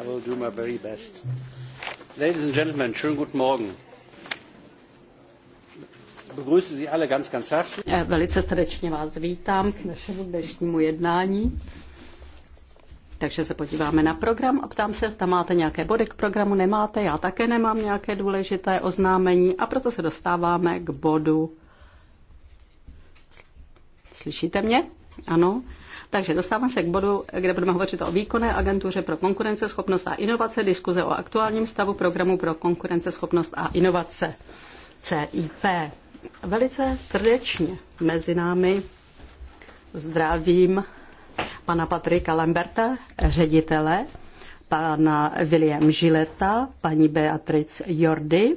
I will do my very best. Ladies and Gentlemen, schönen guten Morgen. Begrüße Sie alle ganz, ganz herzlich. Eh, velice srdečně vás vítám k našemu dnešnímu jednání. Takže se podíváme na program a ptám se, zda máte nějaké body k programu. Nemáte, já také nemám nějaké důležité oznámení a proto se dostáváme k bodu. Slyšíte mě? Ano. Takže dostávám se k bodu, kde budeme hovořit o výkonné agentuře pro konkurenceschopnost a inovace, diskuze o aktuálním stavu programu pro konkurenceschopnost a inovace CIP. Velice srdečně mezi námi zdravím pana Patrika Lamberta, ředitele, pana William Žileta, paní Beatrice Jordy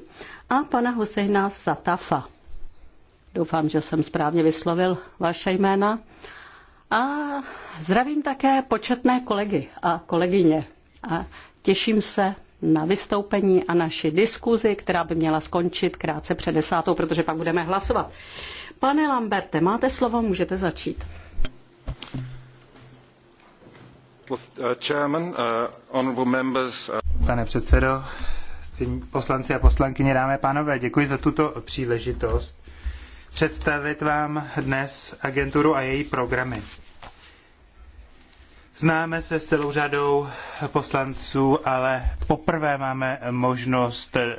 a pana Husejna Satafa. Doufám, že jsem správně vyslovil vaše jména. A zdravím také početné kolegy a kolegyně. A těším se na vystoupení a naši diskuzi, která by měla skončit krátce před desátou, protože pak budeme hlasovat. Pane Lamberte, máte slovo, můžete začít. Uh, uh, uh, Pane předsedo, poslanci a poslankyně, dámy a pánové, děkuji za tuto příležitost představit vám dnes agenturu a její programy. Známe se s celou řadou poslanců, ale poprvé máme možnost eh,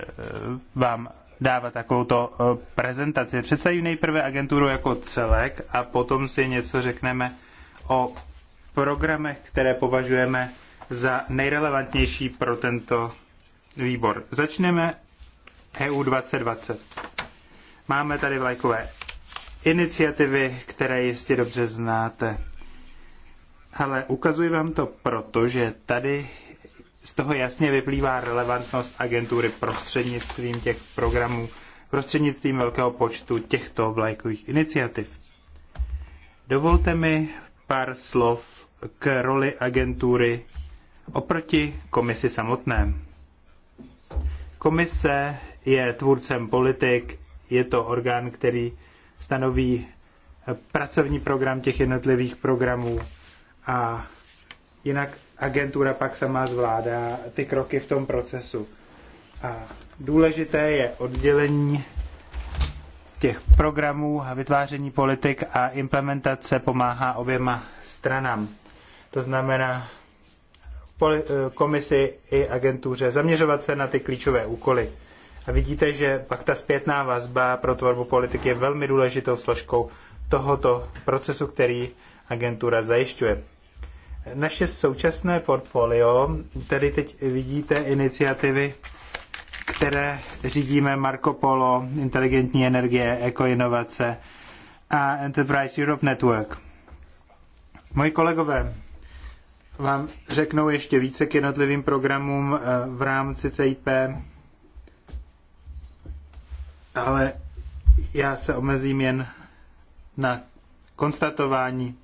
vám dávat takovouto eh, prezentaci. Představím nejprve agenturu jako celek a potom si něco řekneme o programech, které považujeme za nejrelevantnější pro tento výbor. Začneme EU 2020. Máme tady vlajkové iniciativy, které jistě dobře znáte ale ukazuji vám to proto, že tady z toho jasně vyplývá relevantnost agentury prostřednictvím těch programů, prostřednictvím velkého počtu těchto vlajkových iniciativ. Dovolte mi pár slov k roli agentury oproti komisi samotné. Komise je tvůrcem politik, je to orgán, který stanoví pracovní program těch jednotlivých programů, a jinak agentura pak sama zvládá ty kroky v tom procesu. A důležité je oddělení těch programů a vytváření politik a implementace pomáhá oběma stranám. To znamená eh, komisi i agentuře zaměřovat se na ty klíčové úkoly. A vidíte, že pak ta zpětná vazba pro tvorbu politik je velmi důležitou složkou tohoto procesu, který agentura zajišťuje. Naše současné portfolio, tedy teď vidíte iniciativy, které řídíme Marco Polo, inteligentní energie, ekoinovace a Enterprise Europe Network. Moji kolegové vám řeknou ještě více k jednotlivým programům eh, v rámci CIP, ale já se omezím jen na konstatování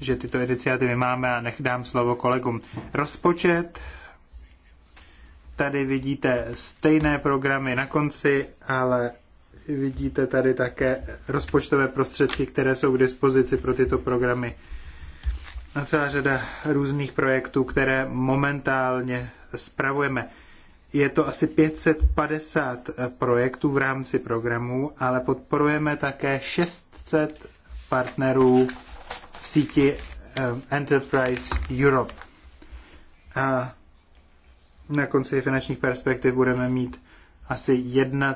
že tyto iniciativy máme a nech dám slovo kolegům. Rozpočet. Tady vidíte stejné programy na konci, ale vidíte tady také rozpočtové prostředky, které jsou k dispozici pro tyto programy. A celá řada různých projektů, které momentálně spravujeme. Je to asi 550 projektů v rámci programu, ale podporujeme také 600 partnerů v síti eh, Enterprise Europe. A na konci finančních perspektiv budeme mít asi 1,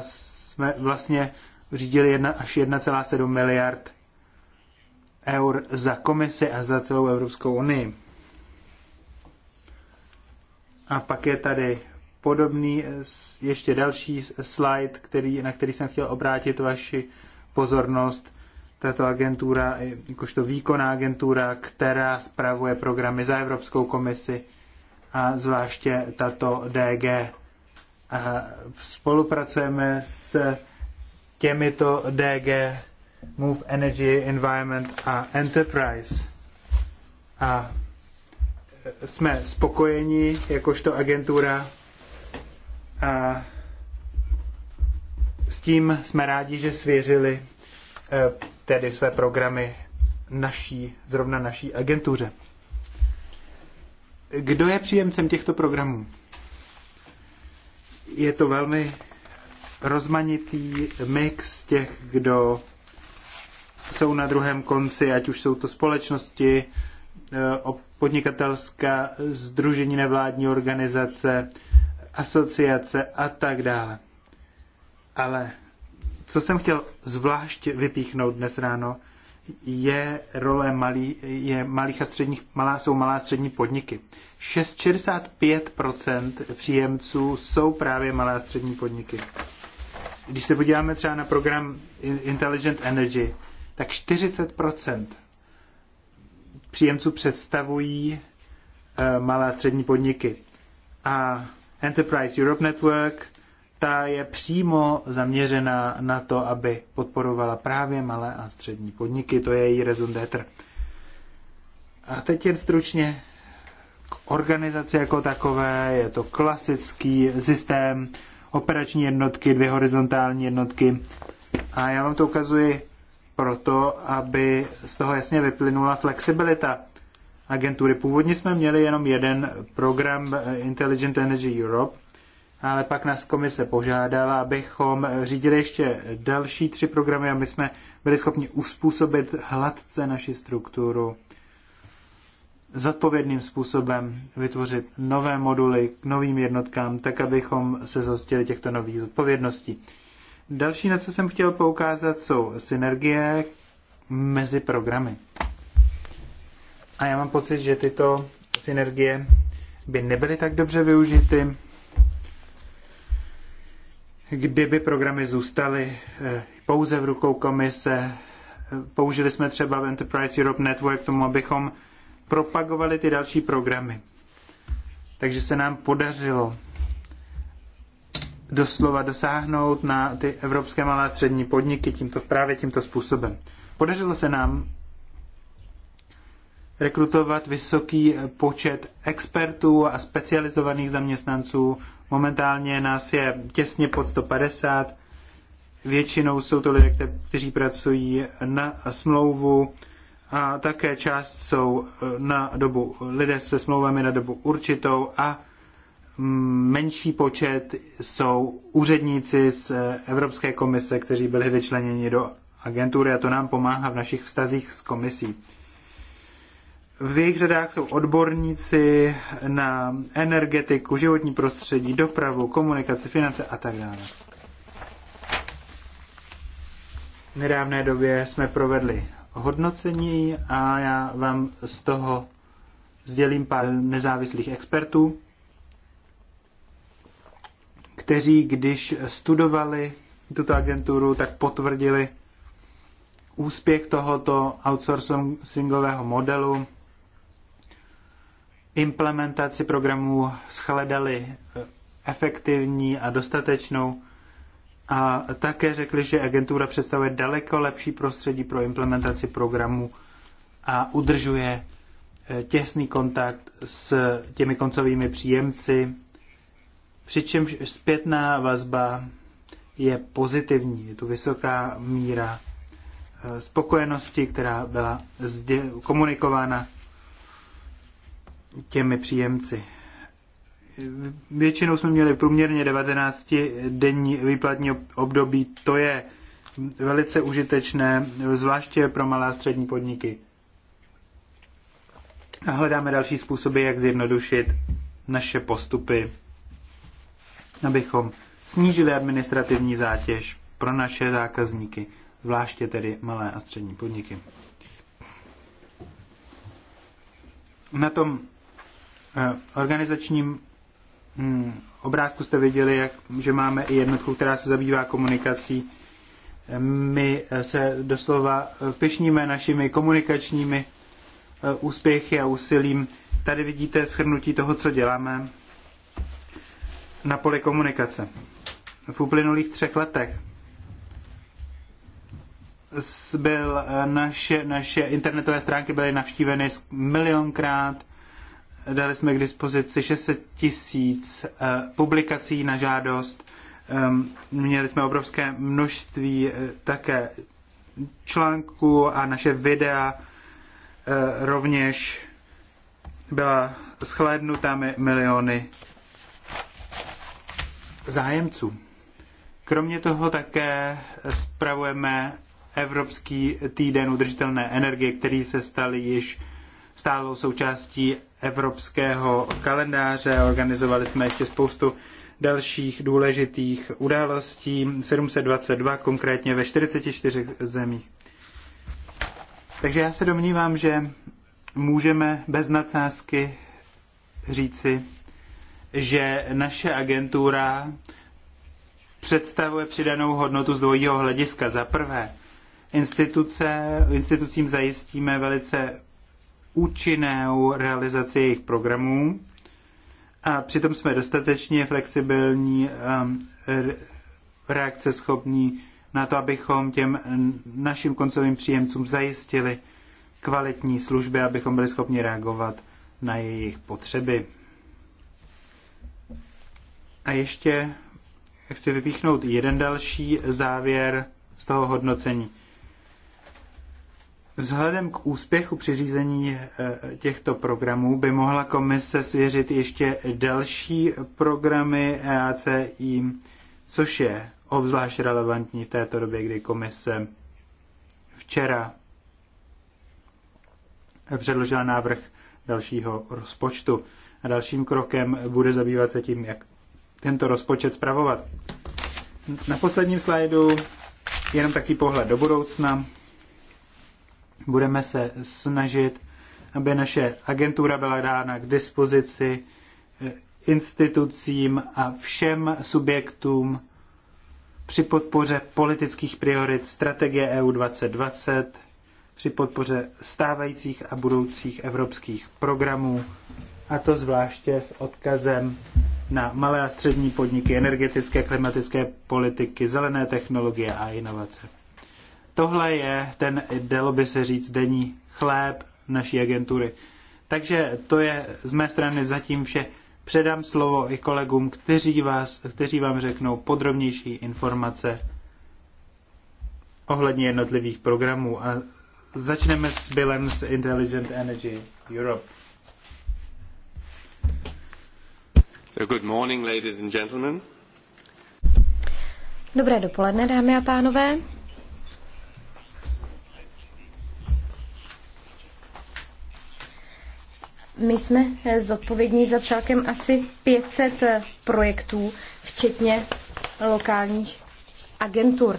jsme vlastně řídili 1 až 1,7 miliard eur za komisi a za celou Evropskou unii. A pak je tady podobný ještě další slide, který, na který jsem chtěl obrátit vaši pozornost tato agentura, jakožto výkonná agentura, která spravuje programy za Evropskou komisi a zvláště tato DG. Spolupracujeme s těmito DG Move Energy, Environment a Enterprise. A jsme spokojeni jakožto agentura a s tím jsme rádi, že svěřili eh, tedy své programy naší, zrovna naší agentuře. Kdo je příjemcem těchto programů? Je to velmi rozmanitý mix těch, kdo jsou na druhém konci, ať už jsou to společnosti, eh, podnikatelská združení nevládní organizace, asociace a tak dále. Ale co jsem chtěl zvlášť vypíchnout dnes ráno, je role malý, je malých a středních, malá, jsou malá a střední podniky. 6, 65% příjemců jsou právě malá a střední podniky. Když se podíváme třeba na program Intelligent Energy, tak 40% příjemců představují eh, malá a střední podniky. A Enterprise Europe Network ta je přímo zaměřená na to, aby podporovala právě malé a střední podniky. To je její raison d'être. A teď jen stručně k organizaci jako takové. Je to klasický systém, operační jednotky, dvě horizontální jednotky. A já vám to ukazuji proto, aby z toho jasně vyplynula flexibilita agentury. Původně jsme měli jenom jeden program eh, Intelligent Energy Europe, ale pak nás komise požádala, abychom řídili ještě další tři programy a my jsme byli schopni uspůsobit hladce naši strukturu zodpovědným způsobem vytvořit nové moduly k novým jednotkám, tak abychom se zhostili těchto nových zodpovědností. Další, na co jsem chtěl poukázat, jsou synergie mezi programy. A já mám pocit, že tyto synergie by nebyly tak dobře využity, kdyby programy zůstaly eh, pouze v rukou komise. Eh, použili jsme třeba Enterprise Europe Network k tomu, abychom propagovali ty další programy. Takže se nám podařilo doslova dosáhnout na ty evropské malé a střední podniky tímto, právě tímto způsobem. Podařilo se nám rekrutovat vysoký počet expertů a specializovaných zaměstnanců. Momentálně nás je těsně pod 150. Většinou jsou to lidé, kteří pracují na smlouvu a také část jsou eh, na dobu lidé se smlouvami na dobu určitou a mm, menší počet jsou úředníci z eh, Evropské komise, kteří byli vyčleněni do agentury a to nám pomáhá v našich vztazích s komisí v jejich řadách jsou odborníci na energetiku, životní prostředí, dopravu, komunikaci, finance a tak dále. V nedávné době jsme provedli hodnocení a já vám z toho sdělím pár nezávislých expertů, kteří, když studovali tuto agenturu, tak potvrdili úspěch tohoto outsourcingového modelu implementaci programů shledali efektivní a dostatečnou a také řekli, že agentura představuje daleko lepší prostředí pro implementaci programů a udržuje e, těsný kontakt s těmi koncovými příjemci, přičemž zpětná vazba je pozitivní. Je tu vysoká míra e, spokojenosti, která byla komunikována těmi příjemci. Většinou jsme měli průměrně 19 denní výplatní období. To je velice užitečné, zvláště pro malé a střední podniky. A hledáme další způsoby, jak zjednodušit naše postupy, abychom snížili administrativní zátěž pro naše zákazníky, zvláště tedy malé a střední podniky. Na tom Eh, organizačním hm, obrázku jste viděli, jak, že máme i jednotku, která se zabývá komunikací. Eh, my eh, se doslova pyšníme našimi komunikačními úspěchy a úsilím. Tady vidíte shrnutí toho, co děláme na poli komunikace. V uplynulých třech letech byl naše, naše internetové stránky byly navštíveny milionkrát, Dali jsme k dispozici 600 tisíc eh, publikací na žádost. Ehm, měli jsme obrovské množství eh, také článků a naše videa eh, rovněž byla schlédnuta miliony zájemců. Kromě toho také spravujeme Evropský týden udržitelné energie, který se stal již stálou součástí evropského kalendáře. Organizovali jsme ještě spoustu dalších důležitých událostí, 722 konkrétně ve 44 zemích. Takže já se domnívám, že můžeme bez nadsázky říci, že naše agentura představuje přidanou hodnotu z dvojího hlediska. Za prvé, instituce, institucím zajistíme velice účinnou realizaci jejich programů a přitom jsme dostatečně flexibilní, um, reakce schopní na to, abychom těm našim koncovým příjemcům zajistili kvalitní služby, abychom byli schopni reagovat na jejich potřeby. A ještě chci vypíchnout jeden další závěr z toho hodnocení. Vzhledem k úspěchu při řízení e, těchto programů by mohla komise svěřit ještě další programy EACI, což je obzvlášť relevantní v této době, kdy komise včera předložila návrh dalšího rozpočtu. A dalším krokem bude zabývat se tím, jak tento rozpočet spravovat. Na posledním slajdu jenom taký pohled do budoucna. Budeme se snažit, aby naše agentura byla dána k dispozici eh, institucím a všem subjektům při podpoře politických priorit strategie EU 2020, při podpoře stávajících a budoucích evropských programů, a to zvláště s odkazem na malé a střední podniky, energetické, klimatické politiky, zelené technologie a inovace. Tohle je ten, dalo by se říct, denní chléb naší agentury. Takže to je z mé strany zatím vše. Předám slovo i kolegům, kteří, vás, kteří vám řeknou podrobnější informace ohledně jednotlivých programů. A začneme s Billem z Intelligent Energy Europe. So good morning, ladies and gentlemen. Dobré dopoledne, dámy a pánové. My jsme zodpovědní za celkem asi 500 projektů, včetně lokálních agentur.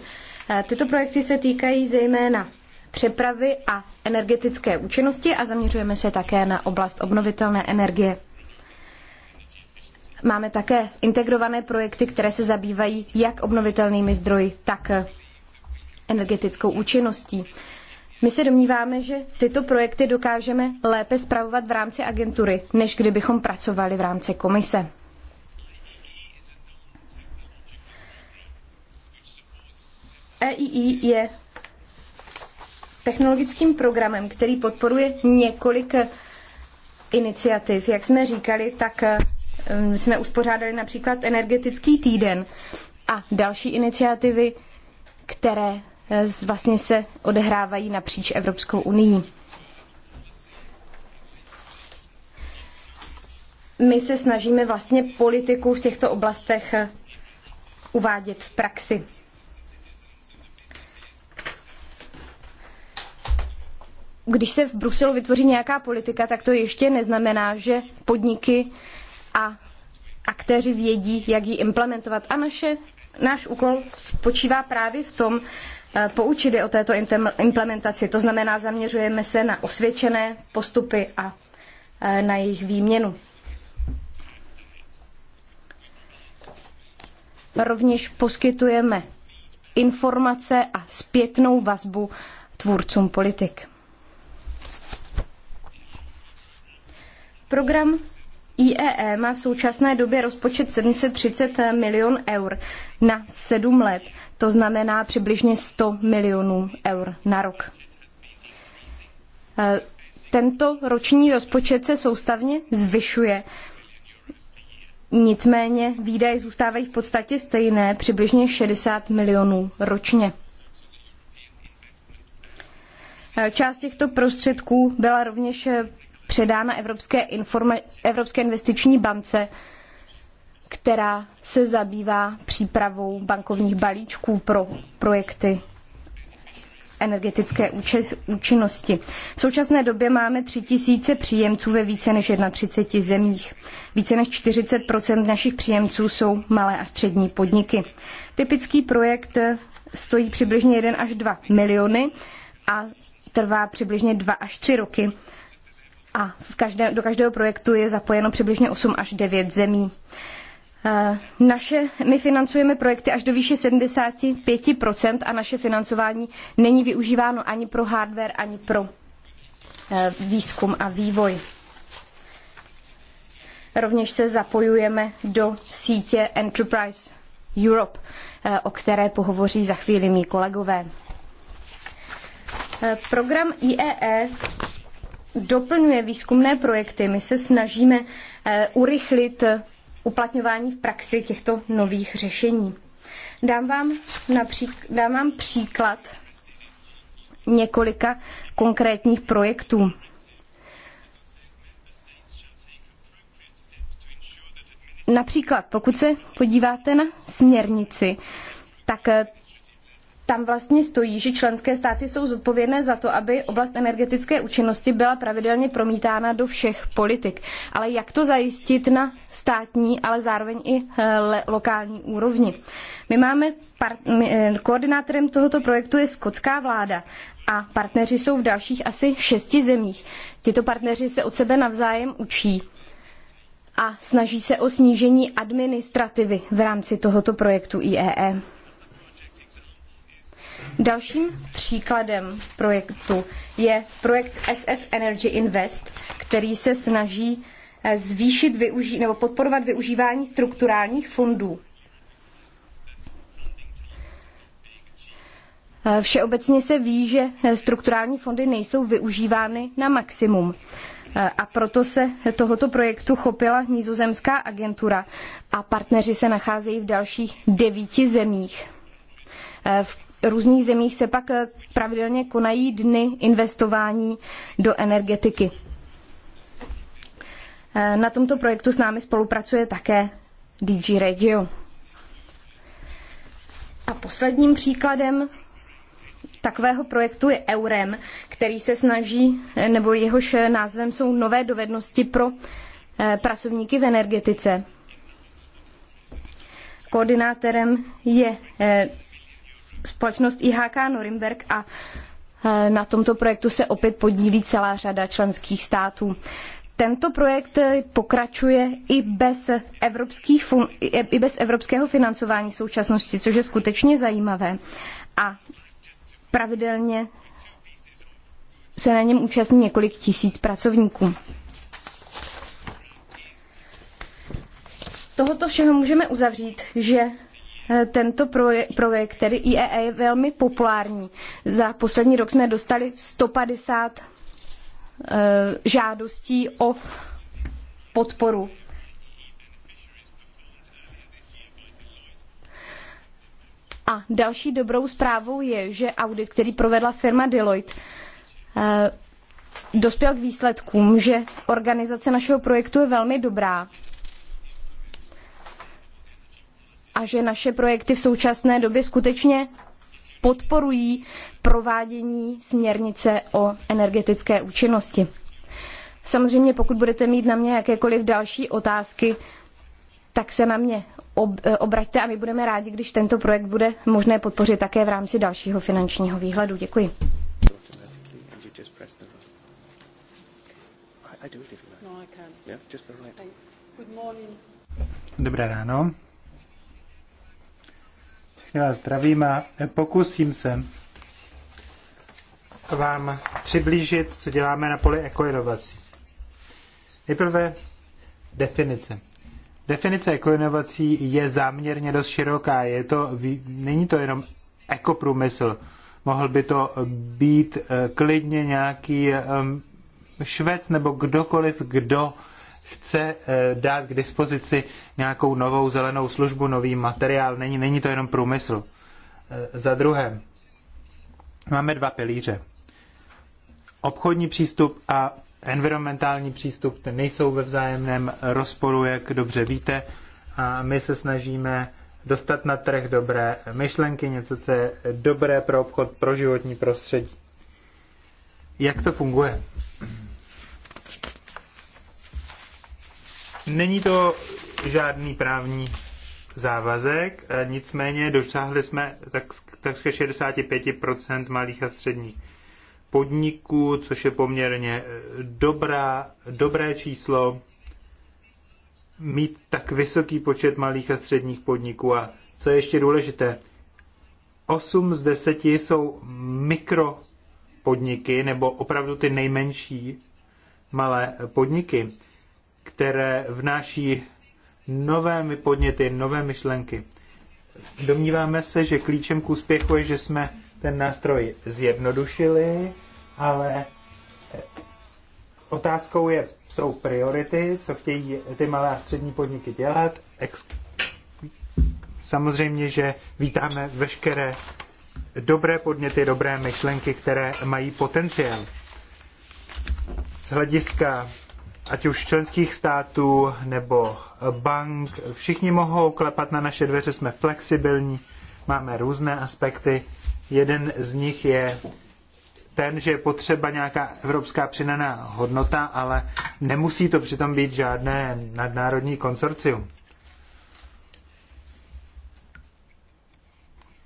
Tyto projekty se týkají zejména přepravy a energetické účinnosti a zaměřujeme se také na oblast obnovitelné energie. Máme také integrované projekty, které se zabývají jak obnovitelnými zdroji, tak energetickou účinností. My se domníváme, že tyto projekty dokážeme lépe spravovat v rámci agentury, než kdybychom pracovali v rámci komise. EII je technologickým programem, který podporuje několik iniciativ. Jak jsme říkali, tak eh, jsme uspořádali například energetický týden a další iniciativy, které Eh, vlastně se odehrávají napříč Evropskou unii. My se snažíme vlastně politiku v těchto oblastech eh, uvádět v praxi. Když se v Bruselu vytvoří nějaká politika, tak to ještě neznamená, že podniky a aktéři vědí, jak ji implementovat. A naše, náš úkol spočívá právě v tom, Eh, poučili o této implementaci. To znamená, zaměřujeme se na osvědčené postupy a eh, na jejich výměnu. Rovněž poskytujeme informace a zpětnou vazbu tvůrcům politik. Program IEE e má v současné době rozpočet 730 milion eur na sedm let, to znamená přibližně 100 milionů eur na rok. E, tento roční rozpočet se soustavně zvyšuje. Nicméně výdaje zůstávají v podstatě stejné, přibližně 60 milionů ročně. E, část těchto prostředků byla rovněž předána Evropské, Evropské investiční bance která se zabývá přípravou bankovních balíčků pro projekty energetické účinnosti. V současné době máme 3 tisíce příjemců ve více než 31 zemích. Více než 40 našich příjemců jsou malé a střední podniky. Typický projekt stojí přibližně 1 až 2 miliony a trvá přibližně 2 až 3 roky. A každé, do každého projektu je zapojeno přibližně 8 až 9 zemí. Eh, naše, my financujeme projekty až do výše 75% a naše financování není využíváno ani pro hardware, ani pro eh, výzkum a vývoj. Rovněž se zapojujeme do sítě Enterprise Europe, eh, o které pohovoří za chvíli mý kolegové. Program IEE e doplňuje výzkumné projekty. My se snažíme urychlit uplatňování v praxi těchto nových řešení. Dám vám, napřík, dám vám příklad několika konkrétních projektů. Například, pokud se podíváte na směrnici, tak tam vlastně stojí, že členské státy jsou zodpovědné za to, aby oblast energetické účinnosti byla pravidelně promítána do všech politik. Ale jak to zajistit na státní, ale zároveň i eh, lokální úrovni? My máme, eh, koordinátorem tohoto projektu je skotská vláda a partneři jsou v dalších asi šesti zemích. Tito partneři se od sebe navzájem učí a snaží se o snížení administrativy v rámci tohoto projektu IEE. E. Dalším příkladem projektu je projekt SF Energy Invest, který se snaží eh, zvýšit využí, nebo podporovat využívání strukturálních fondů. Eh, všeobecně se ví, že eh, strukturální fondy nejsou využívány na maximum. A proto se tohoto projektu chopila nízozemská agentura a partneři se nacházejí v dalších devíti zemích. V různých zemích se pak eh, pravidelně konají dny investování do energetiky. Eh, na tomto projektu s námi spolupracuje také DG Regio. A posledním příkladem takového projektu je EUREM, který se snaží, eh, nebo jehož názvem jsou nové dovednosti pro pracovníky v energetice. Koordinátorem je společnost IHK Norimberg a e, na tomto projektu se opět podílí celá řada členských států. Tento projekt pokračuje i bez, evropských, i bez evropského financování v současnosti, což je skutečně zajímavé. A pravidelně se na něm účastní několik tisíc pracovníků. Z tohoto všeho můžeme uzavřít, že Eh, tento projekt, který IEA je velmi populární. Za poslední rok jsme dostali 150 eh, žádostí o podporu. A další dobrou zprávou je, že audit, který provedla firma Deloitte, eh, dospěl k výsledkům, že organizace našeho projektu je velmi dobrá a že naše projekty v současné době skutečně podporují provádění směrnice o energetické účinnosti. Samozřejmě, pokud budete mít na mě jakékoliv další otázky, tak se na mě ob- eh, obraťte a my budeme rádi, když tento projekt bude možné podpořit také v rámci dalšího finančního výhledu. Děkuji. No, Dobré ráno všechny vás zdravím a pokusím se vám přiblížit, co děláme na poli ekoinovací. Nejprve definice. Definice ekoinovací je záměrně dost široká. Je to, není to jenom ekoprůmysl. Mohl by to být eh, klidně nějaký eh, švec nebo kdokoliv, kdo chce eh, dát k dispozici nějakou novou zelenou službu, nový materiál. Není, není to jenom průmysl. Eh, za druhé, máme dva pilíře. Obchodní přístup a environmentální přístup ten nejsou ve vzájemném rozporu, jak dobře víte. A my se snažíme dostat na trh dobré myšlenky, něco, co je dobré pro obchod, pro životní prostředí. Jak to funguje? Není to žádný právní závazek, nicméně dosáhli jsme tak, takřka 65% malých a středních podniků, což je poměrně eh, dobrá, dobré číslo. Mít tak vysoký počet malých a středních podniků a co je ještě důležité, 8 z 10 jsou mikropodniky nebo opravdu ty nejmenší malé podniky které vnáší nové podněty, nové myšlenky. Domníváme se, že klíčem k úspěchu je, že jsme ten nástroj zjednodušili, ale eh, otázkou je, jsou priority, co chtějí ty malé a střední podniky dělat. Ex- Samozřejmě, že vítáme veškeré dobré podněty, dobré myšlenky, které mají potenciál. Z hlediska ať už členských států nebo bank. Všichni mohou klepat na naše dveře, jsme flexibilní, máme různé aspekty. Jeden z nich je ten, že je potřeba nějaká evropská přidaná hodnota, ale nemusí to přitom být žádné nadnárodní konsorcium.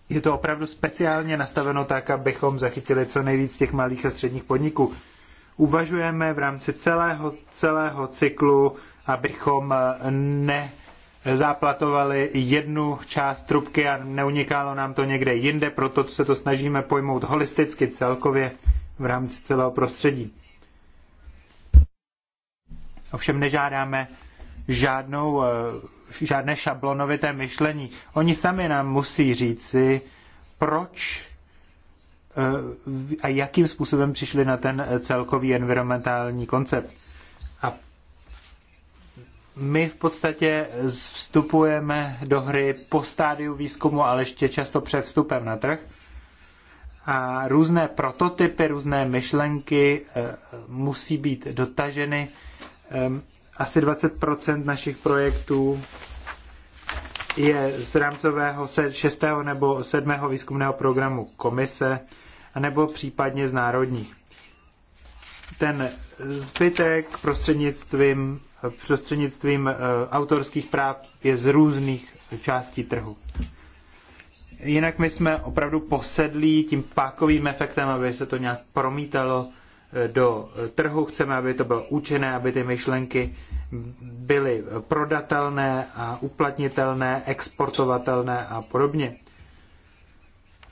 Je to opravdu speciálně nastaveno tak, abychom zachytili co nejvíc těch malých a středních podniků uvažujeme v rámci celého, celého cyklu, abychom eh, ne záplatovali jednu část trubky a neunikalo nám to někde jinde, proto se to snažíme pojmout holisticky celkově v rámci celého prostředí. Ovšem nežádáme žádnou, eh, žádné šablonovité myšlení. Oni sami nám musí říci, proč Eh, a jakým způsobem přišli na ten eh, celkový environmentální koncept. A my v podstatě vstupujeme do hry po stádiu výzkumu, ale ještě často před vstupem na trh. A různé prototypy, různé myšlenky eh, musí být dotaženy. Ehm, asi 20% našich projektů je z rámcového šestého nebo sedmého výzkumného programu komise anebo případně z národních. Ten zbytek prostřednictvím, prostřednictvím eh, autorských práv je z různých částí trhu. Jinak my jsme opravdu posedlí tím pákovým efektem, aby se to nějak promítalo eh, do eh, trhu. Chceme, aby to bylo účinné, aby ty myšlenky byly prodatelné a uplatnitelné, exportovatelné a podobně.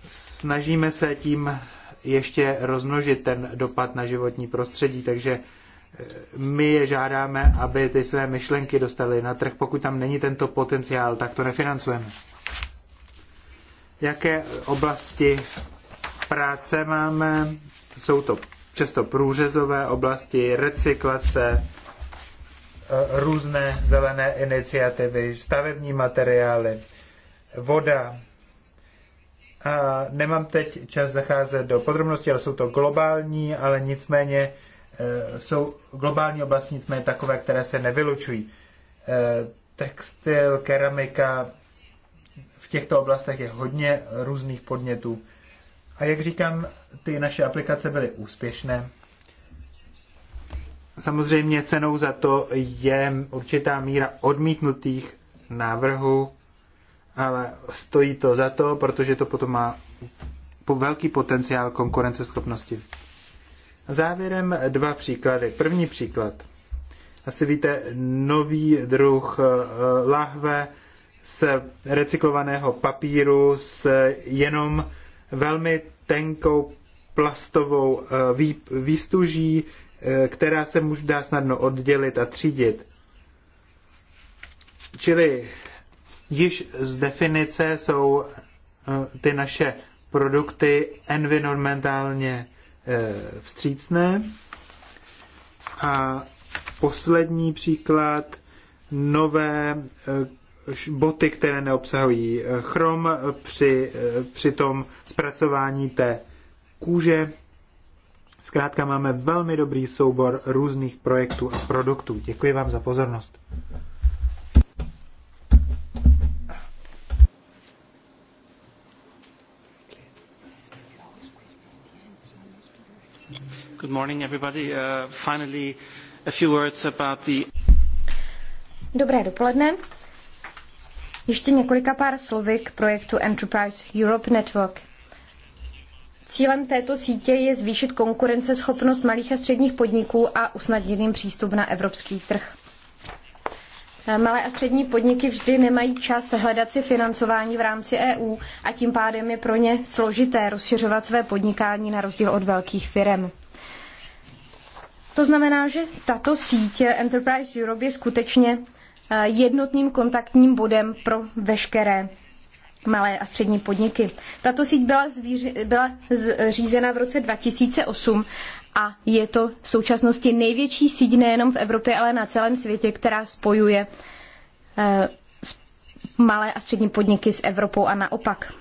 Snažíme se tím ještě rozmnožit ten dopad na životní prostředí, takže e, my je žádáme, aby ty své myšlenky dostaly na trh. Pokud tam není tento potenciál, tak to nefinancujeme. Jaké oblasti práce máme? Jsou to často průřezové oblasti, recyklace, e, různé zelené iniciativy, stavební materiály, voda, nemám teď čas zacházet do podrobností, ale jsou to globální, ale nicméně e, jsou globální oblasti, nicméně takové, které se nevylučují. E, textil, keramika, v těchto oblastech je hodně různých podnětů. A jak říkám, ty naše aplikace byly úspěšné. Samozřejmě cenou za to je určitá míra odmítnutých návrhů, ale stojí to za to, protože to potom má velký potenciál konkurenceschopnosti. závěrem dva příklady. První příklad. Asi víte, nový druh eh, lahve z recyklovaného papíru s jenom velmi tenkou plastovou eh, výstuží, eh, která se může dá snadno oddělit a třídit. Čili Již z definice jsou eh, ty naše produkty environmentálně eh, vstřícné. A poslední příklad, nové eh, boty, které neobsahují chrom při, při tom zpracování té kůže. Zkrátka máme velmi dobrý soubor různých projektů a produktů. Děkuji vám za pozornost. Good morning, everybody. Uh, finally, a few words about the... Dobré dopoledne. Ještě několika pár slovy k projektu Enterprise Europe Network. Cílem této sítě je zvýšit konkurenceschopnost malých a středních podniků a usnadnit jim přístup na evropský trh. Eh, malé a střední podniky vždy nemají čas hledat si financování v rámci EU a tím pádem je pro ně složité rozšiřovat své podnikání na rozdíl od velkých firm. To znamená, že tato síť eh, Enterprise Europe je skutečně eh, jednotným kontaktním bodem pro veškeré malé a střední podniky. Tato síť byla, zvíři, byla zřízena eh, v roce 2008 a je to v současnosti největší síť nejenom v Evropě, ale na celém světě, která spojuje malé a střední podniky s Evropou a naopak.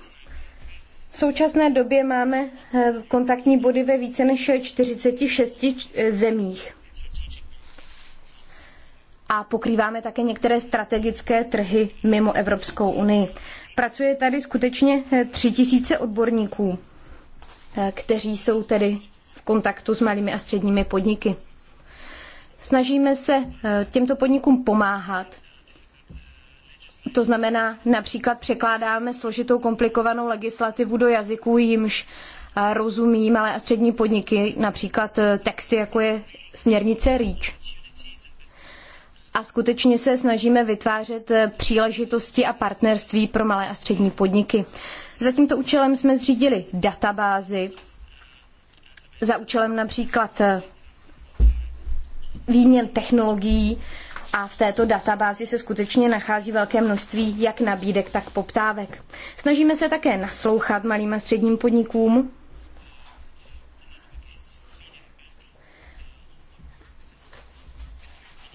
V současné době máme eh, kontaktní body ve více než 46 eh, zemích. A pokrýváme také některé strategické trhy mimo Evropskou unii. Pracuje tady skutečně 3000 eh, odborníků, kteří jsou tedy v kontaktu s malými a středními podniky. Snažíme se těmto podnikům pomáhat to znamená, například překládáme složitou, komplikovanou legislativu do jazyků, jimž eh, rozumí malé a střední podniky, například eh, texty, jako je směrnice REACH. A skutečně se snažíme vytvářet eh, příležitosti a partnerství pro malé a střední podniky. Za tímto účelem jsme zřídili databázi, za účelem například výměn technologií a v této databázi se skutečně nachází velké množství jak nabídek, tak poptávek. Snažíme se také naslouchat malým a středním podnikům,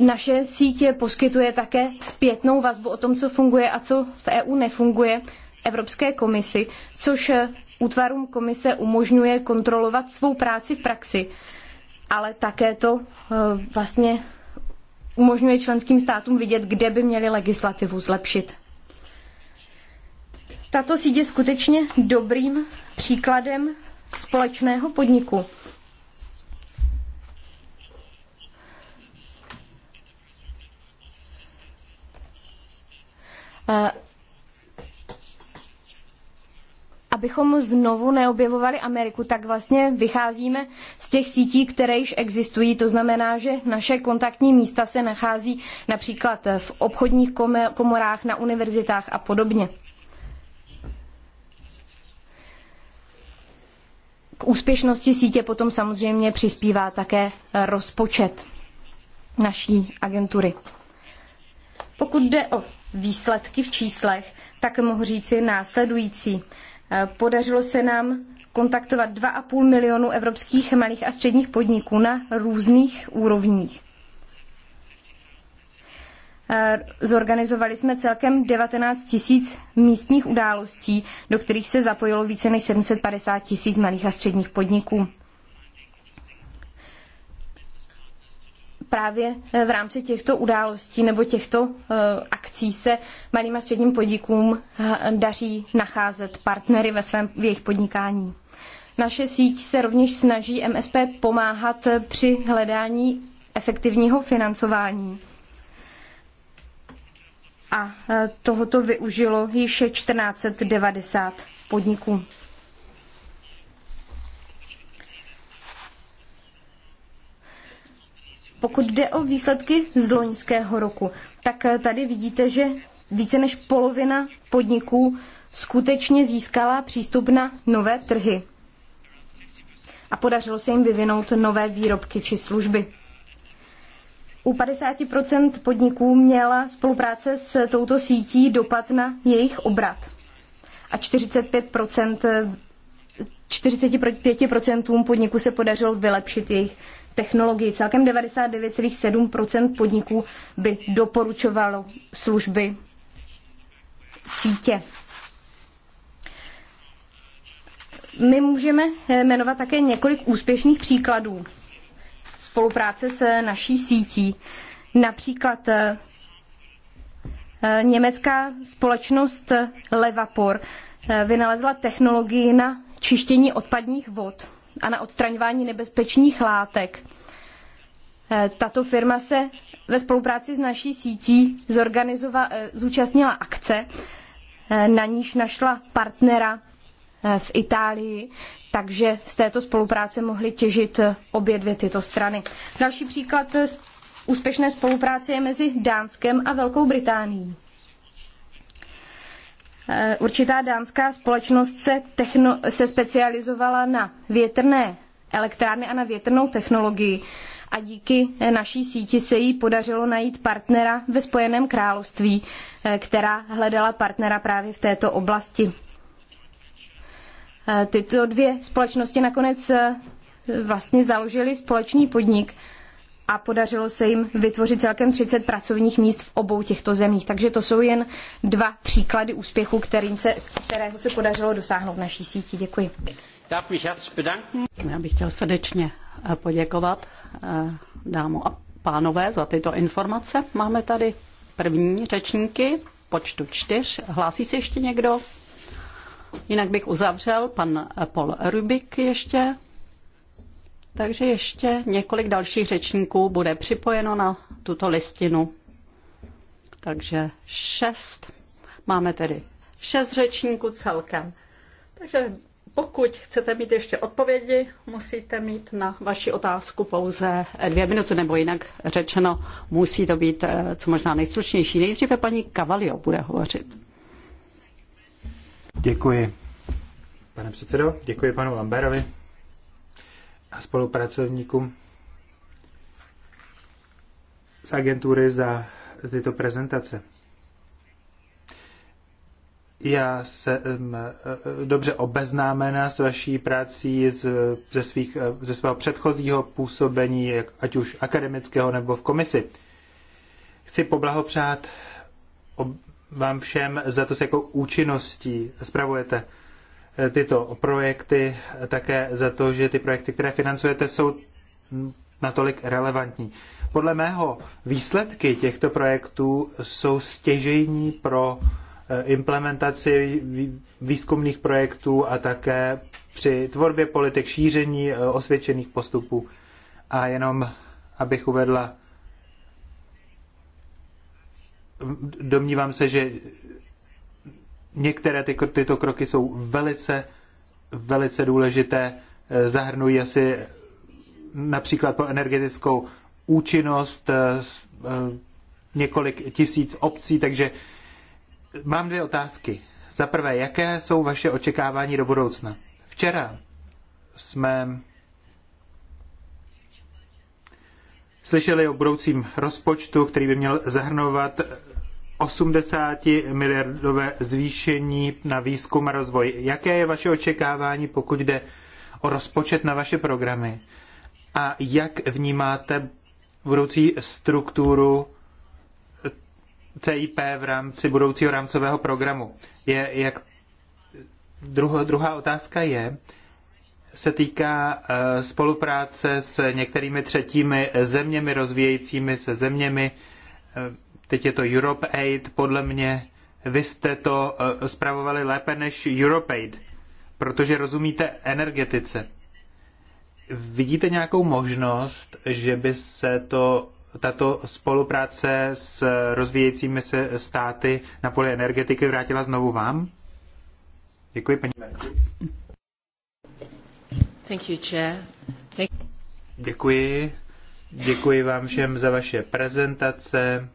Naše sítě poskytuje také zpětnou vazbu o tom, co funguje a co v EU nefunguje Evropské komisi, což útvarům komise umožňuje kontrolovat svou práci v praxi. Ale také to eh, vlastně umožňuje členským státům vidět, kde by měli legislativu zlepšit. Tato síť je skutečně dobrým příkladem společného podniku. abychom znovu neobjevovali Ameriku, tak vlastně vycházíme z těch sítí, které již existují. To znamená, že naše kontaktní místa se nachází například v obchodních komorách, na univerzitách a podobně. K úspěšnosti sítě potom samozřejmě přispívá také rozpočet naší agentury. Pokud jde o výsledky v číslech, tak mohu říci následující. Podařilo se nám kontaktovat 2,5 milionu evropských malých a středních podniků na různých úrovních. Zorganizovali jsme celkem 19 tisíc místních událostí, do kterých se zapojilo více než 750 tisíc malých a středních podniků. právě eh, v rámci těchto událostí nebo těchto eh, akcí se malým a středním podnikům eh, daří nacházet partnery ve svém v jejich podnikání. Naše síť se rovněž snaží MSP pomáhat při hledání efektivního financování. A tohoto využilo již 1490 podniků. Pokud jde o výsledky z loňského roku, tak eh, tady vidíte, že více než polovina podniků skutečně získala přístup na nové trhy a podařilo se jim vyvinout nové výrobky či služby. U 50% podniků měla spolupráce s touto sítí dopad na jejich obrat a 45%, 45% podniků se podařilo vylepšit jejich technologií. Celkem 99,7 podniků by doporučovalo služby sítě. My můžeme jmenovat také několik úspěšných příkladů spolupráce s naší sítí. Například eh, německá společnost Levapor eh, vynalezla technologii na čištění odpadních vod a na odstraňování nebezpečných látek. Eh, tato firma se ve spolupráci s naší sítí eh, zúčastnila akce, eh, na níž našla partnera v Itálii, takže z této spolupráce mohly těžit obě dvě tyto strany. Další příklad úspěšné spolupráce je mezi Dánskem a Velkou Británií. Eh, určitá dánská společnost se, techno, se specializovala na větrné elektrárny a na větrnou technologii a díky eh, naší síti se jí podařilo najít partnera ve Spojeném království, eh, která hledala partnera právě v této oblasti. Tyto dvě společnosti nakonec vlastně založily společný podnik a podařilo se jim vytvořit celkem 30 pracovních míst v obou těchto zemích. Takže to jsou jen dva příklady úspěchu, kterým se, kterého se podařilo dosáhnout v naší síti. Děkuji. Já bych chtěl srdečně eh, poděkovat eh, dámu a pánové za tyto informace. Máme tady první řečníky, počtu čtyř. Hlásí se ještě někdo? Jinak bych uzavřel pan Paul Rubik ještě. Takže ještě několik dalších řečníků bude připojeno na tuto listinu. Takže šest. Máme tedy šest řečníků celkem. Takže pokud chcete mít ještě odpovědi, musíte mít na vaši otázku pouze dvě minuty, nebo jinak řečeno, musí to být eh, co možná nejstručnější. Nejdříve paní Cavalio bude hovořit. Děkuji, pane předsedo, děkuji panu Lamberovi a spolupracovníkům z agentury za tyto prezentace. Já jsem eh, dobře obeznámena s vaší prací z, ze, svých, eh, ze svého předchozího působení, ať už akademického nebo v komisi. Chci poblahopřát vám všem za to, s jakou účinností zpravujete tyto projekty, také za to, že ty projekty, které financujete, jsou natolik relevantní. Podle mého výsledky těchto projektů jsou stěžejní pro eh, implementaci výzkumných projektů a také při tvorbě politik šíření eh, osvědčených postupů. A jenom abych uvedla, domnívám se, že Některé ty, tyto kroky jsou velice, velice důležité, eh, zahrnují asi eh, například po energetickou účinnost eh, několik tisíc obcí, takže mám dvě otázky. Za prvé, jaké jsou vaše očekávání do budoucna? Včera jsme slyšeli o budoucím rozpočtu, který by měl zahrnovat 80 miliardové zvýšení na výzkum a rozvoj. Jaké je vaše očekávání, pokud jde o rozpočet na vaše programy? A jak vnímáte budoucí strukturu CIP v rámci budoucího rámcového programu? Je, jak... Druho, druhá otázka je, se týká eh, spolupráce s některými třetími zeměmi, rozvíjejícími se zeměmi eh, teď je to EuropeAid, podle mě vy jste to zpravovali eh, lépe než EuropeAid, protože rozumíte energetice. Vidíte nějakou možnost, že by se to, tato spolupráce s rozvíjejícími se státy na poli energetiky vrátila znovu vám? Děkuji, paní Thank you, chair. Thank... Děkuji. Děkuji vám všem za vaše prezentace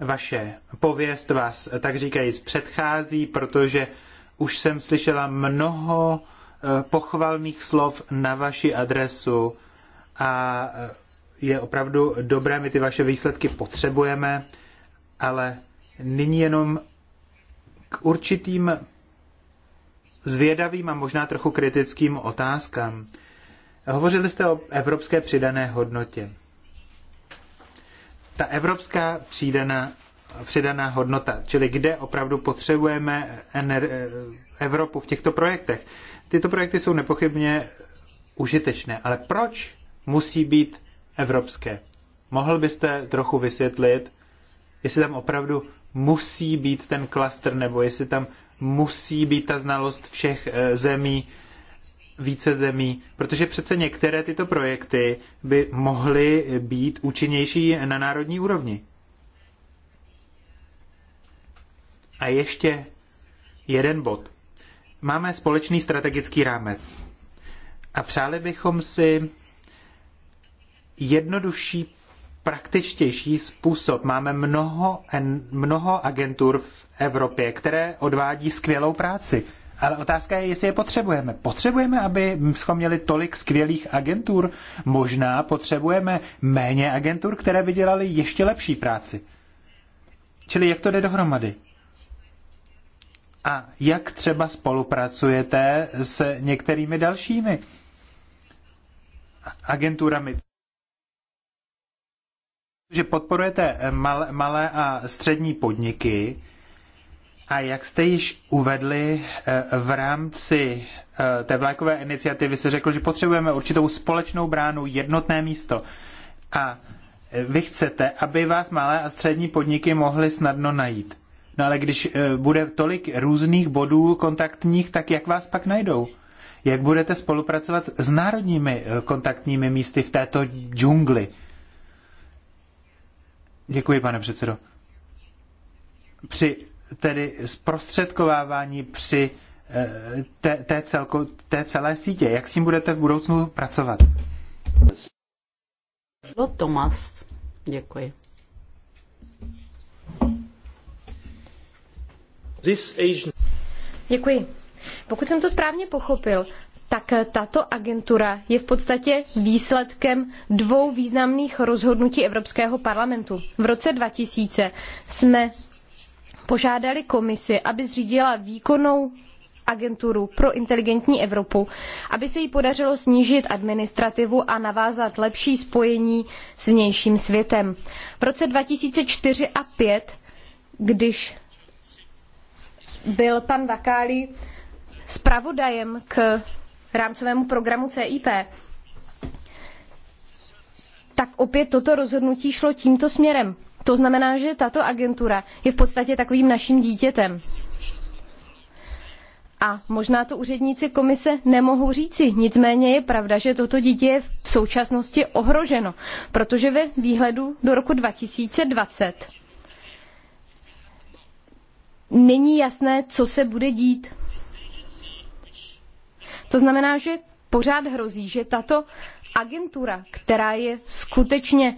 vaše pověst vás, tak říkajíc, předchází, protože už jsem slyšela mnoho eh, pochvalných slov na vaši adresu a eh, je opravdu dobré, my ty vaše výsledky potřebujeme, ale nyní jenom k určitým zvědavým a možná trochu kritickým otázkám. Hovořili jste o evropské přidané hodnotě ta evropská přidaná, přidaná hodnota, čili kde opravdu potřebujeme Evropu v těchto projektech. Tyto projekty jsou nepochybně užitečné, ale proč musí být evropské? Mohl byste trochu vysvětlit, jestli tam opravdu musí být ten klaster, nebo jestli tam musí být ta znalost všech eh, zemí více zemí, protože přece některé tyto projekty by mohly být účinnější na národní úrovni. A ještě jeden bod. Máme společný strategický rámec. A přáli bychom si jednodušší, praktičtější způsob. Máme mnoho, mnoho agentur v Evropě, které odvádí skvělou práci ale otázka je, jestli je potřebujeme. Potřebujeme, aby jsme měli tolik skvělých agentur? Možná potřebujeme méně agentur, které vydělaly ještě lepší práci. Čili jak to jde dohromady? A jak třeba spolupracujete s některými dalšími agenturami? Že podporujete malé a střední podniky, a jak jste již uvedli, eh, v rámci eh, té vlajkové iniciativy se řekl, že potřebujeme určitou společnou bránu, jednotné místo. A eh, vy chcete, aby vás malé a střední podniky mohly snadno najít. No ale když bude tolik různých bodů kontaktních, tak jak vás pak najdou? Jak budete spolupracovat s národními kontaktními místy v této džungli? Děkuji, pane předsedo. Při tedy zprostředkovávání při eh, té, té, celko, té celé sítě. Jak s tím budete v budoucnu pracovat? No, Tomas, děkuji. This Asian... Děkuji. Pokud jsem to správně pochopil, tak tato agentura je v podstatě výsledkem dvou významných rozhodnutí Evropského parlamentu. V roce 2000 jsme požádali komisi, aby zřídila výkonnou agenturu pro inteligentní Evropu, aby se jí podařilo snížit administrativu a navázat lepší spojení s vnějším světem. V roce 2004 a 5, když byl pan Vakáli zpravodajem k rámcovému programu CIP, tak opět toto rozhodnutí šlo tímto směrem. To znamená, že tato agentura je v podstatě takovým naším dítětem. A možná to úředníci komise nemohou říci, nicméně je pravda, že toto dítě je v současnosti ohroženo, protože ve výhledu do roku 2020 není jasné, co se bude dít. To znamená, že pořád hrozí, že tato agentura, která je skutečně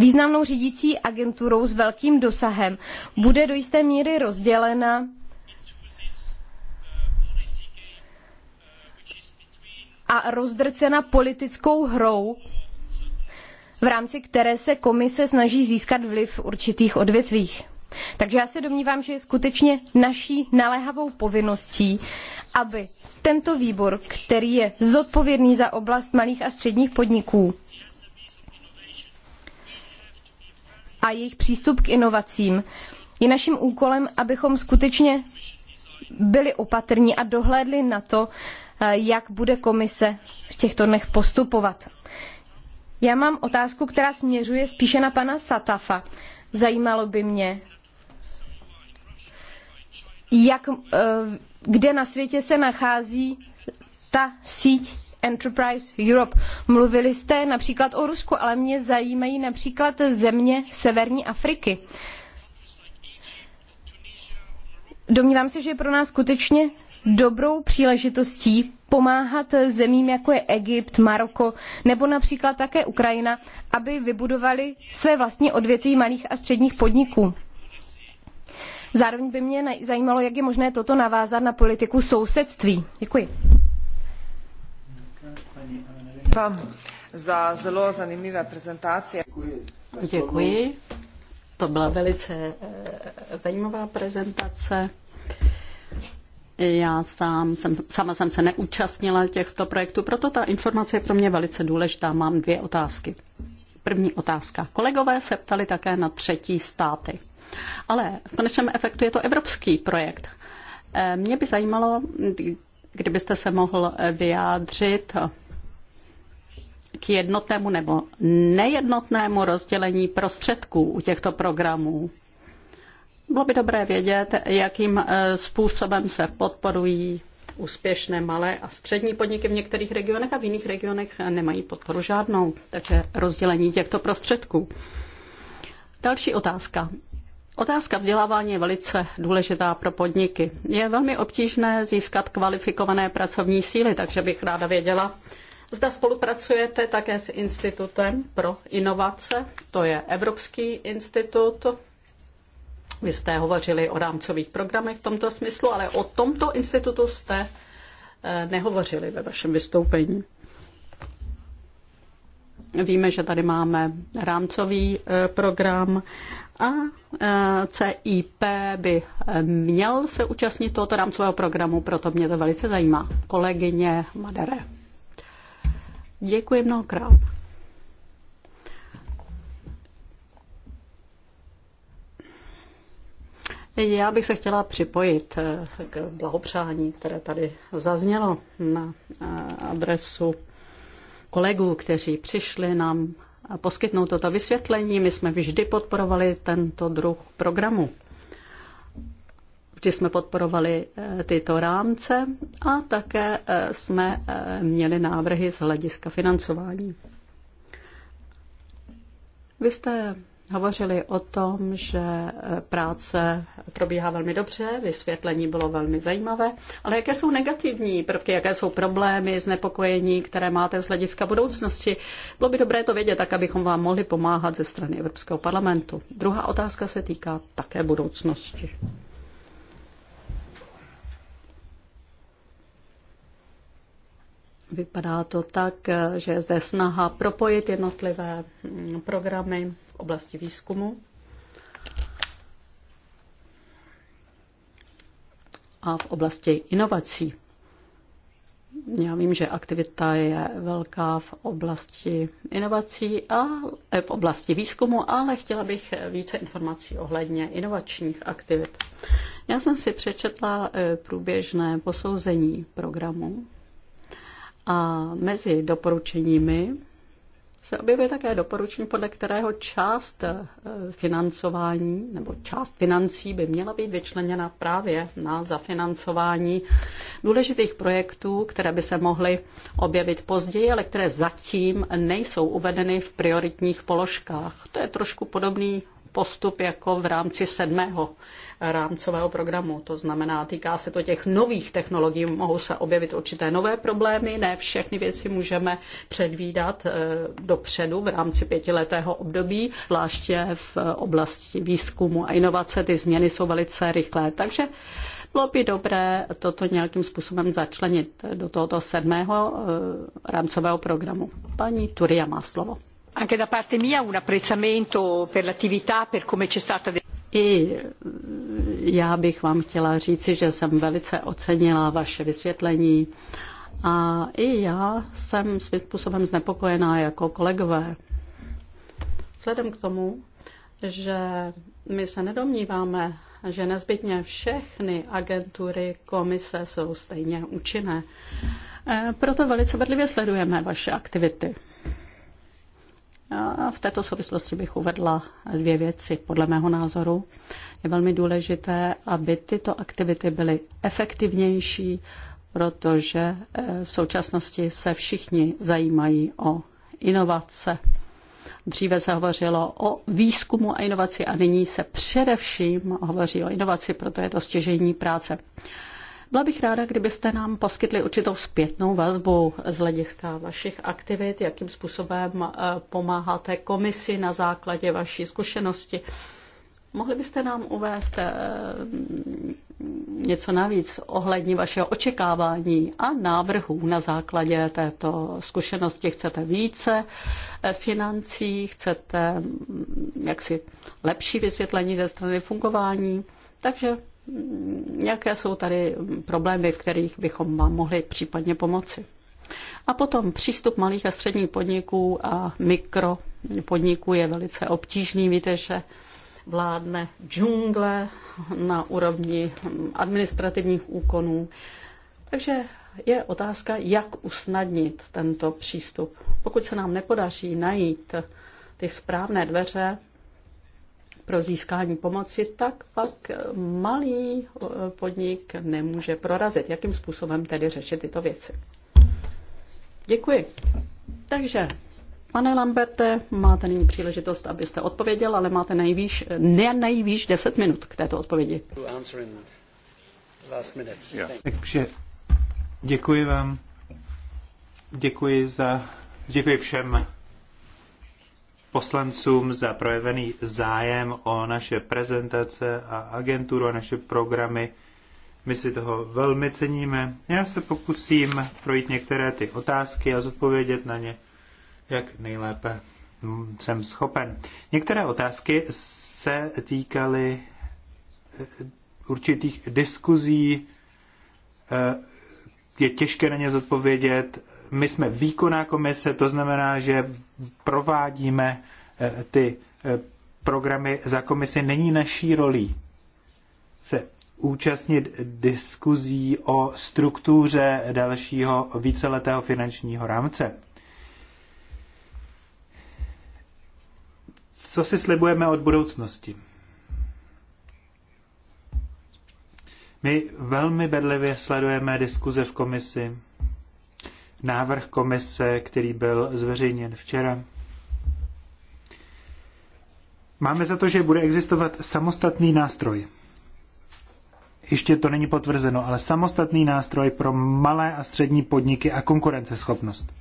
významnou řídící agenturou s velkým dosahem, bude do jisté míry rozdělena a rozdrcena politickou hrou, v rámci které se komise snaží získat vliv v určitých odvětvích. Takže já se domnívám, že je skutečně naší naléhavou povinností, aby tento výbor, který je zodpovědný za oblast malých a středních podniků, a jejich přístup k inovacím. Je naším úkolem, abychom skutečně byli opatrní a dohlédli na to, eh, jak bude komise v těchto dnech postupovat. Já mám otázku, která směřuje spíše na pana Satafa. Zajímalo by mě, jak, eh, kde na světě se nachází ta síť Enterprise Europe. Mluvili jste například o Rusku, ale mě zajímají například země Severní Afriky. Domnívám se, že je pro nás skutečně dobrou příležitostí pomáhat zemím, jako je Egypt, Maroko nebo například také Ukrajina, aby vybudovali své vlastní odvětví malých a středních podniků. Zároveň by mě zajímalo, jak je možné toto navázat na politiku sousedství. Děkuji. Vám za zelo zanimivé prezentace. Děkuji. To byla velice eh, zajímavá prezentace. Já sám jsem, sama jsem se neúčastnila těchto projektů, proto ta informace je pro mě velice důležitá. Mám dvě otázky. První otázka. Kolegové se ptali také na třetí státy. Ale v konečném efektu je to evropský projekt. Eh, mě by zajímalo, kdybyste se mohl eh, vyjádřit k jednotnému nebo nejednotnému rozdělení prostředků u těchto programů. Bylo by dobré vědět, jakým eh, způsobem se podporují úspěšné malé a střední podniky v některých regionech a v jiných regionech nemají podporu žádnou, takže rozdělení těchto prostředků. Další otázka. Otázka vzdělávání je velice důležitá pro podniky. Je velmi obtížné získat kvalifikované pracovní síly, takže bych ráda věděla, Zda spolupracujete také s Institutem pro inovace, to je Evropský institut. Vy jste hovořili o rámcových programech v tomto smyslu, ale o tomto institutu jste eh, nehovořili ve vašem vystoupení. Víme, že tady máme rámcový eh, program a eh, CIP by měl se účastnit tohoto rámcového programu, proto mě to velice zajímá. Kolegyně Madere. Děkuji mnohokrát. Já bych se chtěla připojit eh, k blahopřání, které tady zaznělo na eh, adresu kolegů, kteří přišli nám poskytnout toto vysvětlení. My jsme vždy podporovali tento druh programu protože jsme podporovali eh, tyto rámce a také eh, jsme eh, měli návrhy z hlediska financování. Vy jste hovořili o tom, že práce probíhá velmi dobře, vysvětlení bylo velmi zajímavé, ale jaké jsou negativní prvky, jaké jsou problémy, znepokojení, které máte z hlediska budoucnosti? Bylo by dobré to vědět, tak abychom vám mohli pomáhat ze strany Evropského parlamentu. Druhá otázka se týká také budoucnosti. Vypadá to tak, že je zde snaha propojit jednotlivé programy v oblasti výzkumu. A v oblasti inovací. Já vím, že aktivita je velká v oblasti inovací a eh, v oblasti výzkumu, ale chtěla bych více informací ohledně inovačních aktivit. Já jsem si přečetla eh, průběžné posouzení programu a mezi doporučeními se objevuje také doporučení, podle kterého část eh, financování nebo část financí by měla být vyčleněna právě na zafinancování důležitých projektů, které by se mohly objevit později, ale které zatím nejsou uvedeny v prioritních položkách. To je trošku podobný postup jako v rámci sedmého rámcového programu. To znamená, týká se to těch nových technologií, mohou se objevit určité nové problémy, ne všechny věci můžeme předvídat eh, dopředu v rámci pětiletého období, zvláště v oblasti výzkumu a inovace, ty změny jsou velice rychlé. Takže bylo by dobré toto nějakým způsobem začlenit do tohoto sedmého eh, rámcového programu. Paní Turia má slovo anche da parte mia un apprezzamento per l'attività, per come c'è stata. I já bych vám chtěla říci, že jsem velice ocenila vaše vysvětlení a i já jsem svým způsobem znepokojená jako kolegové. Vzhledem k tomu, že my se nedomníváme, že nezbytně všechny agentury komise jsou stejně účinné. Eh, proto velice bedlivě sledujeme vaše aktivity. A v této souvislosti bych uvedla dvě věci. Podle mého názoru je velmi důležité, aby tyto aktivity byly efektivnější, protože eh, v současnosti se všichni zajímají o inovace. Dříve se hovořilo o výzkumu a inovaci a nyní se především hovoří o inovaci, proto je to stěžení práce. Byla bych ráda, kdybyste nám poskytli určitou zpětnou vazbu z hlediska vašich aktivit, jakým způsobem eh, pomáháte komisi na základě vaší zkušenosti. Mohli byste nám uvést eh, něco navíc ohledně vašeho očekávání a návrhů na základě této zkušenosti? Chcete více eh, financí, chcete hm, jaksi lepší vysvětlení ze strany fungování? Takže jaké jsou tady problémy, v kterých bychom vám mohli případně pomoci. A potom přístup malých a středních podniků a mikropodniků je velice obtížný. Víte, že vládne džungle na úrovni administrativních úkonů. Takže je otázka, jak usnadnit tento přístup. Pokud se nám nepodaří najít ty správné dveře, pro získání pomoci, tak pak malý eh, podnik nemůže prorazit. Jakým způsobem tedy řešit tyto věci? Děkuji. Takže, pane Lamberte, máte nyní příležitost, abyste odpověděl, ale máte nejvýš, ne nejvýš 10 minut k této odpovědi. Takže děkuji vám. Děkuji za, děkuji všem poslancům za projevený zájem o naše prezentace a agenturu a naše programy. My si toho velmi ceníme. Já se pokusím projít některé ty otázky a zodpovědět na ně, jak nejlépe jsem schopen. Některé otázky se týkaly eh, určitých diskuzí. Eh, je těžké na ně zodpovědět my jsme výkonná komise, to znamená, že provádíme eh, ty eh, programy za komisi. Není naší rolí se účastnit diskuzí o struktuře dalšího víceletého finančního rámce. Co si slibujeme od budoucnosti? My velmi bedlivě sledujeme diskuze v komisi návrh komise, který byl zveřejněn včera. Máme za to, že bude existovat samostatný nástroj. Ještě to není potvrzeno, ale samostatný nástroj pro malé a střední podniky a konkurenceschopnost.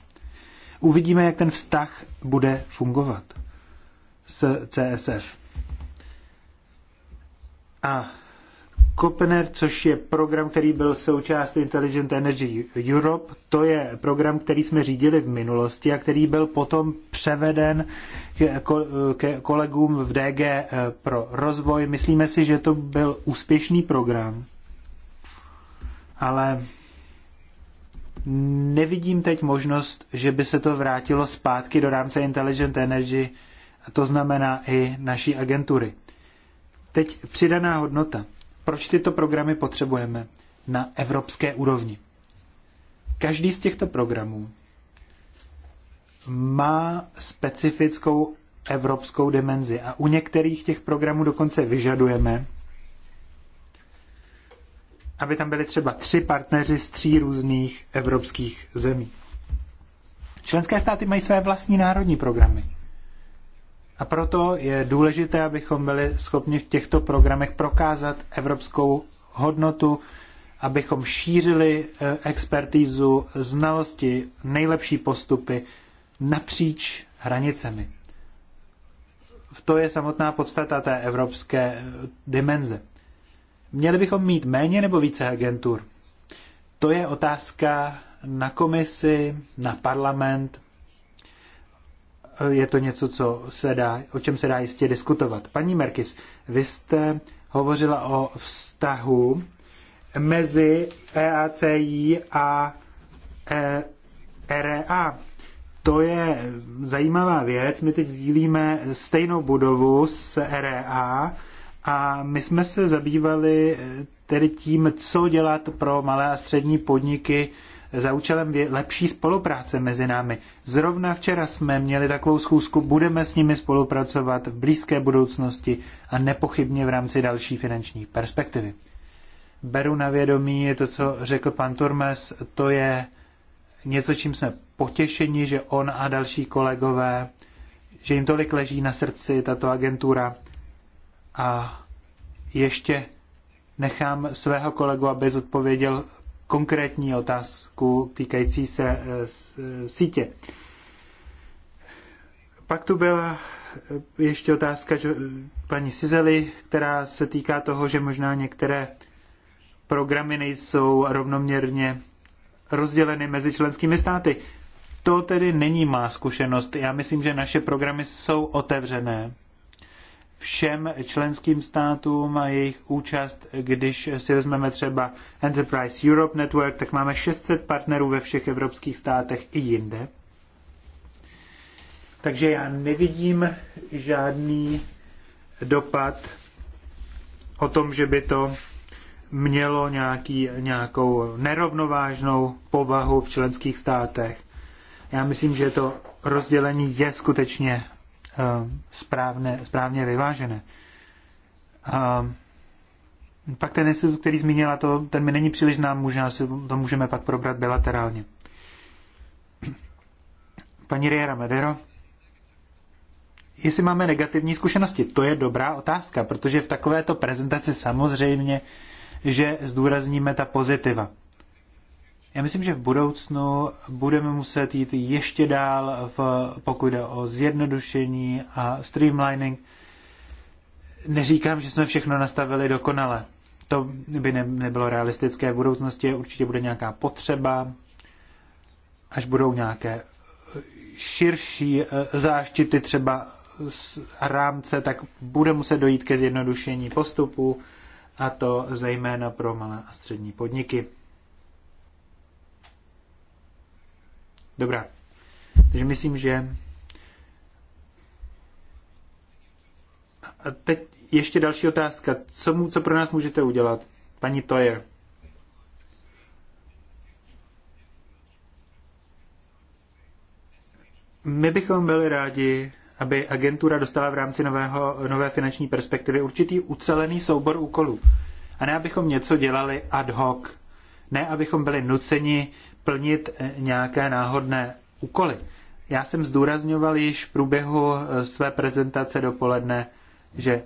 Uvidíme, jak ten vztah bude fungovat s CSF. A Kopener, což je program, který byl součást Intelligent Energy Europe. To je program, který jsme řídili v minulosti a který byl potom převeden ke kolegům v DG eh, pro rozvoj. Myslíme si, že to byl úspěšný program, ale nevidím teď možnost, že by se to vrátilo zpátky do rámce Intelligent Energy a to znamená i naší agentury. Teď přidaná hodnota – proč tyto programy potřebujeme na evropské úrovni? Každý z těchto programů má specifickou evropskou dimenzi a u některých těch programů dokonce vyžadujeme, aby tam byly třeba tři partneři z tří různých evropských zemí. Členské státy mají své vlastní národní programy. A proto je důležité, abychom byli schopni v těchto programech prokázat evropskou hodnotu, abychom šířili eh, expertízu, znalosti, nejlepší postupy napříč hranicemi. To je samotná podstata té evropské eh, dimenze. Měli bychom mít méně nebo více agentur? To je otázka na komisi, na parlament, je to něco, co se dá, o čem se dá jistě diskutovat. Paní Merkis, vy jste hovořila o vztahu mezi EACI a REA. E, to je zajímavá věc. My teď sdílíme stejnou budovu s REA a my jsme se zabývali tedy tím, co dělat pro malé a střední podniky za účelem lepší spolupráce mezi námi. Zrovna včera jsme měli takovou schůzku, budeme s nimi spolupracovat v blízké budoucnosti a nepochybně v rámci další finanční perspektivy. Beru na vědomí je to, co řekl pan Turmes, to je něco, čím jsme potěšeni, že on a další kolegové, že jim tolik leží na srdci tato agentura a ještě nechám svého kolegu, aby zodpověděl konkrétní otázku týkající se eh, eh, sítě. Pak tu byla eh, ještě otázka že paní Sizely, která se týká toho, že možná některé programy nejsou rovnoměrně rozděleny mezi členskými státy. To tedy není má zkušenost. Já myslím, že naše programy jsou otevřené všem členským státům a jejich účast, když si vezmeme třeba Enterprise Europe Network, tak máme 600 partnerů ve všech evropských státech i jinde. Takže já nevidím žádný dopad o tom, že by to mělo nějaký, nějakou nerovnovážnou povahu v členských státech. Já myslím, že to rozdělení je skutečně správné, správně vyvážené. A pak ten institut, který zmínila, to, ten mi není příliš znám, možná si to můžeme pak probrat bilaterálně. Paní Riera Medero, jestli máme negativní zkušenosti, to je dobrá otázka, protože v takovéto prezentaci samozřejmě, že zdůrazníme ta pozitiva. Já myslím, že v budoucnu budeme muset jít ještě dál, v, pokud jde o zjednodušení a streamlining. Neříkám, že jsme všechno nastavili dokonale. To by ne, nebylo realistické. V budoucnosti určitě bude nějaká potřeba, až budou nějaké širší eh, záštity, třeba z rámce, tak bude muset dojít ke zjednodušení postupu, a to zejména pro malé a střední podniky. Dobrá. Takže myslím, že A teď ještě další otázka. Co, mu, co pro nás můžete udělat? Paní Toyer. My bychom byli rádi, aby agentura dostala v rámci nového, nové finanční perspektivy určitý ucelený soubor úkolů. A ne, abychom něco dělali ad hoc. Ne, abychom byli nuceni plnit eh, nějaké náhodné úkoly. Já jsem zdůrazňoval již v průběhu eh, své prezentace dopoledne, že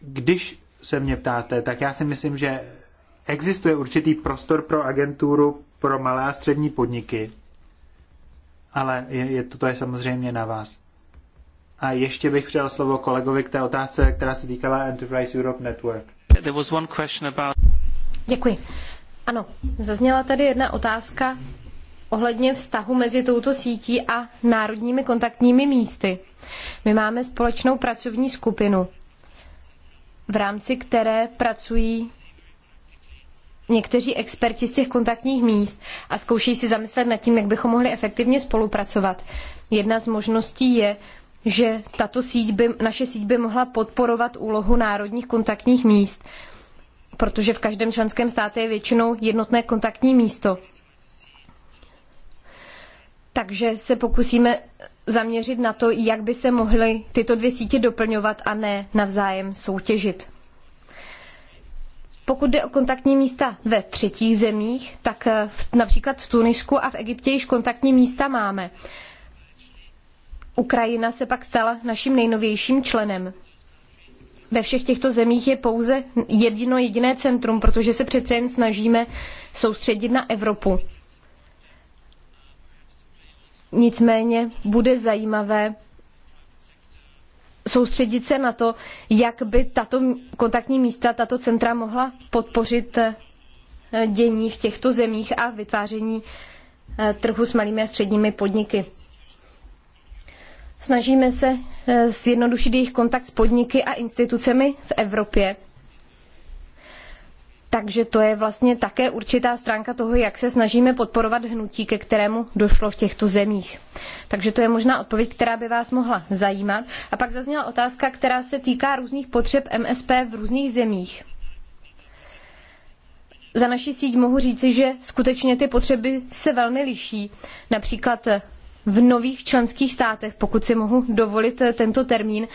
když se mě ptáte, tak já si myslím, že existuje určitý prostor pro agenturu pro malé a střední podniky, ale je, je, to, to je samozřejmě na vás. A ještě bych přijal slovo kolegovi k té otázce, která se týkala Enterprise Europe Network. There was one question about... Děkuji. Ano, zazněla tady jedna otázka ohledně vztahu mezi touto sítí a národními kontaktními místy. My máme společnou pracovní skupinu, v rámci které pracují někteří experti z těch kontaktních míst a zkouší si zamyslet nad tím, jak bychom mohli efektivně spolupracovat. Jedna z možností je, že tato síť by, naše síť by mohla podporovat úlohu národních kontaktních míst protože v každém členském státě je většinou jednotné kontaktní místo. Takže se pokusíme zaměřit na to, jak by se mohly tyto dvě sítě doplňovat a ne navzájem soutěžit. Pokud jde o kontaktní místa ve třetích zemích, tak eh, v, například v Tunisku a v Egyptě již kontaktní místa máme. Ukrajina se pak stala naším nejnovějším členem ve všech těchto zemích je pouze jedno jediné centrum, protože se přece jen snažíme soustředit na Evropu. Nicméně bude zajímavé soustředit se na to, jak by tato kontaktní místa, tato centra mohla podpořit eh, dění v těchto zemích a vytváření eh, trhu s malými a středními podniky. Snažíme se eh, zjednodušit jejich kontakt s podniky a institucemi v Evropě. Takže to je vlastně také určitá stránka toho, jak se snažíme podporovat hnutí, ke kterému došlo v těchto zemích. Takže to je možná odpověď, která by vás mohla zajímat. A pak zazněla otázka, která se týká různých potřeb MSP v různých zemích. Za naši síť mohu říci, že skutečně ty potřeby se velmi liší. Například v nových členských státech, pokud si mohu dovolit eh, tento termín,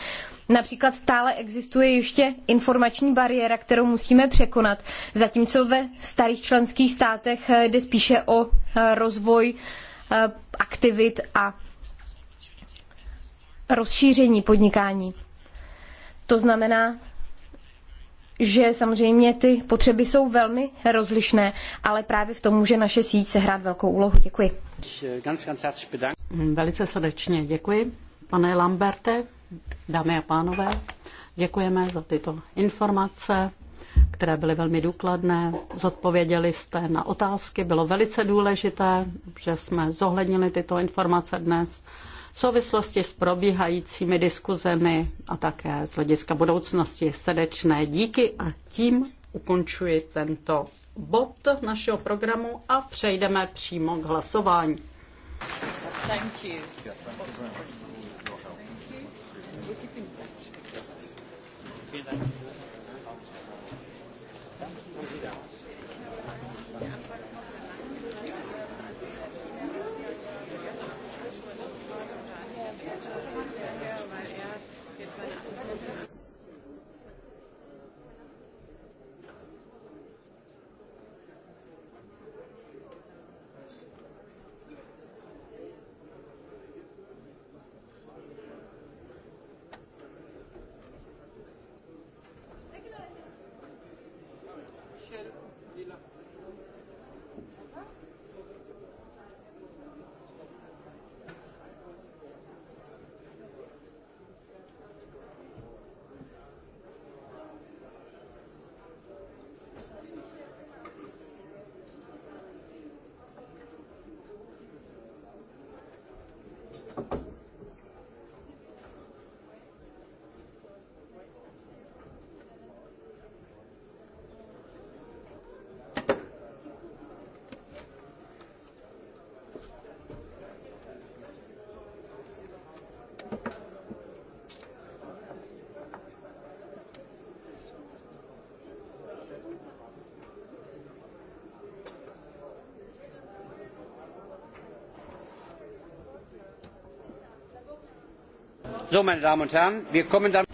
Například stále existuje ještě informační bariéra, kterou musíme překonat, zatímco ve starých členských státech eh, jde spíše o eh, rozvoj aktivit a rozšíření podnikání. To znamená, že samozřejmě ty potřeby jsou velmi rozlišné, ale právě v tom může naše síť sehrát velkou úlohu. Děkuji. Hm, velice srdečně děkuji, pane Lamberte, dámy a pánové. Děkujeme za tyto informace, které byly velmi důkladné. Zodpověděli jste na otázky. Bylo velice důležité, že jsme zohlednili tyto informace dnes v souvislosti s probíhajícími diskuzemi a také z hlediska budoucnosti srdečné díky a tím ukončuji tento bod našeho programu a přejdeme přímo k hlasování. Thank you. Yeah, thank you very much Thank you. We'll keep in touch. Vielen Dank.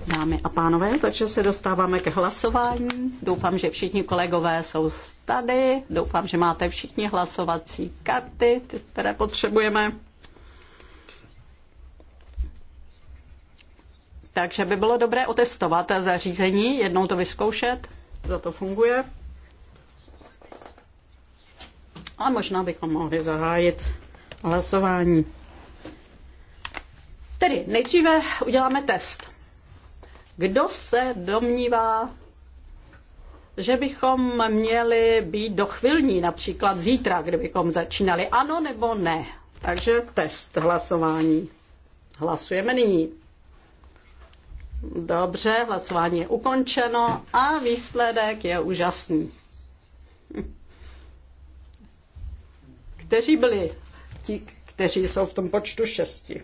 Dámy a pánové, takže se dostáváme k hlasování. Doufám, že všichni kolegové jsou tady. Doufám, že máte všichni hlasovací karty, ty, které potřebujeme. Takže by bylo dobré otestovat zařízení, jednou to vyzkoušet, za to funguje. A možná bychom mohli zahájit hlasování. Tedy nejdříve uděláme test. Kdo se domnívá, že bychom měli být dochvilní, například zítra, kdybychom začínali? Ano nebo ne? Takže test hlasování. Hlasujeme nyní. Dobře, hlasování je ukončeno a výsledek je úžasný. Kteří byli ti, kteří jsou v tom počtu šesti?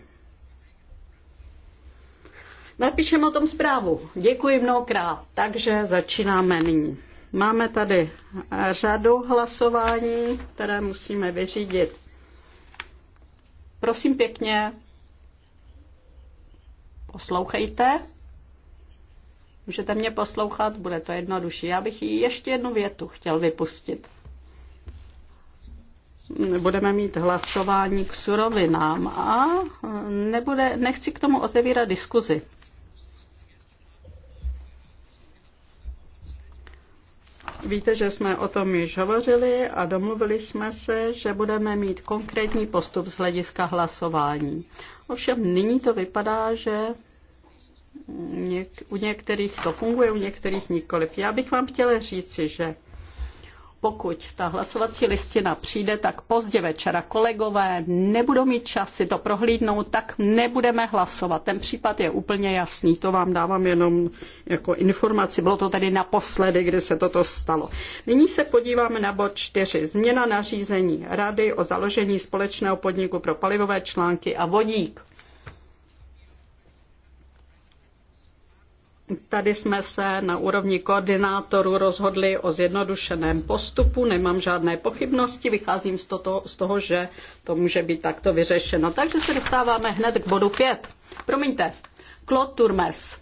Napíšeme o tom zprávu. Děkuji mnohokrát. Takže začínáme nyní. Máme tady řadu hlasování, které musíme vyřídit. Prosím pěkně, poslouchejte. Můžete mě poslouchat, bude to jednodušší. Já bych ještě jednu větu chtěl vypustit. Budeme mít hlasování k surovinám a nebude, nechci k tomu otevírat diskuzi. Víte, že jsme o tom již hovořili a domluvili jsme se, že budeme mít konkrétní postup z hlediska hlasování. Ovšem nyní to vypadá, že u některých to funguje, u některých nikoliv. Já bych vám chtěla říci, že pokud ta hlasovací listina přijde tak pozdě večera, kolegové nebudou mít čas si to prohlídnout, tak nebudeme hlasovat. Ten případ je úplně jasný, to vám dávám jenom jako informaci. Bylo to tedy naposledy, kdy se toto stalo. Nyní se podíváme na bod 4. Změna nařízení Rady o založení společného podniku pro palivové články a vodík. Tady jsme se na úrovni koordinátorů rozhodli o zjednodušeném postupu, nemám žádné pochybnosti, vycházím z, z toho, že to může být takto vyřešeno. Takže se dostáváme hned k bodu 5. Promiňte, Claude Turmes.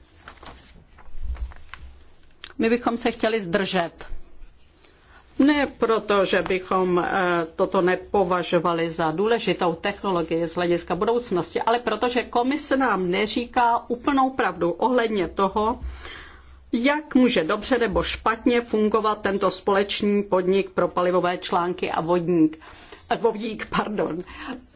My bychom se chtěli zdržet. Ne proto, že bychom eh, toto nepovažovali za důležitou technologii z hlediska budoucnosti, ale protože komise nám neříká úplnou pravdu ohledně toho, jak může dobře nebo špatně fungovat tento společný podnik pro palivové články a vodník. Eh, vodík, pardon.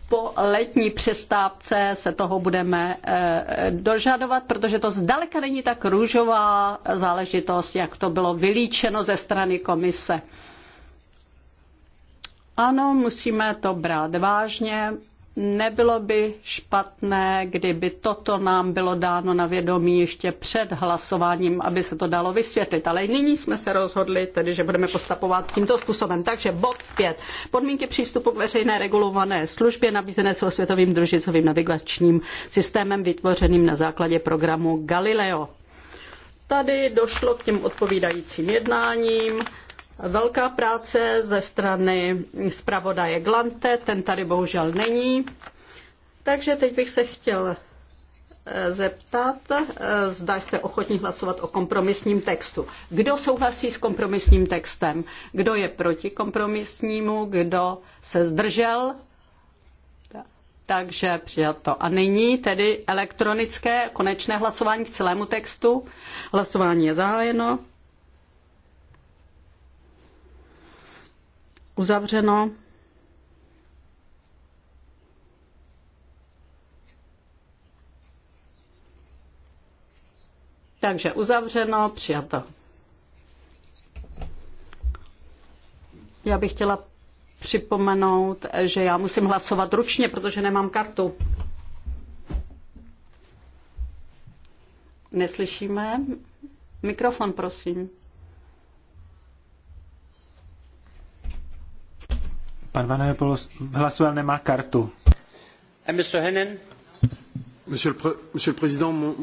Po letní přestávce se toho budeme eh, dožadovat, protože to zdaleka není tak růžová záležitost, jak to bylo vylíčeno ze strany komise. Ano, musíme to brát vážně. Nebylo by špatné, kdyby toto nám bylo dáno na vědomí ještě před hlasováním, aby se to dalo vysvětlit. Ale nyní jsme se rozhodli, tedy, že budeme postupovat tímto způsobem. Takže bod 5. Podmínky přístupu k veřejné regulované službě nabízené celosvětovým družicovým navigačním systémem vytvořeným na základě programu Galileo. Tady došlo k těm odpovídajícím jednáním. Velká práce ze strany zpravodaje Glante, ten tady bohužel není. Takže teď bych se chtěl eh, zeptat, eh, zda jste ochotní hlasovat o kompromisním textu. Kdo souhlasí s kompromisním textem? Kdo je proti kompromisnímu? Kdo se zdržel? Takže přijato. A nyní tedy elektronické konečné hlasování k celému textu. Hlasování je zahájeno. uzavřeno. Takže uzavřeno, přijato. Já bych chtěla připomenout, že já musím hlasovat ručně, protože nemám kartu. Neslyšíme. Mikrofon, prosím. Pan hlasoval nemá kartu.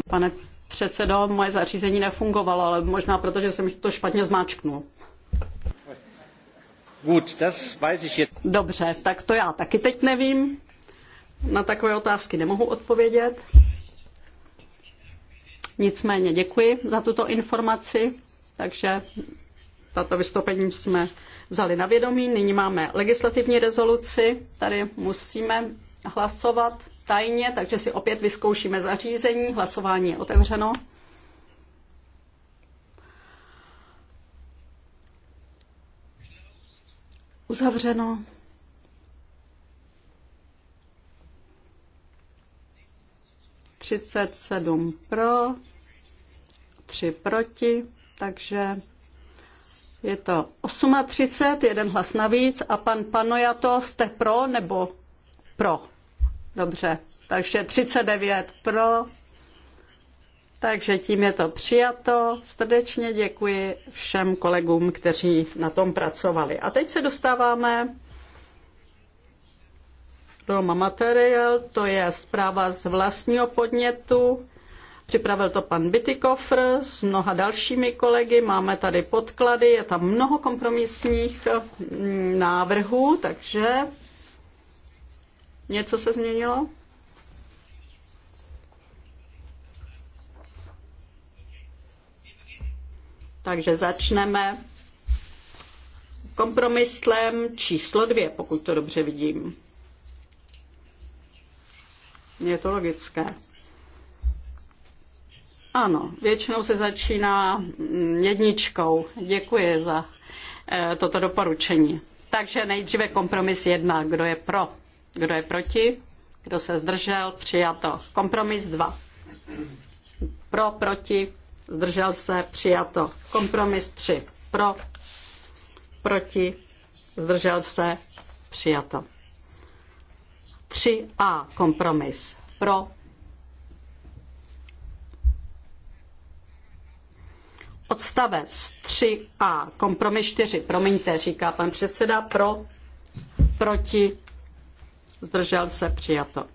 Pane předsedo, moje zařízení nefungovalo, ale možná proto, že jsem to špatně zmáčknul. Dobře, tak to já taky teď nevím. Na takové otázky nemohu odpovědět. Nicméně děkuji za tuto informaci, takže tato vystoupení jsme vzali na vědomí. Nyní máme legislativní rezoluci, tady musíme hlasovat tajně, takže si opět vyzkoušíme zařízení. Hlasování je otevřeno. Uzavřeno. Třicet sedm pro, tři proti, takže je to 8.30, jeden hlas navíc a pan Panojato, jste pro nebo pro? Dobře, takže 39 pro. Takže tím je to přijato. Srdečně děkuji všem kolegům, kteří na tom pracovali. A teď se dostáváme do materiál, to je zpráva z vlastního podnětu. Připravil to pan Bitykofr s mnoha dalšími kolegy, máme tady podklady, je tam mnoho kompromisních mm, návrhů, takže něco se změnilo? Takže začneme kompromislem číslo dvě, pokud to dobře vidím. Je to logické. Ano, většinou se začíná mm, jedničkou. Děkuji za eh, toto doporučení. Takže nejdříve kompromis jedna. Kdo je pro? Kdo je proti? Kdo se zdržel? Přijato. Kompromis dva. Pro, proti, zdržel se, přijato. Kompromis tři. Pro, proti, zdržel se, přijato. 3A kompromis. Pro, Odstavec 3a, kompromis 4, promiňte, říká pan předseda, pro, proti, zdržel se, přijato.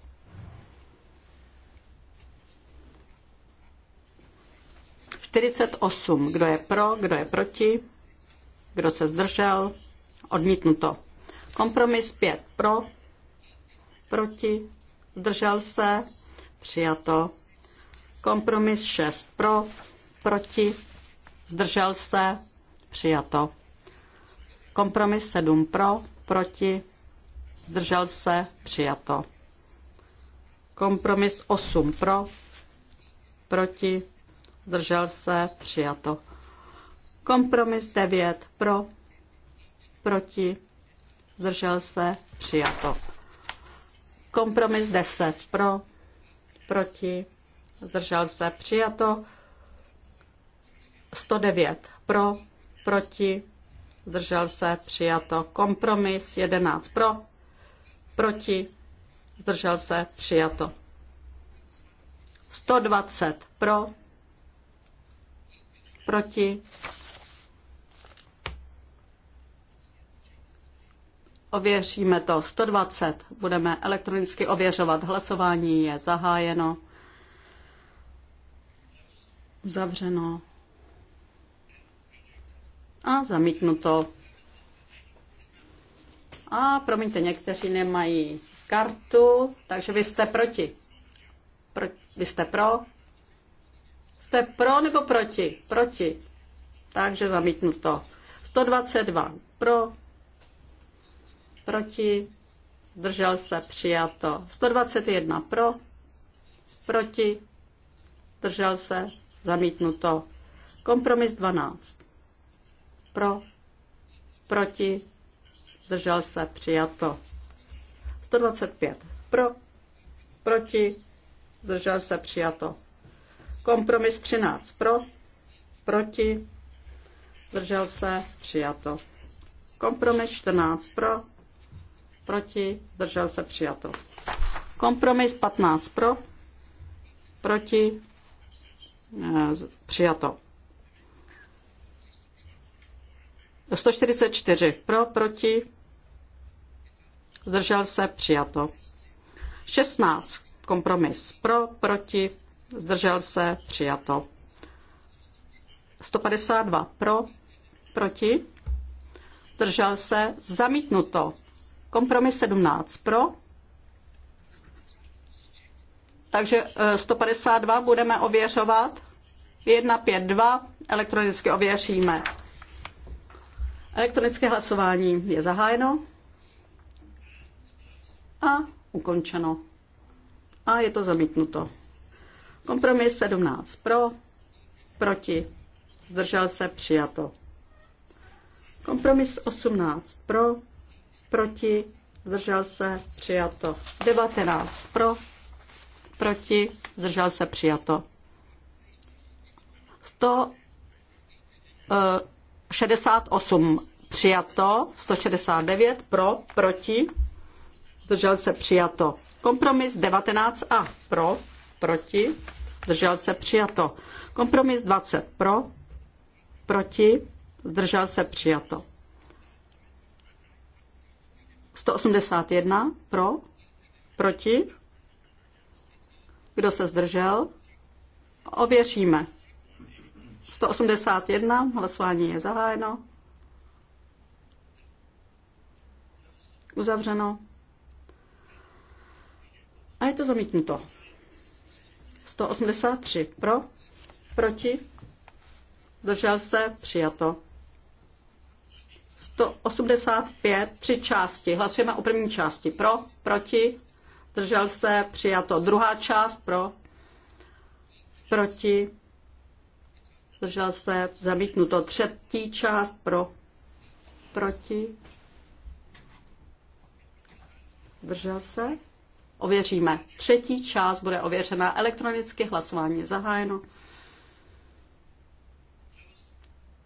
Čtyřicet kdo je pro, kdo je proti, kdo se zdržel, odmítnuto. Kompromis 5 pro, proti, zdržel se, přijato. Kompromis 6 pro, proti, zdržel se, přijato. Kompromis 7 pro, proti, zdržel se, přijato. Kompromis 8 pro, proti, zdržel se, přijato. Kompromis 9 pro, proti, zdržel se, přijato. Kompromis 10 pro, proti, zdržel se, přijato. 109 pro, proti, zdržel se, přijato. Kompromis 11 pro, proti, zdržel se, přijato. 120 pro, proti, Ověříme to. 120. Budeme elektronicky ověřovat. Hlasování je zahájeno. zavřeno a zamítnuto. A promiňte, někteří nemají kartu, takže vy jste proti. Pro, vy jste pro? Jste pro nebo proti? Proti. Takže zamítnuto. 122 pro, proti, zdržel se, přijato. 121 pro, proti, zdržel se, zamítnuto. Kompromis 12 pro, proti, zdržel se, přijato. 125. Pro, proti, zdržel se, přijato. Kompromis 13. Pro, proti, zdržel se, přijato. Kompromis 14. Pro, proti, zdržel se, přijato. Kompromis 15. Pro, proti, eh, přijato. 144 pro, proti, zdržel se, přijato. 16 kompromis pro, proti, zdržel se, přijato. 152 pro, proti, zdržel se, zamítnuto. Kompromis 17 pro, takže 152 e, budeme ověřovat. 152 elektronicky ověříme. Elektronické hlasování je zahájeno a ukončeno. A je to zamítnuto. Kompromis 17 pro, proti, zdržel se, přijato. Kompromis 18 pro, proti, zdržel se, přijato. 19 pro, proti, zdržel se, přijato. 100, 68 přijato, 169 pro, proti, zdržel se přijato. Kompromis 19a pro, proti, zdržel se přijato. Kompromis 20 pro, proti, zdržel se přijato. 181 pro, proti, kdo se zdržel, ověříme. 181, hlasování je zahájeno. Uzavřeno. A je to zamítnuto. 183 pro, proti, Držel se, přijato. 185, tři části. Hlasujeme o první části. Pro, proti, držel se, přijato. Druhá část pro, proti, zdržel se, zamítnuto. Třetí část pro, proti, zdržel se, ověříme. Třetí část bude ověřena elektronicky, hlasování je zahájeno.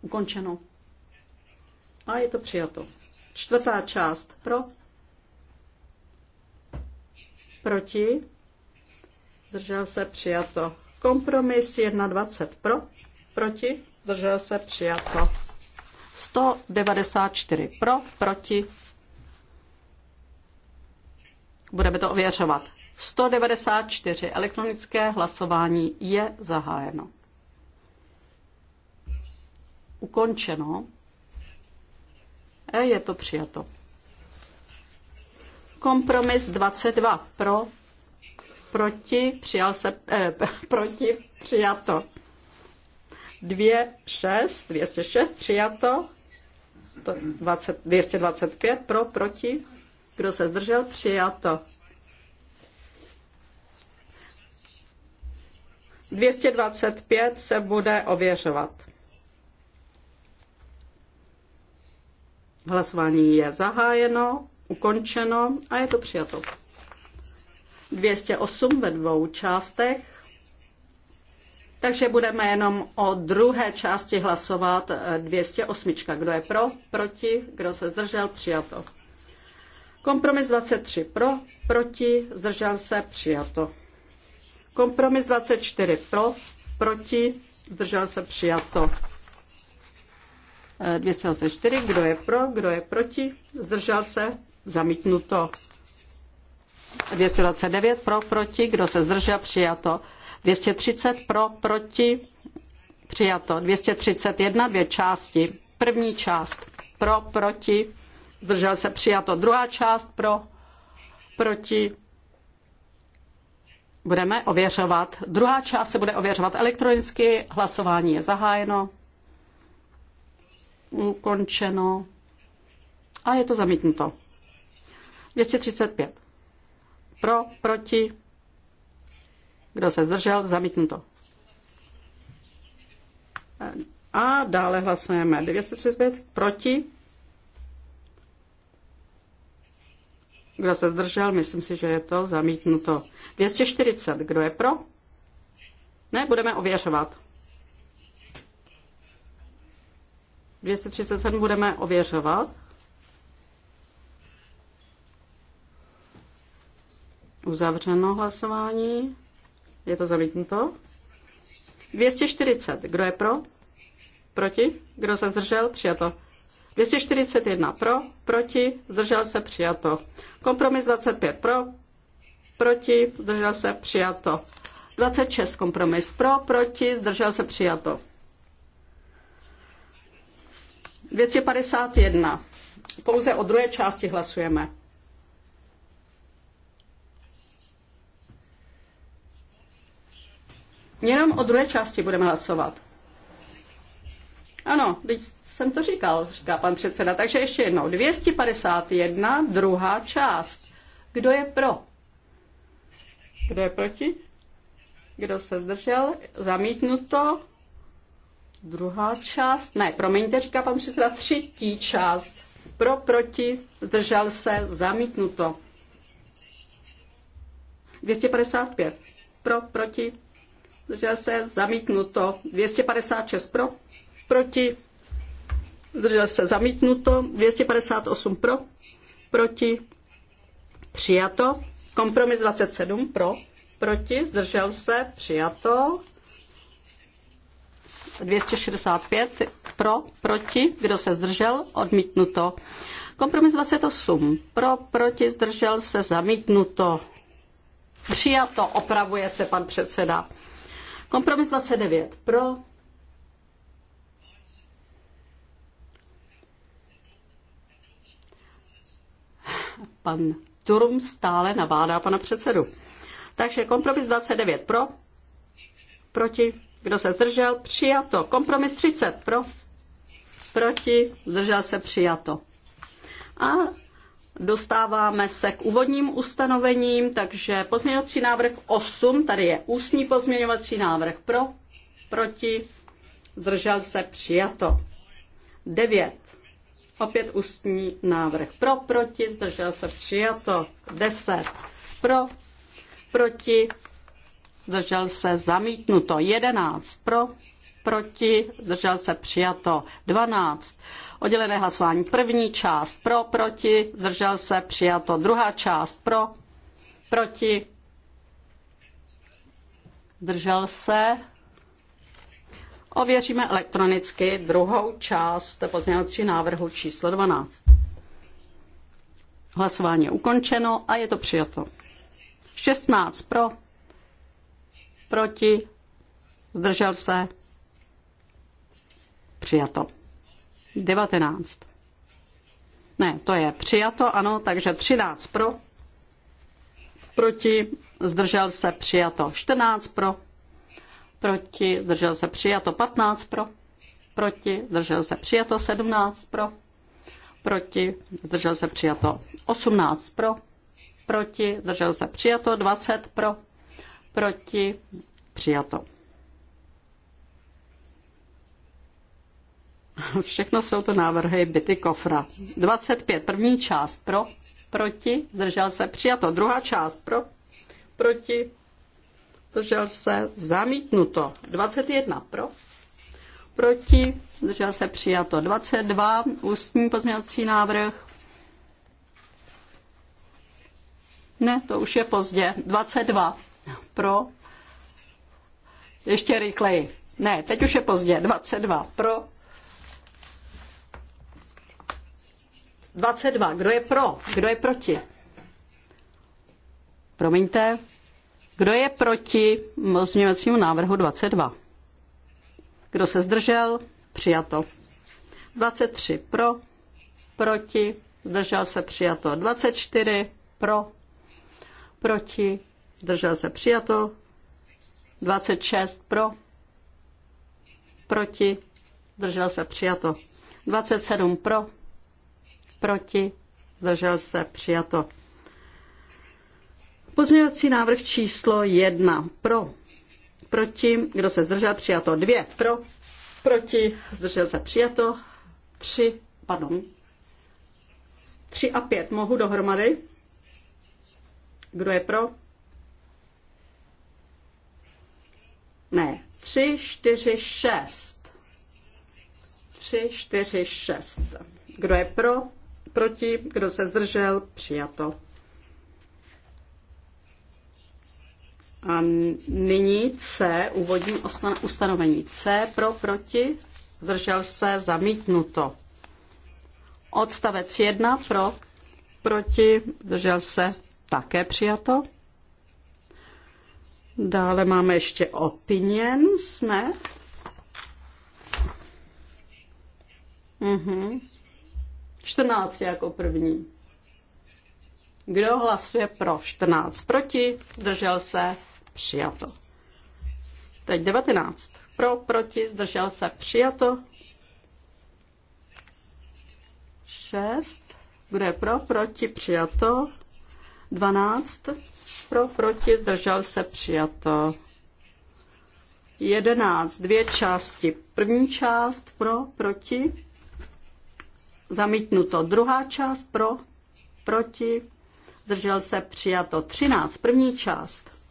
Ukončeno. A je to přijato. Čtvrtá část pro, proti, zdržel se, přijato. Kompromis 1.20 pro proti, držel se, přijato. 194 pro, proti, budeme to ověřovat. 194 elektronické hlasování je zahájeno. Ukončeno. A e, je to přijato. Kompromis 22 pro, proti, přijal se, eh, proti, přijato. 2, 206 přijato, 120, 225 pro, proti, kdo se zdržel, přijato. 225 se bude ověřovat. Hlasování je zahájeno, ukončeno a je to přijato. 208 ve dvou částech. Takže budeme jenom o druhé části hlasovat 208. Kdo je pro, proti, kdo se zdržel, přijato. Kompromis 23 pro, proti, zdržel se, přijato. Kompromis 24 pro, proti, zdržel se, přijato. 204, eh, kdo je pro, kdo je proti, zdržel se, zamítnuto. 229 pro, proti, kdo se zdržel, přijato. 230 pro, proti, přijato. 231, dvě části. První část pro, proti, zdržel se přijato. Druhá část pro, proti, budeme ověřovat. Druhá část se bude ověřovat elektronicky, hlasování je zahájeno, ukončeno a je to zamítnuto. 235. Pro, proti, kdo se zdržel? Zamítnuto. A dále hlasujeme 235 proti. Kdo se zdržel? Myslím si, že je to zamítnuto. 240. Kdo je pro? Ne, budeme ověřovat. 237 budeme ověřovat. Uzavřeno hlasování. Je to zamítnuto. 240. Kdo je pro? Proti? Kdo se zdržel? Přijato. 241 pro, proti, zdržel se, přijato. Kompromis 25 pro, proti, zdržel se, přijato. 26 kompromis pro, proti, zdržel se, přijato. 251. Pouze o druhé části hlasujeme. Jenom o druhé části budeme hlasovat. Ano, teď jsem to říkal, říká pan předseda. Takže ještě jednou. 251, druhá část. Kdo je pro? Kdo je proti? Kdo se zdržel? Zamítnuto. Druhá část. Ne, promiňte, říká pan předseda. Třetí část. Pro, proti, zdržel se, zamítnuto. 255. Pro, proti, zdržel se, zamítnuto. 256 pro, proti, zdržel se, zamítnuto. 258 pro, proti, přijato. Kompromis 27 pro, proti, zdržel se, přijato. 265 pro, proti, kdo se zdržel, odmítnuto. Kompromis 28 pro, proti, zdržel se, zamítnuto. Přijato, opravuje se pan předseda. Kompromis 29 pro. Pan Turum stále nabádá pana předsedu. Takže kompromis 29 pro, proti, kdo se zdržel, přijato. Kompromis 30 pro, proti, zdržel se, přijato. A Dostáváme se k úvodním ustanovením, takže pozměňovací návrh 8, tady je ústní pozměňovací návrh pro, proti, zdržel se přijato. 9. Opět ústní návrh pro, proti, zdržel se přijato. 10. Pro, proti, zdržel se zamítnuto. 11. Pro, proti, zdržel se přijato. 12. Oddělené hlasování. První část pro, proti, zdržel se, přijato. Druhá část pro, proti, zdržel se. Ověříme elektronicky druhou část pozměňovací návrhu číslo 12. Hlasování je ukončeno a je to přijato. 16 pro, proti, zdržel se, přijato. 19. Ne, to je přijato, ano, takže 13 pro, proti, zdržel se přijato 14 pro, proti, zdržel se přijato 15 pro, proti, zdržel se přijato 17 pro, proti, zdržel se přijato 18 pro, proti, zdržel se přijato 20 pro, proti, přijato. Všechno jsou to návrhy byty kofra. 25. První část pro, proti, zdržel se, přijato. Druhá část pro, proti, zdržel se, zamítnuto. 21 pro, proti, zdržel se, přijato. 22, ústní pozměňovací návrh. Ne, to už je pozdě. 22 pro, ještě rychleji. Ne, teď už je pozdě. 22 pro, 22. Kdo je pro? Kdo je proti? Promiňte. Kdo je proti pozměňovacímu návrhu 22? Kdo se zdržel? Přijato. 23 pro, proti, zdržel se přijato. 24 pro, proti, zdržel se přijato. 26 pro, proti, zdržel se přijato. 27 pro, proti, zdržel se, přijato. Pozměňovací návrh číslo jedna pro, proti, kdo se zdržel, přijato. Dvě pro, proti, zdržel se, přijato. Tři, pardon, tři a pět mohu dohromady. Kdo je pro? Ne, tři, čtyři, šest. Tři, čtyři, šest. Kdo je pro? proti, kdo se zdržel, přijato. A nyní C, úvodní ustanovení C, pro, proti, zdržel se, zamítnuto. Odstavec 1, pro, proti, zdržel se, také přijato. Dále máme ještě opinions, ne? Mhm. 14 jako první. Kdo hlasuje pro 14 proti, zdržel se přijato. Teď 19. Pro, proti, zdržel se přijato. 6. Kdo je pro, proti, přijato. 12. Pro, proti, zdržel se přijato. 11. Dvě části. První část pro, proti, Zamítnuto druhá část pro, proti, zdržel se přijato 13, první část.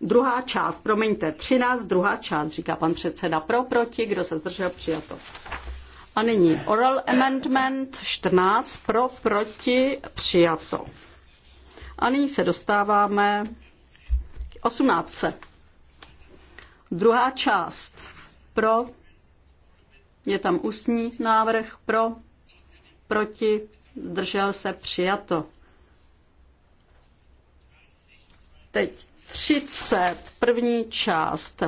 Druhá část, promiňte, 13, druhá část, říká pan předseda pro, proti, kdo se zdržel, přijato. A nyní oral amendment 14, pro, proti, přijato. A nyní se dostáváme k 18. Druhá část, pro, je tam ústní návrh pro, proti, zdržel se, přijato. Teď 30, první část.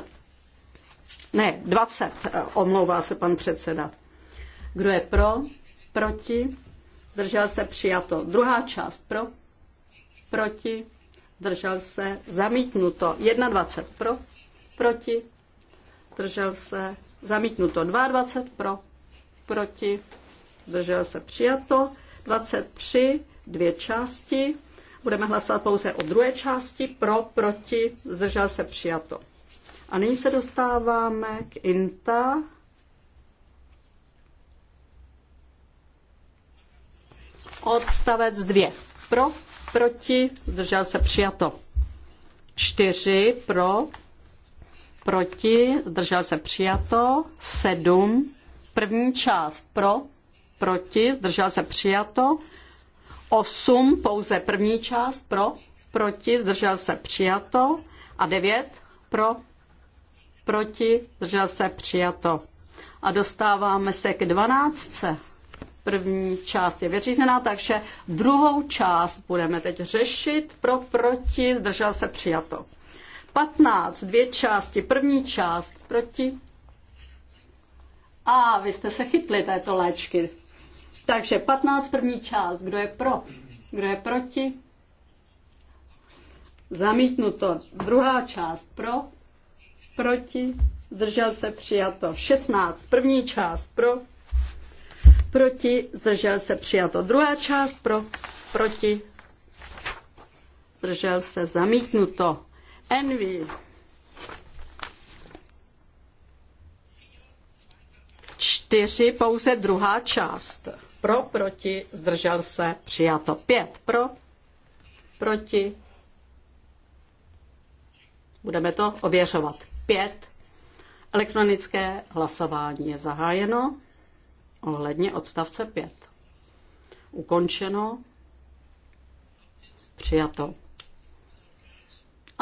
Ne, 20, eh, omlouvá se pan předseda. Kdo je pro, proti, zdržel se, přijato. Druhá část pro, proti, zdržel se, zamítnuto. 21 pro, proti, zdržel se, zamítnuto 22 pro, proti, zdržel se přijato, 23, dvě části, budeme hlasovat pouze o druhé části, pro, proti, zdržel se přijato. A nyní se dostáváme k INTA. Odstavec 2. Pro, proti, zdržel se přijato. 4 pro, proti, zdržel se přijato, sedm, první část pro, proti, zdržel se přijato, osm, pouze první část pro, proti, zdržel se přijato a devět pro, proti, zdržel se přijato. A dostáváme se k dvanáctce. První část je vyřízená, takže druhou část budeme teď řešit pro, proti, zdržel se přijato. 15, dvě části, první část proti. A vy jste se chytli této léčky. Takže 15, první část, kdo je pro, kdo je proti. Zamítnuto. Druhá část pro, proti, zdržel se přijato. 16, první část pro, proti, zdržel se přijato. Druhá část pro, proti, zdržel se zamítnuto. Envy. Čtyři, pouze druhá část. Pro, proti, zdržel se, přijato. Pět, pro, proti. Budeme to ověřovat. Pět. Elektronické hlasování je zahájeno ohledně odstavce 5. Ukončeno. Přijato.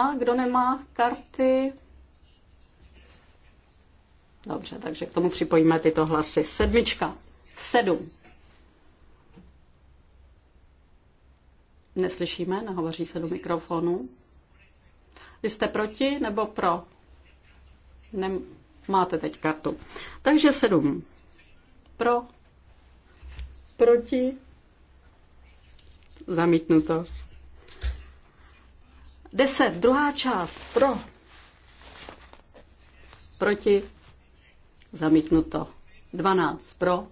A kdo nemá karty? Dobře, takže k tomu připojíme tyto hlasy. Sedmička. Sedm. Neslyšíme, nehovoří se do mikrofonu. Vy jste proti nebo pro? Nem- máte teď kartu. Takže sedm. Pro. Proti. Zamítnuto. 10, druhá část, pro, proti, zamítnuto. 12, pro,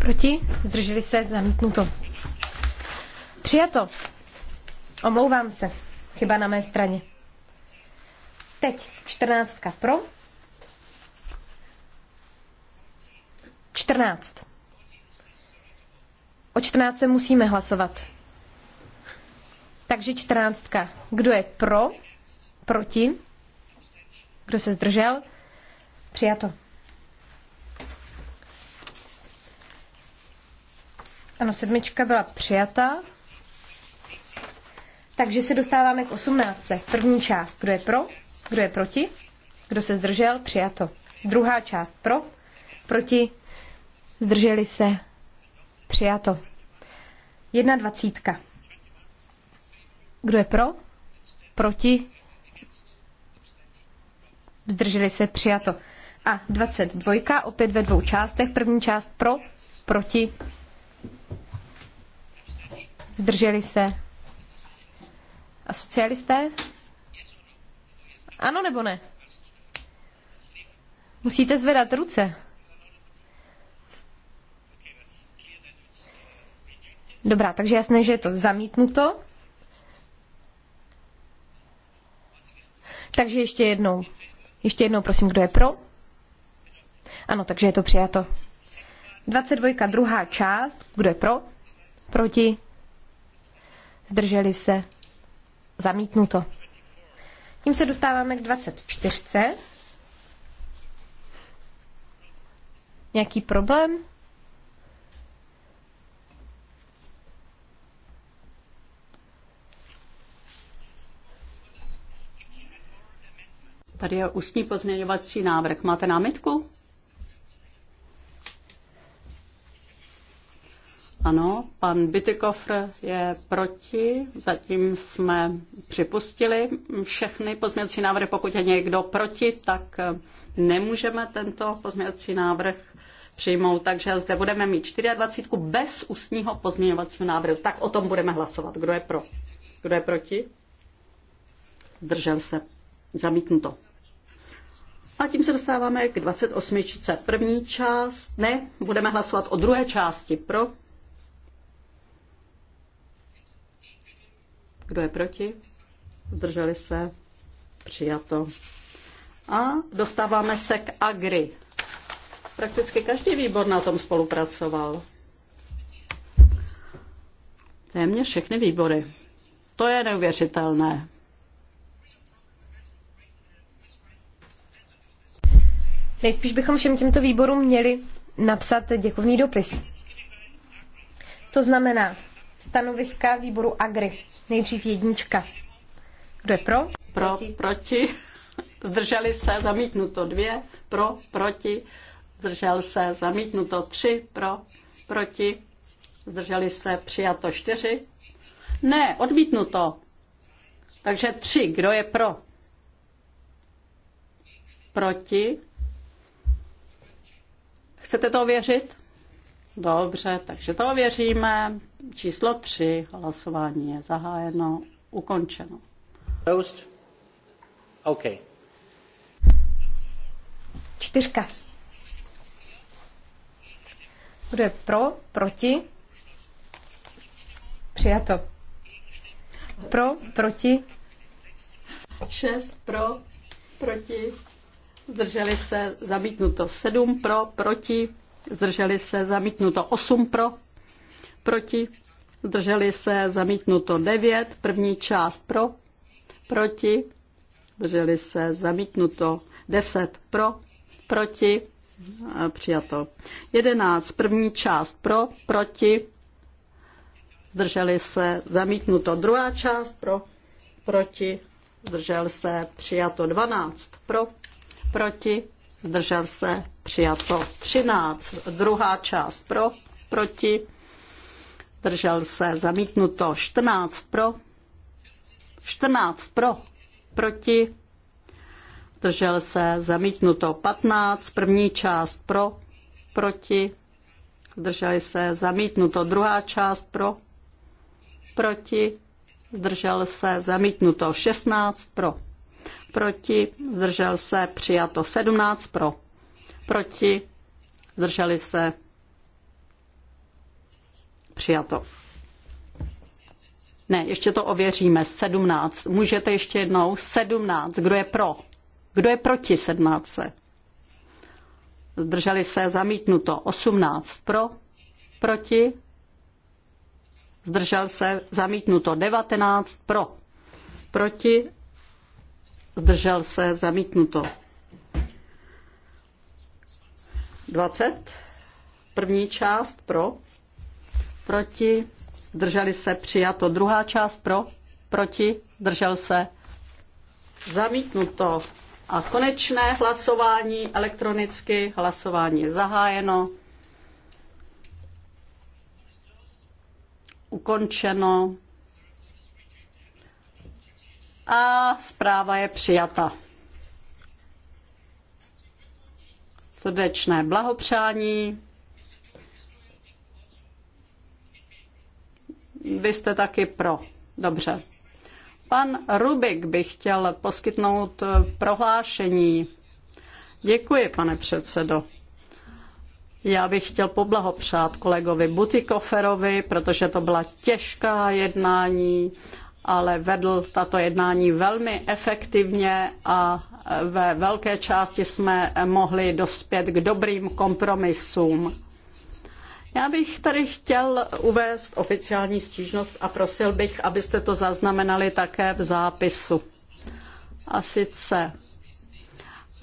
proti, zdrželi se, zamítnuto. Přijato. Omlouvám se. Chyba na mé straně. Teď 14 pro. 14. O 14 musíme hlasovat. Takže čtrnáctka. Kdo je pro? Proti? Kdo se zdržel? Přijato. Ano, sedmička byla přijata. Takže se dostáváme k osmnáctce. První část. Kdo je pro? Kdo je proti? Kdo se zdržel? Přijato. Druhá část. Pro? Proti? Zdrželi se? Přijato. Jedna dvacítka. Kdo je pro? Proti? Zdrželi se přijato. A 22, opět ve dvou částech. První část pro, proti, zdrželi se. A socialisté? Ano nebo ne? Musíte zvedat ruce. Dobrá, takže jasné, že je to zamítnuto. Takže ještě jednou. Ještě jednou, prosím, kdo je pro? Ano, takže je to přijato. 22. druhá část. Kdo je pro? Proti? Zdrželi se? Zamítnuto. Tím se dostáváme k 24. Nějaký problém? Tady je ústní pozměňovací návrh. Máte námitku? Ano, pan Bytykofr je proti. Zatím jsme připustili všechny pozměňovací návrhy. Pokud je někdo proti, tak nemůžeme tento pozměňovací návrh přijmout. Takže zde budeme mít 24 bez ústního pozměňovacího návrhu. Tak o tom budeme hlasovat. Kdo je pro? Kdo je proti? Držel se. Zamítnuto. A tím se dostáváme k 28. První část, ne, budeme hlasovat o druhé části. Pro? Kdo je proti? Zdrželi se? Přijato. A dostáváme se k Agri. Prakticky každý výbor na tom spolupracoval. Téměř všechny výbory. To je neuvěřitelné. Nejspíš bychom všem těmto výborům měli napsat děkovný dopis. To znamená stanoviska výboru Agri. Nejdřív jednička. Kdo je pro? Pro, proti. proti. Zdrželi se, zamítnuto dvě. Pro, proti. Zdržel se, zamítnuto tři. Pro, proti. Zdrželi se, přijato čtyři. Ne, odmítnuto. Takže tři. Kdo je pro? Proti. Chcete to ověřit? Dobře, takže to ověříme. Číslo 3, hlasování je zahájeno, ukončeno. Post. OK. Čtyřka. Kdo je pro, proti? Přijato. Pro, proti? Šest pro, proti, zdrželi se, zamítnuto 7 pro, proti, zdrželi se, zamítnuto 8 pro, proti, zdrželi se, zamítnuto 9, první část pro, proti, zdrželi se, zamítnuto 10 pro, proti, přijato 11, první část pro, proti, zdrželi se, zamítnuto druhá část pro, proti, zdržel se, přijato 12 pro, proti, zdržel se, přijato 13. Druhá část pro, proti, zdržel se, zamítnuto 14 pro, 14 pro, proti, zdržel se, zamítnuto 15, první část pro, proti, zdrželi se, zamítnuto druhá část pro, proti, zdržel se, zamítnuto 16 pro proti, zdržel se, přijato 17 pro, proti, zdrželi se, přijato. Ne, ještě to ověříme, 17. Můžete ještě jednou, 17. Kdo je pro? Kdo je proti 17? Zdrželi se, zamítnuto, 18 pro, proti, zdržel se, zamítnuto, 19 pro, proti, zdržel se, zamítnuto. 20. První část pro, proti, zdrželi se, přijato. Druhá část pro, proti, zdržel se, zamítnuto. A konečné hlasování elektronicky, hlasování je zahájeno. Ukončeno a zpráva je přijata. Srdečné blahopřání. Vy jste taky pro. Dobře. Pan Rubik by chtěl poskytnout prohlášení. Děkuji, pane předsedo. Já bych chtěl poblahopřát kolegovi Butikoferovi, protože to byla těžká jednání ale vedl tato jednání velmi efektivně a ve velké části jsme mohli dospět k dobrým kompromisům. Já bych tady chtěl uvést oficiální stížnost a prosil bych, abyste to zaznamenali také v zápisu. A sice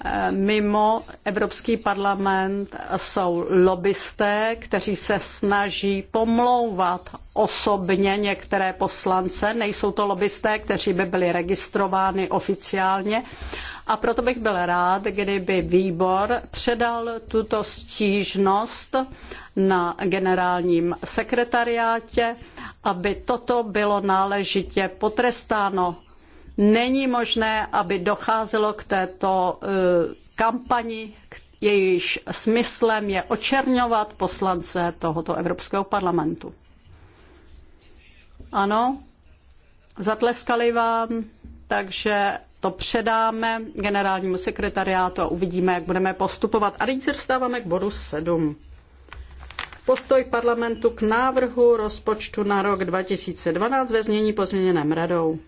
Eh, mimo Evropský parlament jsou lobbysté, kteří se snaží pomlouvat osobně některé poslance. Nejsou to lobbysté, kteří by byli registrováni oficiálně. A proto bych byl rád, kdyby výbor předal tuto stížnost na generálním sekretariátě, aby toto bylo náležitě potrestáno Není možné, aby docházelo k této eh, kampani, jejíž smyslem je očerňovat poslance tohoto Evropského parlamentu. Ano, zatleskali vám, takže to předáme generálnímu sekretariátu a uvidíme, jak budeme postupovat. A nyní se dostáváme k bodu 7. Postoj parlamentu k návrhu rozpočtu na rok 2012 ve znění pozměněném radou.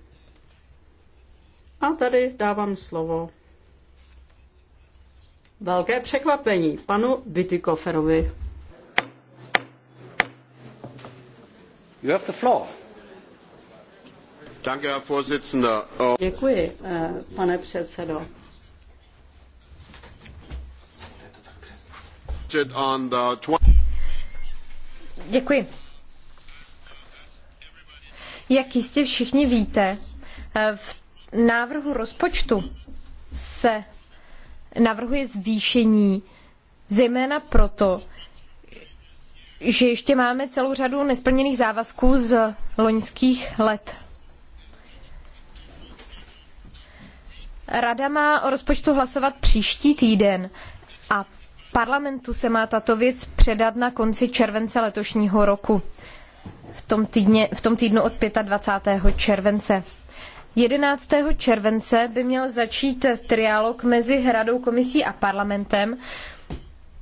A tady dávám slovo. Velké překvapení panu Vitikoferovi. You have the floor. Oh. Děkuji, eh, pane předsedo. Děkuji. Jak jistě všichni víte, eh, v návrhu rozpočtu se navrhuje zvýšení, zejména proto, že ještě máme celou řadu nesplněných závazků z loňských let. Rada má o rozpočtu hlasovat příští týden a parlamentu se má tato věc předat na konci července letošního roku, v tom, týdně, v tom týdnu od 25. července. 11. července by měl začít trialog mezi Hradou komisí a parlamentem.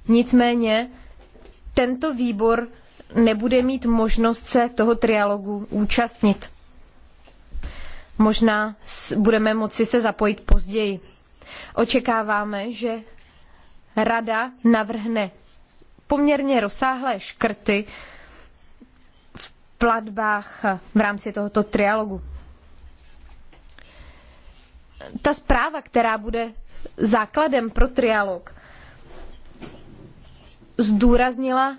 Nicméně tento výbor nebude mít možnost se toho trialogu účastnit. Možná budeme moci se zapojit později. Očekáváme, že Rada navrhne poměrně rozsáhlé škrty v platbách v rámci tohoto trialogu ta zpráva, která bude základem pro trialog, zdůraznila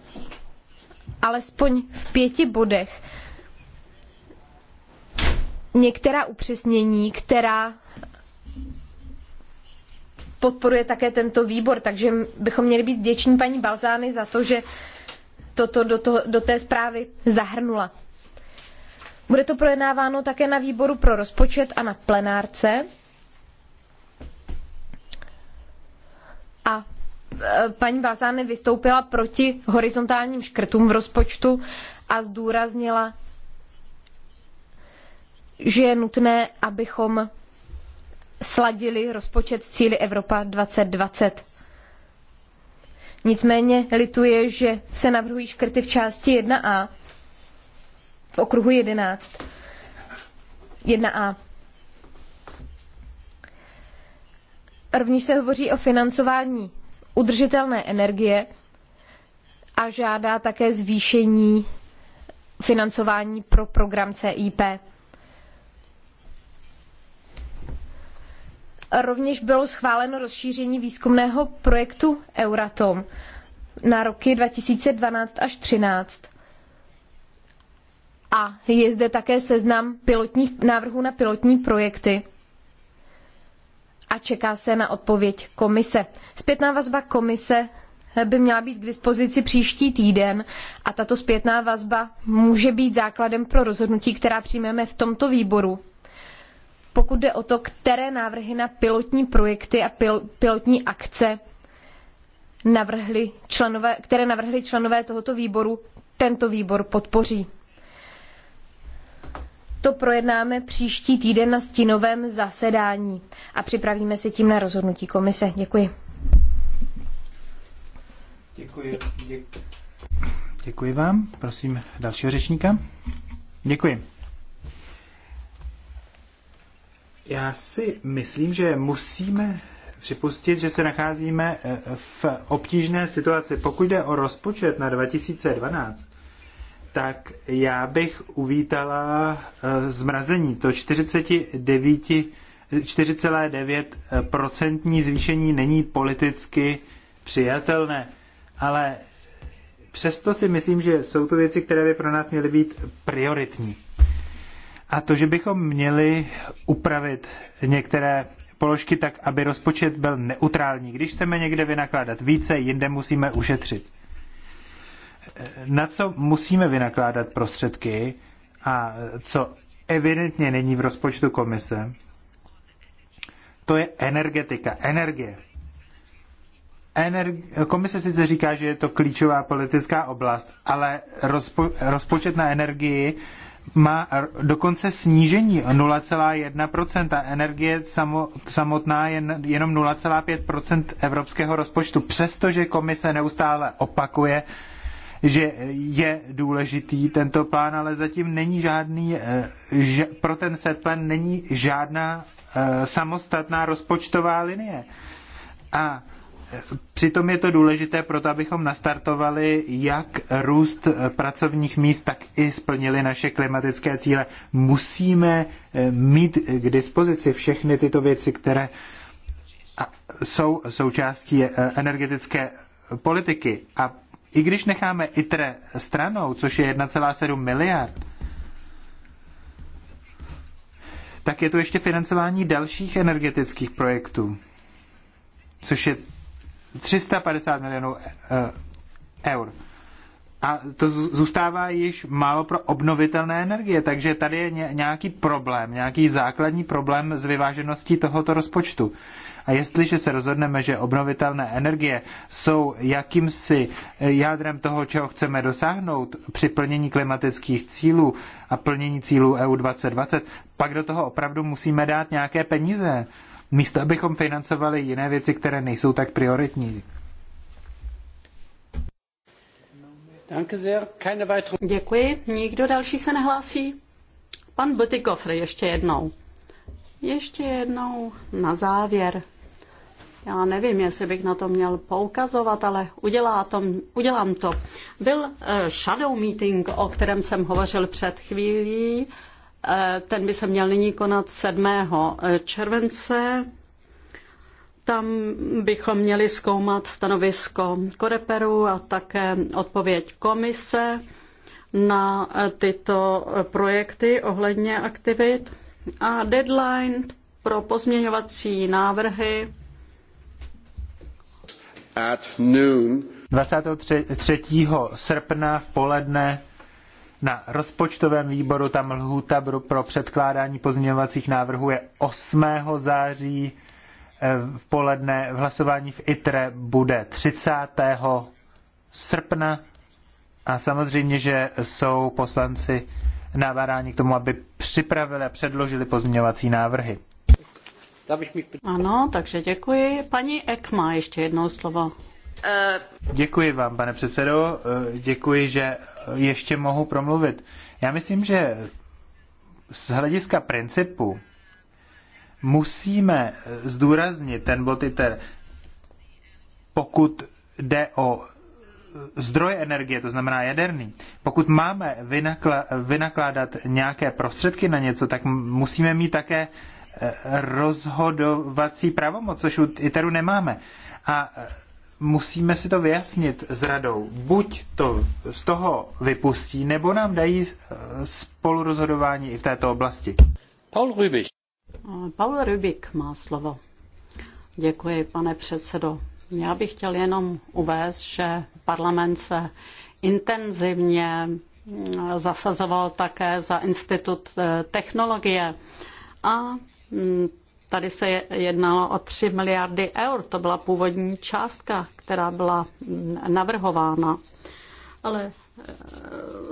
alespoň v pěti bodech některá upřesnění, která podporuje také tento výbor, takže bychom měli být vděční paní Balzány za to, že toto do, to, do té zprávy zahrnula. Bude to projednáváno také na výboru pro rozpočet a na plenárce. Eh, paní Bazány vystoupila proti horizontálním škrtům v rozpočtu a zdůraznila, že je nutné, abychom sladili rozpočet s cíly Evropa 2020. Nicméně lituje, že se navrhují škrty v části 1a v okruhu 11. 1a. Rovněž se hovoří o financování udržitelné energie a žádá také zvýšení financování pro program CIP. Rovněž bylo schváleno rozšíření výzkumného projektu Euratom na roky 2012 až 2013. A je zde také seznam pilotních, návrhů na pilotní projekty a čeká se na odpověď komise. Zpětná vazba komise by měla být k dispozici příští týden a tato zpětná vazba může být základem pro rozhodnutí, která přijmeme v tomto výboru. Pokud jde o to, které návrhy na pilotní projekty a pil, pilotní akce navrhli členové, které navrhli členové tohoto výboru, tento výbor podpoří to projednáme příští týden na stínovém zasedání a připravíme se tím na rozhodnutí komise. Děkuji. Děkuji. Děkuji, Děkuji vám. Prosím dalšího řečníka. Děkuji. Já si myslím, že musíme připustit, že se nacházíme eh, v obtížné situaci. Pokud jde o rozpočet na 2012, tak já bych uvítala eh, zmrazení. To 49, 4,9% zvýšení není politicky přijatelné, ale přesto si myslím, že jsou to věci, které by pro nás měly být prioritní. A to, že bychom měli upravit některé položky tak, aby rozpočet byl neutrální. Když chceme někde vynakládat více, jinde musíme ušetřit na co musíme vynakládat prostředky a co evidentně není v rozpočtu komise, to je energetika, energie. Energ- Komise sice říká, že je to klíčová politická oblast, ale rozpo- rozpočet na energii má dokonce snížení 0,1%. Energie samo, samotná je jenom 0,5% evropského rozpočtu, přestože komise neustále opakuje, že je důležitý tento plán, ale zatím není žádný, eh, že pro ten set plan není žádná eh, samostatná rozpočtová linie. A eh, Přitom je to důležité proto, abychom nastartovali jak růst pracovních míst, tak i splnili naše klimatické cíle. Musíme mít k dispozici všechny tyto věci, které jsou součástí energetické politiky. A i když necháme ITRE stranou, což je 1,7 miliard, tak je tu ještě financování dalších energetických projektů, což je 350 milionů eh, eur a to zůstává již málo pro obnovitelné energie, takže tady je nějaký problém, nějaký základní problém s vyvážeností tohoto rozpočtu. A jestliže se rozhodneme, že obnovitelné energie jsou jakýmsi eh, jádrem toho, čeho chceme dosáhnout při plnění klimatických cílů a plnění cílů EU 2020, pak do toho opravdu musíme dát nějaké peníze, místo abychom financovali jiné věci, které nejsou tak prioritní. Děkuji. Nikdo další se nehlásí? Pan Butikofr ještě jednou. Ještě jednou na závěr. Já nevím, jestli bych na to měl poukazovat, ale udělá to, udělám to. Byl uh, shadow meeting, o kterém jsem hovořil před chvílí. Uh, ten by se měl nyní konat 7. Eh, července tam bychom měli zkoumat stanovisko Koreperu a také odpověď komise na tyto projekty ohledně aktivit. A deadline pro pozměňovací návrhy 23. srpna v poledne na rozpočtovém výboru tam lhůta pro předkládání pozměňovacích návrhů je 8. září Eh, v poledne, v hlasování v ITRE bude 30. srpna a samozřejmě, že jsou poslanci navaráni k tomu, aby připravili a předložili pozměňovací návrhy. Ano, takže děkuji. Paní Ek má ještě jednou slovo. Děkuji vám, pane předsedo. Eh, děkuji, že ještě mohu promluvit. Já myslím, že z hlediska principu musíme zdůraznit ten bod ITER, pokud jde o e, zdroje energie, to znamená jaderný, pokud máme vynakla, vynakládat nějaké prostředky na něco, tak musíme mít také e, rozhodovací pravomoc, což u ITERu nemáme. A e, musíme si to vyjasnit s radou. Buď to z toho vypustí, nebo nám dají spolurozhodování i v této oblasti. Paul Rübig. Paul Rybik má slovo. Děkuji, pane předsedo. Já bych chtěl jenom uvést, že parlament se intenzivně mm, zasazoval také za institut eh, technologie a mm, tady se jednalo o 3 miliardy eur. To byla původní částka, která byla mm, navrhována. Ale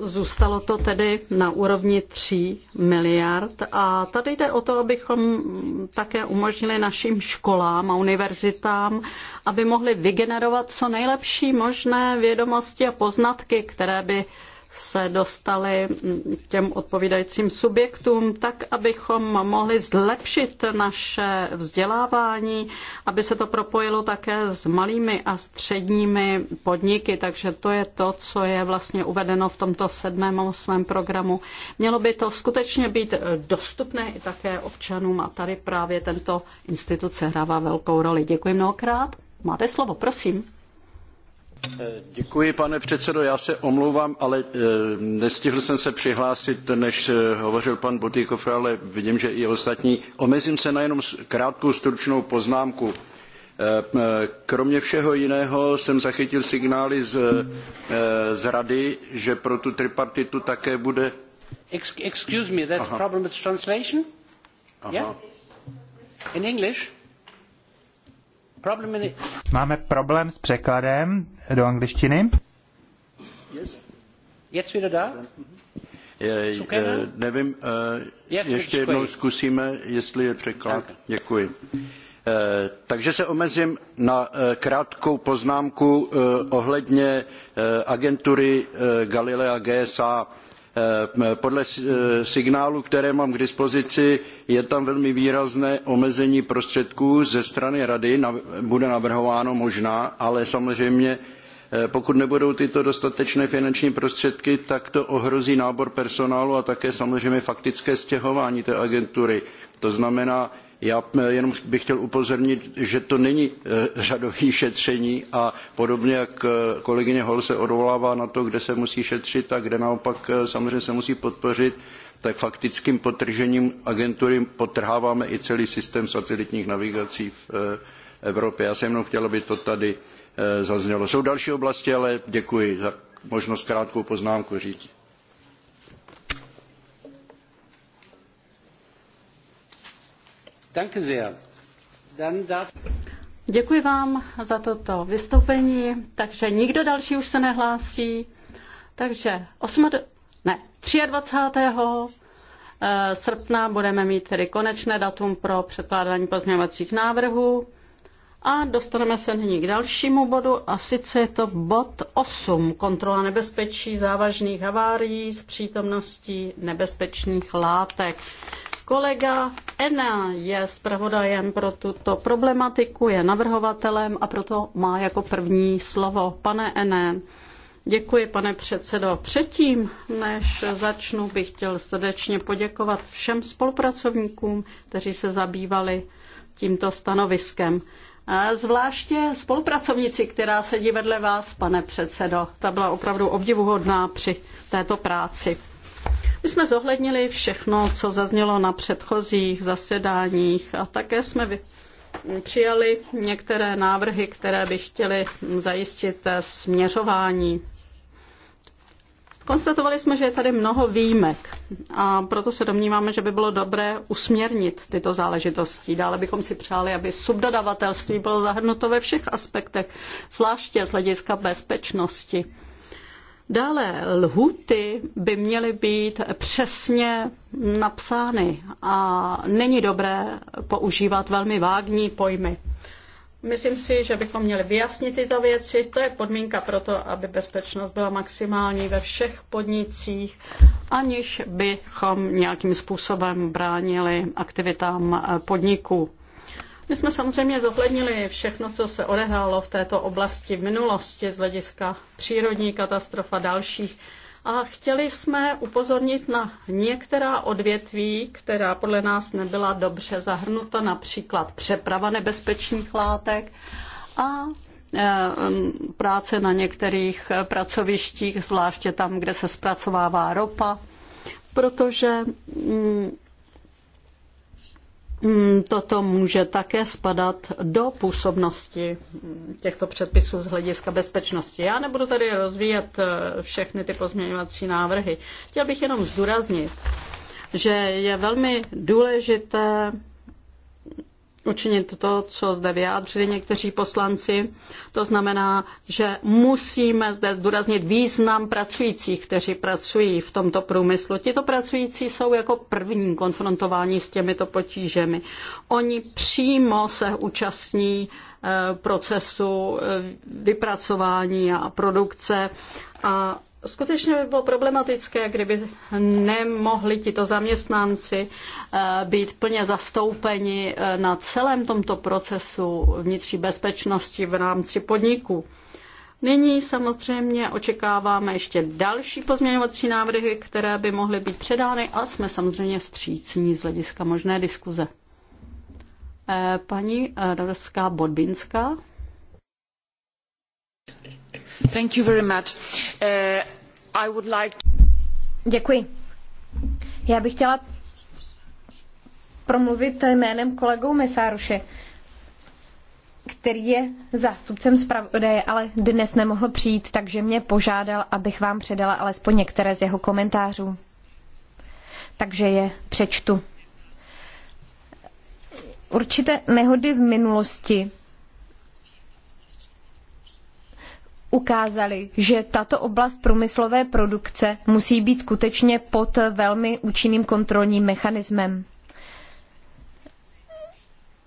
Zůstalo to tedy na úrovni 3 miliard a tady jde o to, abychom také umožnili našim školám a univerzitám, aby mohli vygenerovat co nejlepší možné vědomosti a poznatky, které by se dostali těm odpovídajícím subjektům, tak abychom mohli zlepšit naše vzdělávání, aby se to propojilo také s malými a středními podniky. Takže to je to, co je vlastně uvedeno v tomto sedmém svém osmém programu. Mělo by to skutečně být dostupné i také občanům a tady právě tento instituce hrává velkou roli. Děkuji mnohokrát. Máte slovo, prosím pane předsedající Já se omlouvám, ale eh, nestihl jsem se přihlásit, než eh, hovořil pan Butýkov, ale vidím, že i ostatní. Omezím se na jenom krátkou stručnou poznámku. Eh, kromě všeho jiného jsem zachytil signály z, rady, že pro tu tripartitu také bude... Excuse me, that's problem with translation? Yeah? In English? Máme problém s překladem do angličtiny. Yes. wieder no? eh, Nevím, eh, ještě jednou zkusíme, jestli je překlad. Děkuji. Eh, takže se omezím na krátkou poznámku ohledně agentury Galilea GSA Eh, podle eh, signálu, které mám k dispozici, je tam velmi výrazné omezení prostředků ze strany rady, bude navrhováno možná, ale samozřejmě eh, pokud nebudou tyto dostatečné finanční prostředky, tak to ohrozí nábor personálu a také samozřejmě faktické stěhování té agentury. To znamená, já eh, jenom bych chtěl upozornit, že to není eh, řadové šetření a podobně jak eh, kolegyně Hol se odvolává na to, kde se musí šetřit a kde naopak samozřejmě se musí podpořit, tak faktickým potržením agentury potrháváme i celý systém satelitních navigací v Evropě. Já jsem jenom chtěl, aby to tady zaznělo. Jsou další oblasti, ale děkuji za možnost krátkou poznámku říct. Děkuji vám za toto vystoupení. Takže nikdo další už se nehlásí. Takže 8, ne, 23. Eh, srpna budeme mít tedy konečné datum pro předkládání pozměňovacích návrhů. A dostaneme se nyní k dalšímu bodu, a sice je to bod 8. Kontrola nebezpečí závažných havárií s přítomností nebezpečných látek. Kolega Ena je zpravodajem pro tuto problematiku, je navrhovatelem a proto má jako první slovo. Pane Ené, děkuji, pane předsedo. Předtím, než začnu, bych chtěl srdečně poděkovat všem spolupracovníkům, kteří se zabývali tímto stanoviskem. Zvláště spolupracovnici, která sedí vedle vás, pane předsedo, ta byla opravdu obdivuhodná při této práci. My jsme zohlednili všechno, co zaznělo na předchozích zasedáních a také jsme vy... přijali některé návrhy, které by chtěly zajistit směřování. Konstatovali jsme, že je tady mnoho výjimek a proto se domníváme, že by bylo dobré usměrnit tyto záležitosti. Dále bychom si přáli, aby subdodavatelství bylo zahrnuto ve všech aspektech, zvláště z hlediska bezpečnosti. Dále lhuty by měly být přesně napsány a není dobré používat velmi vágní pojmy. Myslím si, že bychom měli vyjasnit tyto věci. To je podmínka pro to, aby bezpečnost byla maximální ve všech podnicích, aniž bychom nějakým způsobem bránili aktivitám podniků. My jsme samozřejmě zohlednili všechno, co se odehrálo v této oblasti v minulosti z hlediska přírodní katastrof a dalších. A chtěli jsme upozornit na některá odvětví, která podle nás nebyla dobře zahrnuta, například přeprava nebezpečných látek a e, práce na některých pracovištích, zvláště tam, kde se zpracovává ropa, protože Mm, toto může také spadat do působnosti těchto předpisů z hlediska bezpečnosti. Já nebudu tady rozvíjet eh, všechny ty pozměňovací návrhy. Chtěl bych jenom zdůraznit, že je velmi důležité učinit to, co zde vyjádřili někteří poslanci. To znamená, že musíme zde zdůraznit význam pracujících, kteří pracují v tomto průmyslu. Tito pracující jsou jako první konfrontováni s těmito potížemi. Oni přímo se účastní eh, procesu eh, vypracování a produkce a skutečně by bylo problematické, kdyby nemohli tito zaměstnanci eh, být plně zastoupeni eh, na celém tomto procesu vnitřní bezpečnosti v rámci podniku. Nyní samozřejmě očekáváme ještě další pozměňovací návrhy, které by mohly být předány a jsme samozřejmě střícní z hlediska možné diskuze. Eh, paní Radovská Bodbinská. Uh, Já bych chtěla promluvit jménem kolegou Mesáruše, který je zástupcem zpravodaje, ale dnes nemohl přijít, takže mě požádal, abych vám předala alespoň některé z jeho komentářů. Takže je přečtu. Určité nehody v minulosti ukázaly, že tato oblast průmyslové produkce musí být skutečně pod velmi účinným kontrolním mechanismem.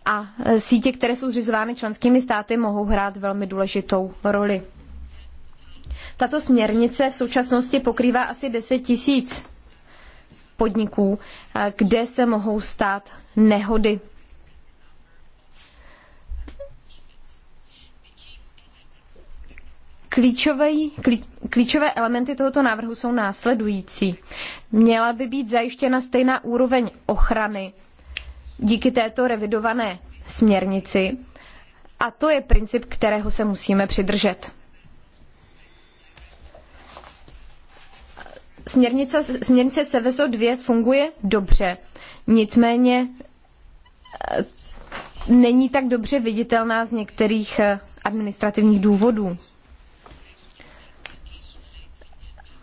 A sítě, které jsou zřizovány členskými státy, mohou hrát velmi důležitou roli. Tato směrnice v současnosti pokrývá asi 10 tisíc podniků, kde se mohou stát nehody Klíčové, klí, klíčové elementy tohoto návrhu jsou následující. Měla by být zajištěna stejná úroveň ochrany díky této revidované směrnici a to je princip, kterého se musíme přidržet. Směrnice, směrnice Seveso 2 funguje dobře, nicméně eh, není tak dobře viditelná z některých eh, administrativních důvodů.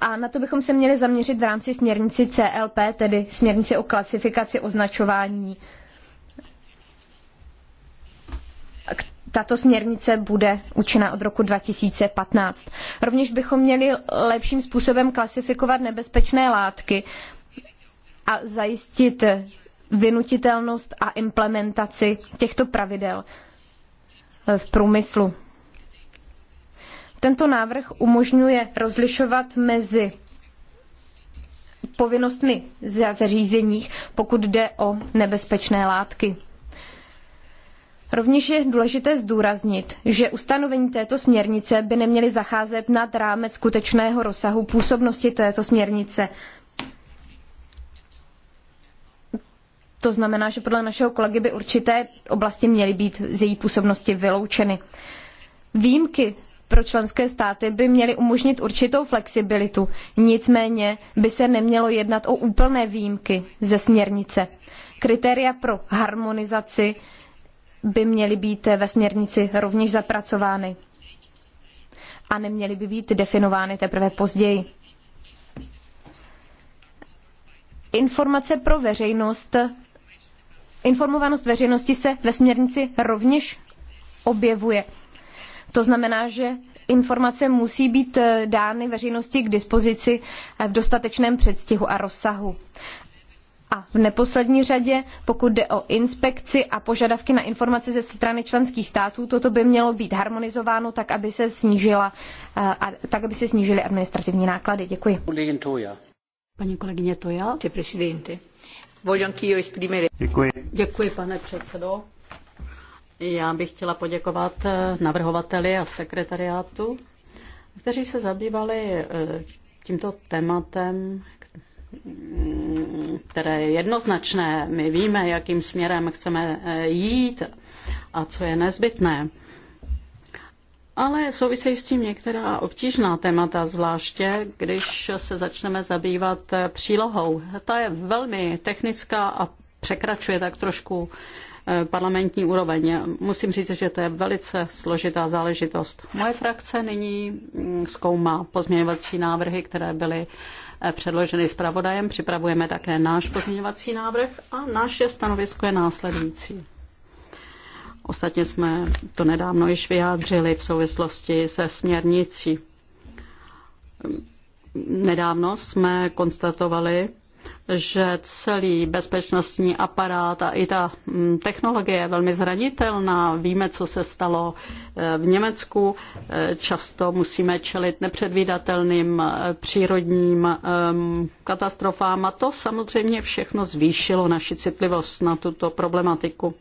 A na to bychom se měli zaměřit v rámci směrnici CLP, tedy směrnici o klasifikaci označování. Tato směrnice bude účinná od roku 2015. Rovněž bychom měli lepším způsobem klasifikovat nebezpečné látky a zajistit vynutitelnost a implementaci těchto pravidel v průmyslu. Tento návrh umožňuje rozlišovat mezi povinnostmi za zařízeních, pokud jde o nebezpečné látky. Rovněž je důležité zdůraznit, že ustanovení této směrnice by neměly zacházet nad rámec skutečného rozsahu působnosti této směrnice. To znamená, že podle našeho kolegy by určité oblasti měly být z její působnosti vyloučeny. Výjimky pro členské státy by měly umožnit určitou flexibilitu. Nicméně by se nemělo jednat o úplné výjimky ze směrnice. Kritéria pro harmonizaci by měly být ve směrnici rovněž zapracovány a neměly by být definovány teprve později. Informace pro veřejnost, informovanost veřejnosti se ve směrnici rovněž objevuje. To znamená, že informace musí být eh, dány veřejnosti k dispozici eh, v dostatečném předstihu a rozsahu. A v neposlední řadě, pokud jde o inspekci a požadavky na informace ze strany členských států, toto by mělo být harmonizováno tak, aby se, snížila, eh, tak, aby se snížily administrativní náklady. Děkuji. Paní kolegyně Toja. Děkuji. Děkuji, pane předsedo. Já bych chtěla poděkovat eh, navrhovateli a sekretariátu, kteří se zabývali eh, tímto tématem, mm, které je jednoznačné. My víme, jakým směrem chceme eh, jít a co je nezbytné. Ale souvisejí s tím některá obtížná témata, zvláště když se začneme zabývat přílohou. Ta je velmi technická a překračuje tak trošku Eh, parlamentní úroveň. Musím říct, že to je velice složitá záležitost. Moje frakce nyní mm, zkoumá pozměňovací návrhy, které byly eh, předloženy zpravodajem. Připravujeme také náš pozměňovací návrh a naše stanovisko je následující. Ostatně jsme to nedávno již vyjádřili v souvislosti se směrnicí. Nedávno jsme konstatovali, že celý bezpečnostní aparát a i ta mm, technologie je velmi zranitelná. Víme, co se stalo eh, v Německu. Eh, často musíme čelit nepředvídatelným eh, přírodním ehm, katastrofám a to samozřejmě všechno zvýšilo naši citlivost na tuto problematiku.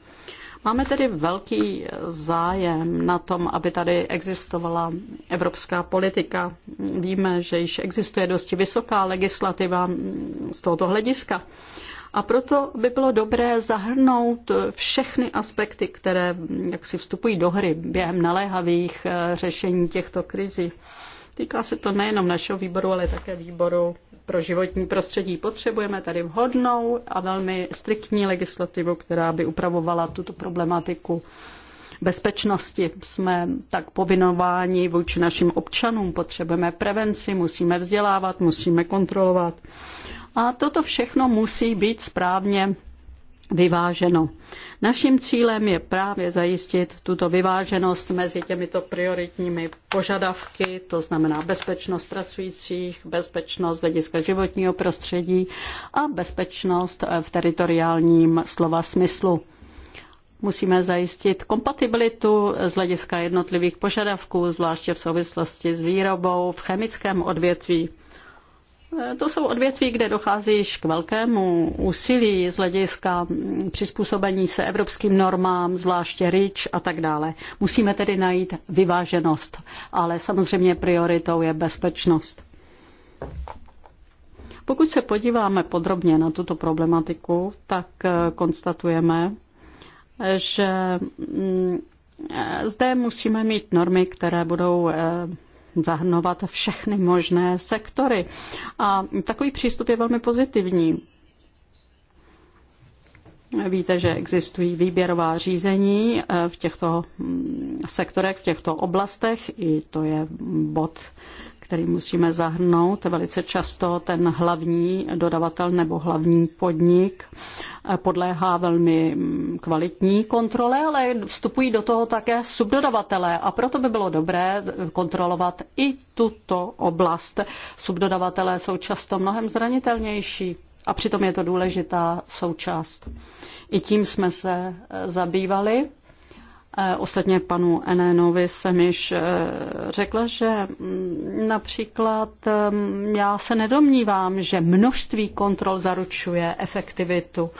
Máme tedy velký zájem na tom, aby tady existovala evropská politika. Víme, že již existuje dosti vysoká legislativa z tohoto hlediska. A proto by bylo dobré zahrnout všechny aspekty, které jak si vstupují do hry během naléhavých eh, řešení těchto krizí. Týká se to nejenom našeho výboru, ale také výboru pro životní prostředí. Potřebujeme tady vhodnou a velmi striktní legislativu, která by upravovala tuto problematiku bezpečnosti. Jsme tak povinováni vůči našim občanům, potřebujeme prevenci, musíme vzdělávat, musíme kontrolovat. A toto všechno musí být správně vyváženo. Naším cílem je právě zajistit tuto vyváženost mezi těmito prioritními požadavky, to znamená bezpečnost pracujících, bezpečnost hlediska životního prostředí a bezpečnost eh, v teritoriálním slova smyslu musíme zajistit kompatibilitu z hlediska jednotlivých požadavků, zvláště v souvislosti s výrobou v chemickém odvětví. Eh, to jsou odvětví, kde dochází již k velkému úsilí z hlediska mm, přizpůsobení se evropským normám, zvláště RIČ a tak dále. Musíme tedy najít vyváženost, ale samozřejmě prioritou je bezpečnost. Pokud se podíváme podrobně na tuto problematiku, tak eh, konstatujeme, že mm, eh, zde musíme mít normy, které budou zahrnovat všechny možné sektory. A takový přístup je velmi pozitivní. Víte, že existují výběrová řízení eh, v těchto mm, sektorech, v těchto oblastech. I to je bod, který musíme zahrnout. Velice často ten hlavní dodavatel nebo hlavní podnik eh, podléhá velmi mm, kvalitní kontrole, ale vstupují do toho také subdodavatelé a proto by bylo dobré eh, kontrolovat i tuto oblast. Subdodavatelé jsou často mnohem zranitelnější a přitom je to důležitá součást. I tím jsme se eh, zabývali. Eh, ostatně panu Enénovi jsem již eh, řekla, že mm, například já se nedomnívám, že množství kontrol zaručuje efektivitu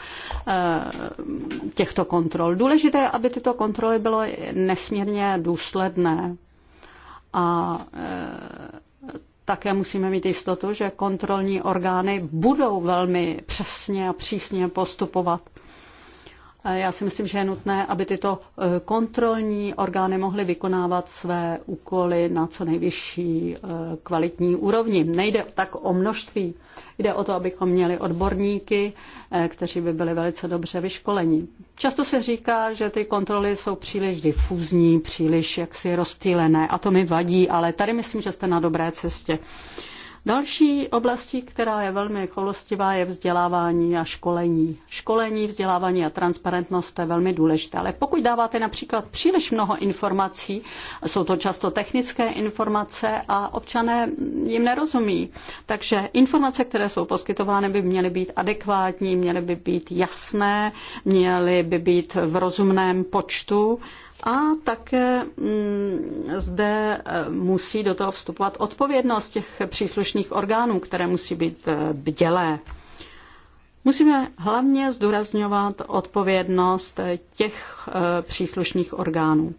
těchto kontrol. Důležité je, aby tyto kontroly byly nesmírně důsledné a také musíme mít jistotu, že kontrolní orgány budou velmi přesně a přísně postupovat. Já si myslím, že je nutné, aby tyto e, kontrolní orgány mohly vykonávat své úkoly na co nejvyšší e, kvalitní úrovni. Nejde tak o množství, jde o to, abychom měli odborníky, e, kteří by byli velice dobře vyškoleni. Často se říká, že ty kontroly jsou příliš difuzní, příliš jaksi rozptýlené a to mi vadí, ale tady myslím, že jste na dobré cestě. Další oblastí, která je velmi kolostivá, je vzdělávání a školení. Školení, vzdělávání a transparentnost to je velmi důležité. Ale pokud dáváte například příliš mnoho informací, jsou to často technické informace a občané jim nerozumí. Takže informace, které jsou poskytovány, by měly být adekvátní, měly by být jasné, měly by být v rozumném počtu a také mm, zde eh, musí do toho vstupovat odpovědnost těch příslušných orgánů, které musí být eh, bdělé. Musíme hlavně zdůrazňovat odpovědnost eh, těch příslušných orgánů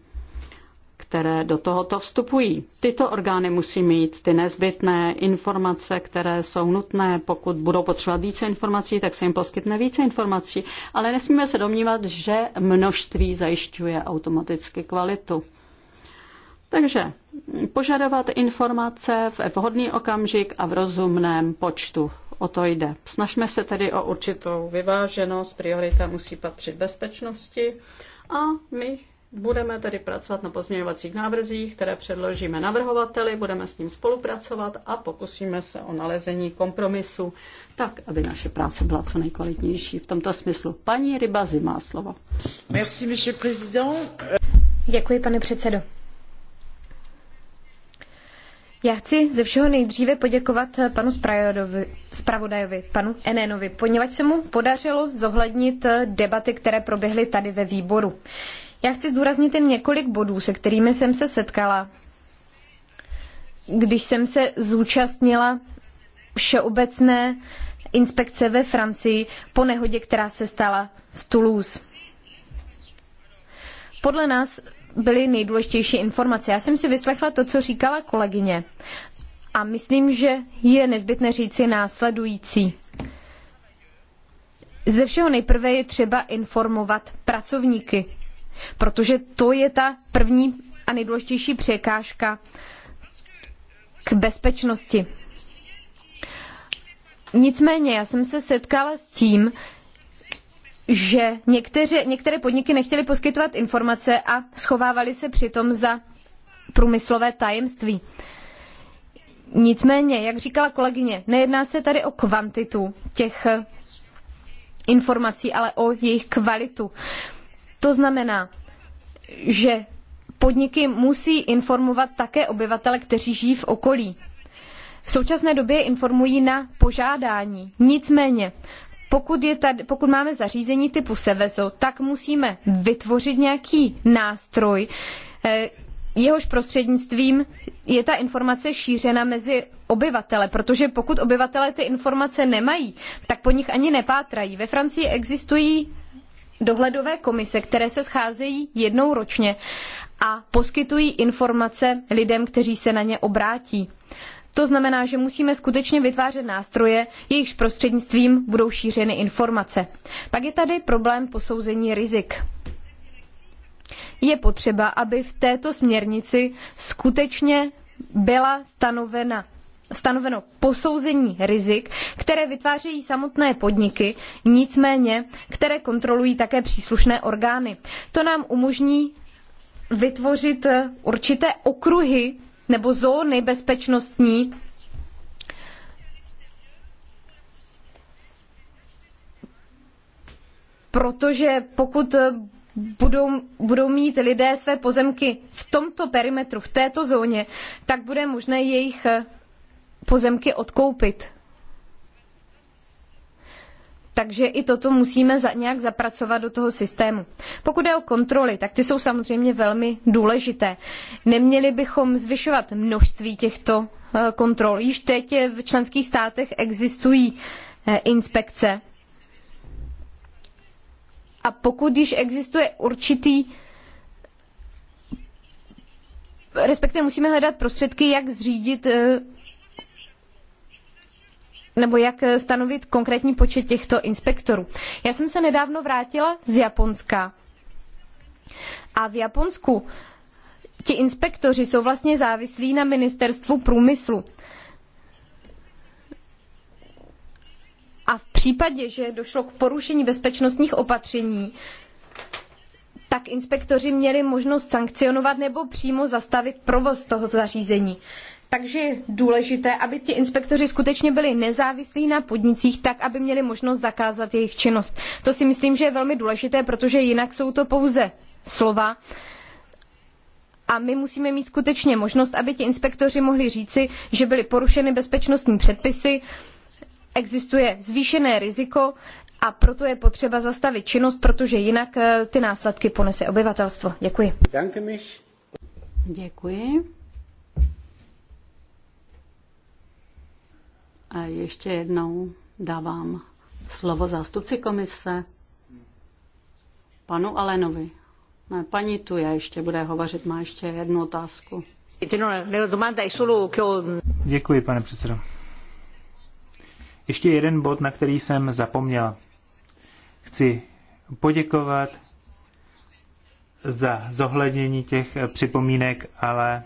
které do tohoto vstupují. Tyto orgány musí mít ty nezbytné informace, které jsou nutné. Pokud budou potřebovat více informací, tak se jim poskytne více informací. Ale nesmíme se domnívat, že množství zajišťuje automaticky kvalitu. Takže požadovat informace v vhodný okamžik a v rozumném počtu. O to jde. Snažme se tedy o určitou vyváženost. Priorita musí patřit bezpečnosti. A my Budeme tedy pracovat na pozměňovacích návrzích, které předložíme navrhovateli, budeme s ním spolupracovat a pokusíme se o nalezení kompromisu, tak, aby naše práce byla co nejkvalitnější. V tomto smyslu paní Rybazy má slovo. Merci, monsieur président. Děkuji, pane předsedo. Já chci ze všeho nejdříve poděkovat panu zpravodajovi, panu Enénovi, poněvadž se mu podařilo zohlednit debaty, které proběhly tady ve výboru. Já chci zdůraznit jen několik bodů, se kterými jsem se setkala, když jsem se zúčastnila všeobecné inspekce ve Francii po nehodě, která se stala v Toulouse. Podle nás byly nejdůležitější informace. Já jsem si vyslechla to, co říkala kolegyně. A myslím, že je nezbytné říci následující. Ze všeho nejprve je třeba informovat pracovníky, protože to je ta první a nejdůležitější překážka k bezpečnosti. Nicméně já jsem se setkala s tím, že někteři, některé podniky nechtěly poskytovat informace a schovávali se přitom za průmyslové tajemství. Nicméně, jak říkala kolegyně, nejedná se tady o kvantitu těch informací, ale o jejich kvalitu. To znamená, že podniky musí informovat také obyvatele, kteří žijí v okolí. V současné době informují na požádání. Nicméně, pokud, je tady, pokud máme zařízení typu Seveso, tak musíme vytvořit nějaký nástroj, eh, jehož prostřednictvím je ta informace šířena mezi obyvatele, protože pokud obyvatele ty informace nemají, tak po nich ani nepátrají. Ve Francii existují dohledové komise, které se scházejí jednou ročně a poskytují informace lidem, kteří se na ně obrátí. To znamená, že musíme skutečně vytvářet nástroje, jejichž prostřednictvím budou šířeny informace. Pak je tady problém posouzení rizik. Je potřeba, aby v této směrnici skutečně byla stanovena stanoveno posouzení rizik, které vytvářejí samotné podniky, nicméně které kontrolují také příslušné orgány. To nám umožní vytvořit určité okruhy nebo zóny bezpečnostní, protože pokud budou, budou mít lidé své pozemky v tomto perimetru, v této zóně, tak bude možné jejich pozemky odkoupit. Takže i toto musíme za, nějak zapracovat do toho systému. Pokud je o kontroly, tak ty jsou samozřejmě velmi důležité. Neměli bychom zvyšovat množství těchto eh, kontrol. Již teď v členských státech existují eh, inspekce. A pokud již existuje určitý respektive musíme hledat prostředky, jak zřídit eh, nebo jak stanovit konkrétní počet těchto inspektorů. Já jsem se nedávno vrátila z Japonska a v Japonsku ti inspektoři jsou vlastně závislí na ministerstvu průmyslu. A v případě, že došlo k porušení bezpečnostních opatření, tak inspektoři měli možnost sankcionovat nebo přímo zastavit provoz toho zařízení. Takže je důležité, aby ti inspektoři skutečně byli nezávislí na podnicích, tak aby měli možnost zakázat jejich činnost. To si myslím, že je velmi důležité, protože jinak jsou to pouze slova. A my musíme mít skutečně možnost, aby ti inspektoři mohli říci, že byly porušeny bezpečnostní předpisy, existuje zvýšené riziko a proto je potřeba zastavit činnost, protože jinak eh, ty následky ponese obyvatelstvo. Děkuji. Děkuji. A ještě jednou dávám slovo zástupci komise, panu Alenovi. Ne, paní tu je ještě, bude hovořit, má ještě jednu otázku. Děkuji, pane předsedo. Ještě jeden bod, na který jsem zapomněl. Chci poděkovat za zohlednění těch připomínek, ale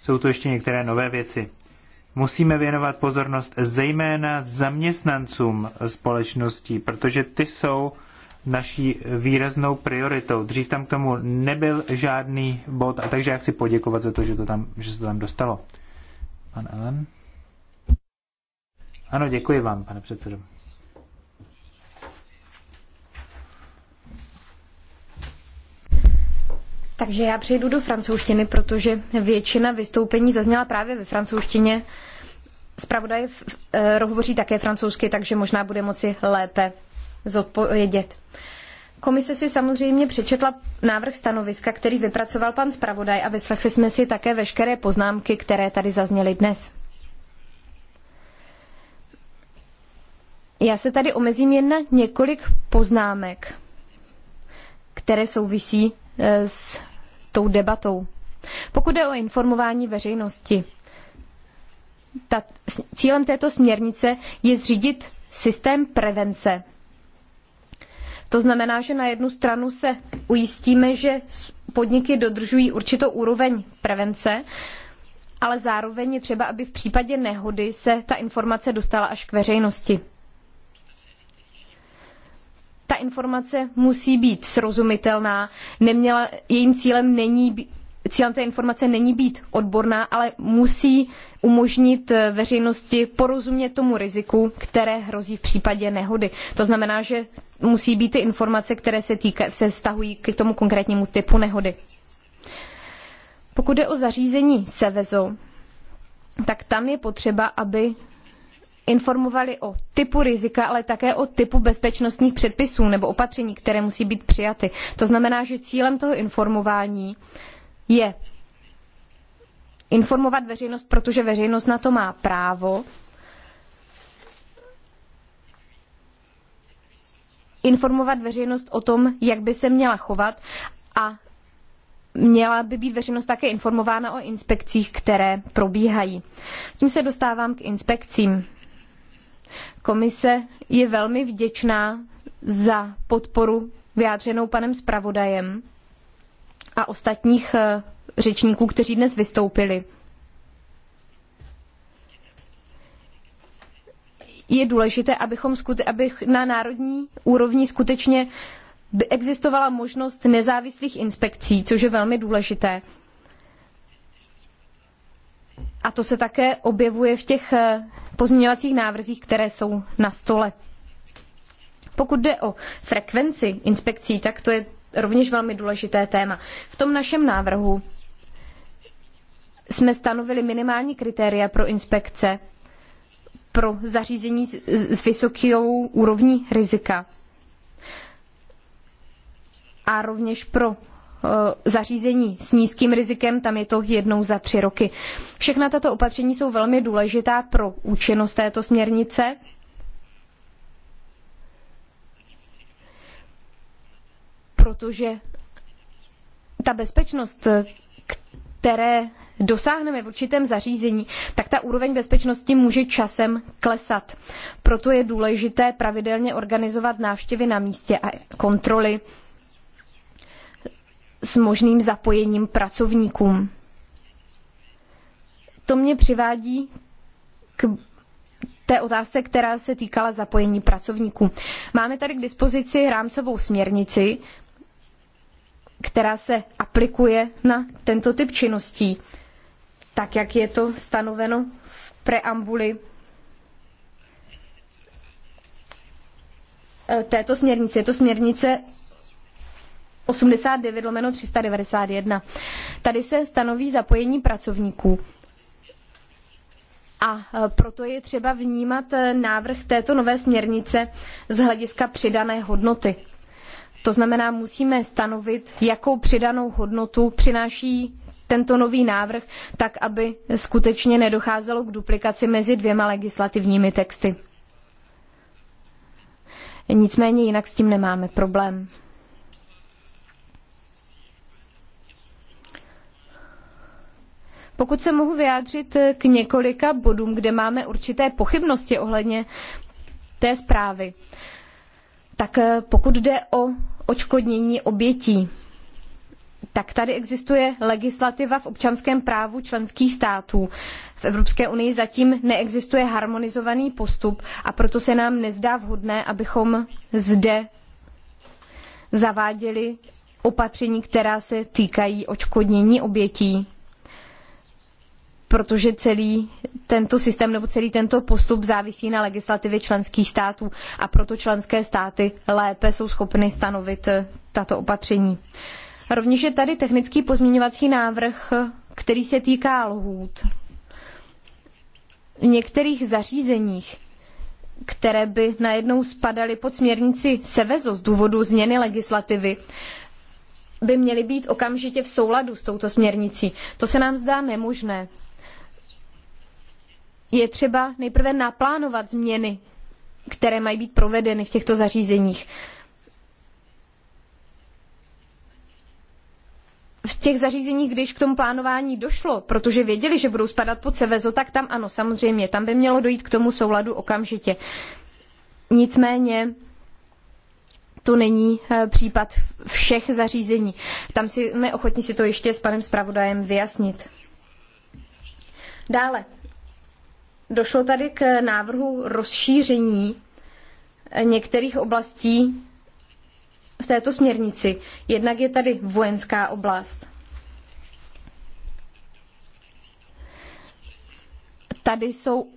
jsou tu ještě některé nové věci musíme věnovat pozornost zejména zaměstnancům společností, protože ty jsou naší výraznou prioritou. Dřív tam k tomu nebyl žádný bod, a takže já chci poděkovat za to, že, to tam, že se to tam dostalo. Pan Ellen? Ano, děkuji vám, pane předsedo. Takže já přejdu do francouzštiny, protože většina vystoupení zazněla právě ve francouzštině. Spravodaj eh, hovoří také francouzsky, takže možná bude moci lépe zodpovědět. Komise si samozřejmě přečetla návrh stanoviska, který vypracoval pan zpravodaj a vyslechli jsme si také veškeré poznámky, které tady zazněly dnes. Já se tady omezím jen na několik poznámek, které souvisí eh, s tou debatou. Pokud jde o informování veřejnosti, ta, cílem této směrnice je zřídit systém prevence. To znamená, že na jednu stranu se ujistíme, že podniky dodržují určitou úroveň prevence, ale zároveň je třeba, aby v případě nehody se ta informace dostala až k veřejnosti ta informace musí být srozumitelná. Neměla, jejím cílem není Cílem té informace není být odborná, ale musí umožnit eh, veřejnosti porozumět tomu riziku, které hrozí v případě nehody. To znamená, že musí být ty informace, které se, týka, se stahují k tomu konkrétnímu typu nehody. Pokud je o zařízení Sevezo, tak tam je potřeba, aby informovali o typu rizika, ale také o typu bezpečnostních předpisů nebo opatření, které musí být přijaty. To znamená, že cílem toho informování je informovat veřejnost, protože veřejnost na to má právo. Informovat veřejnost o tom, jak by se měla chovat a měla by být veřejnost také informována o inspekcích, které probíhají. Tím se dostávám k inspekcím. Komise je velmi vděčná za podporu vyjádřenou panem zpravodajem a ostatních eh, řečníků, kteří dnes vystoupili. Je důležité, abychom skute- aby na národní úrovni skutečně existovala možnost nezávislých inspekcí, což je velmi důležité. A to se také objevuje v těch eh, pozměňovacích návrzích, které jsou na stole. Pokud jde o frekvenci inspekcí, tak to je rovněž velmi důležité téma. V tom našem návrhu jsme stanovili minimální kritéria pro inspekce pro zařízení s vysokou úrovní rizika a rovněž pro Eh, zařízení s nízkým rizikem, tam je to jednou za tři roky. Všechna tato opatření jsou velmi důležitá pro účinnost této směrnice. Protože ta bezpečnost, které dosáhneme v určitém zařízení, tak ta úroveň bezpečnosti může časem klesat. Proto je důležité pravidelně organizovat návštěvy na místě a kontroly s možným zapojením pracovníkům. To mě přivádí k té otázce, která se týkala zapojení pracovníků. Máme tady k dispozici rámcovou směrnici, která se aplikuje na tento typ činností, tak jak je to stanoveno v preambuli e, této směrnice. Je to směrnice 89 lomeno 391. Tady se stanoví zapojení pracovníků. A e, proto je třeba vnímat e, návrh této nové směrnice z hlediska přidané hodnoty. To znamená, musíme stanovit, jakou přidanou hodnotu přináší tento nový návrh, tak aby skutečně nedocházelo k duplikaci mezi dvěma legislativními texty. Nicméně jinak s tím nemáme problém. Pokud se mohu vyjádřit eh, k několika bodům, kde máme určité pochybnosti ohledně té zprávy, tak eh, pokud jde o očkodnění obětí, tak tady existuje legislativa v občanském právu členských států. V Evropské unii zatím neexistuje harmonizovaný postup a proto se nám nezdá vhodné, abychom zde zaváděli opatření, která se týkají očkodnění obětí protože celý tento systém nebo celý tento postup závisí na legislativě členských států a proto členské státy lépe jsou schopny stanovit eh, tato opatření. Rovněž je tady technický pozměňovací návrh, který se týká lhůt. V některých zařízeních, které by najednou spadaly pod směrnici Sevezo z důvodu změny legislativy, by měly být okamžitě v souladu s touto směrnicí. To se nám zdá nemožné je třeba nejprve naplánovat změny, které mají být provedeny v těchto zařízeních. v těch zařízeních, když k tomu plánování došlo, protože věděli, že budou spadat pod Sevezo, tak tam ano, samozřejmě, tam by mělo dojít k tomu souladu okamžitě. Nicméně to není eh, případ všech zařízení. Tam si neochotní si to ještě s panem zpravodajem vyjasnit. Dále, došlo tady k návrhu rozšíření některých oblastí v této směrnici. Jednak je tady vojenská oblast. Tady jsou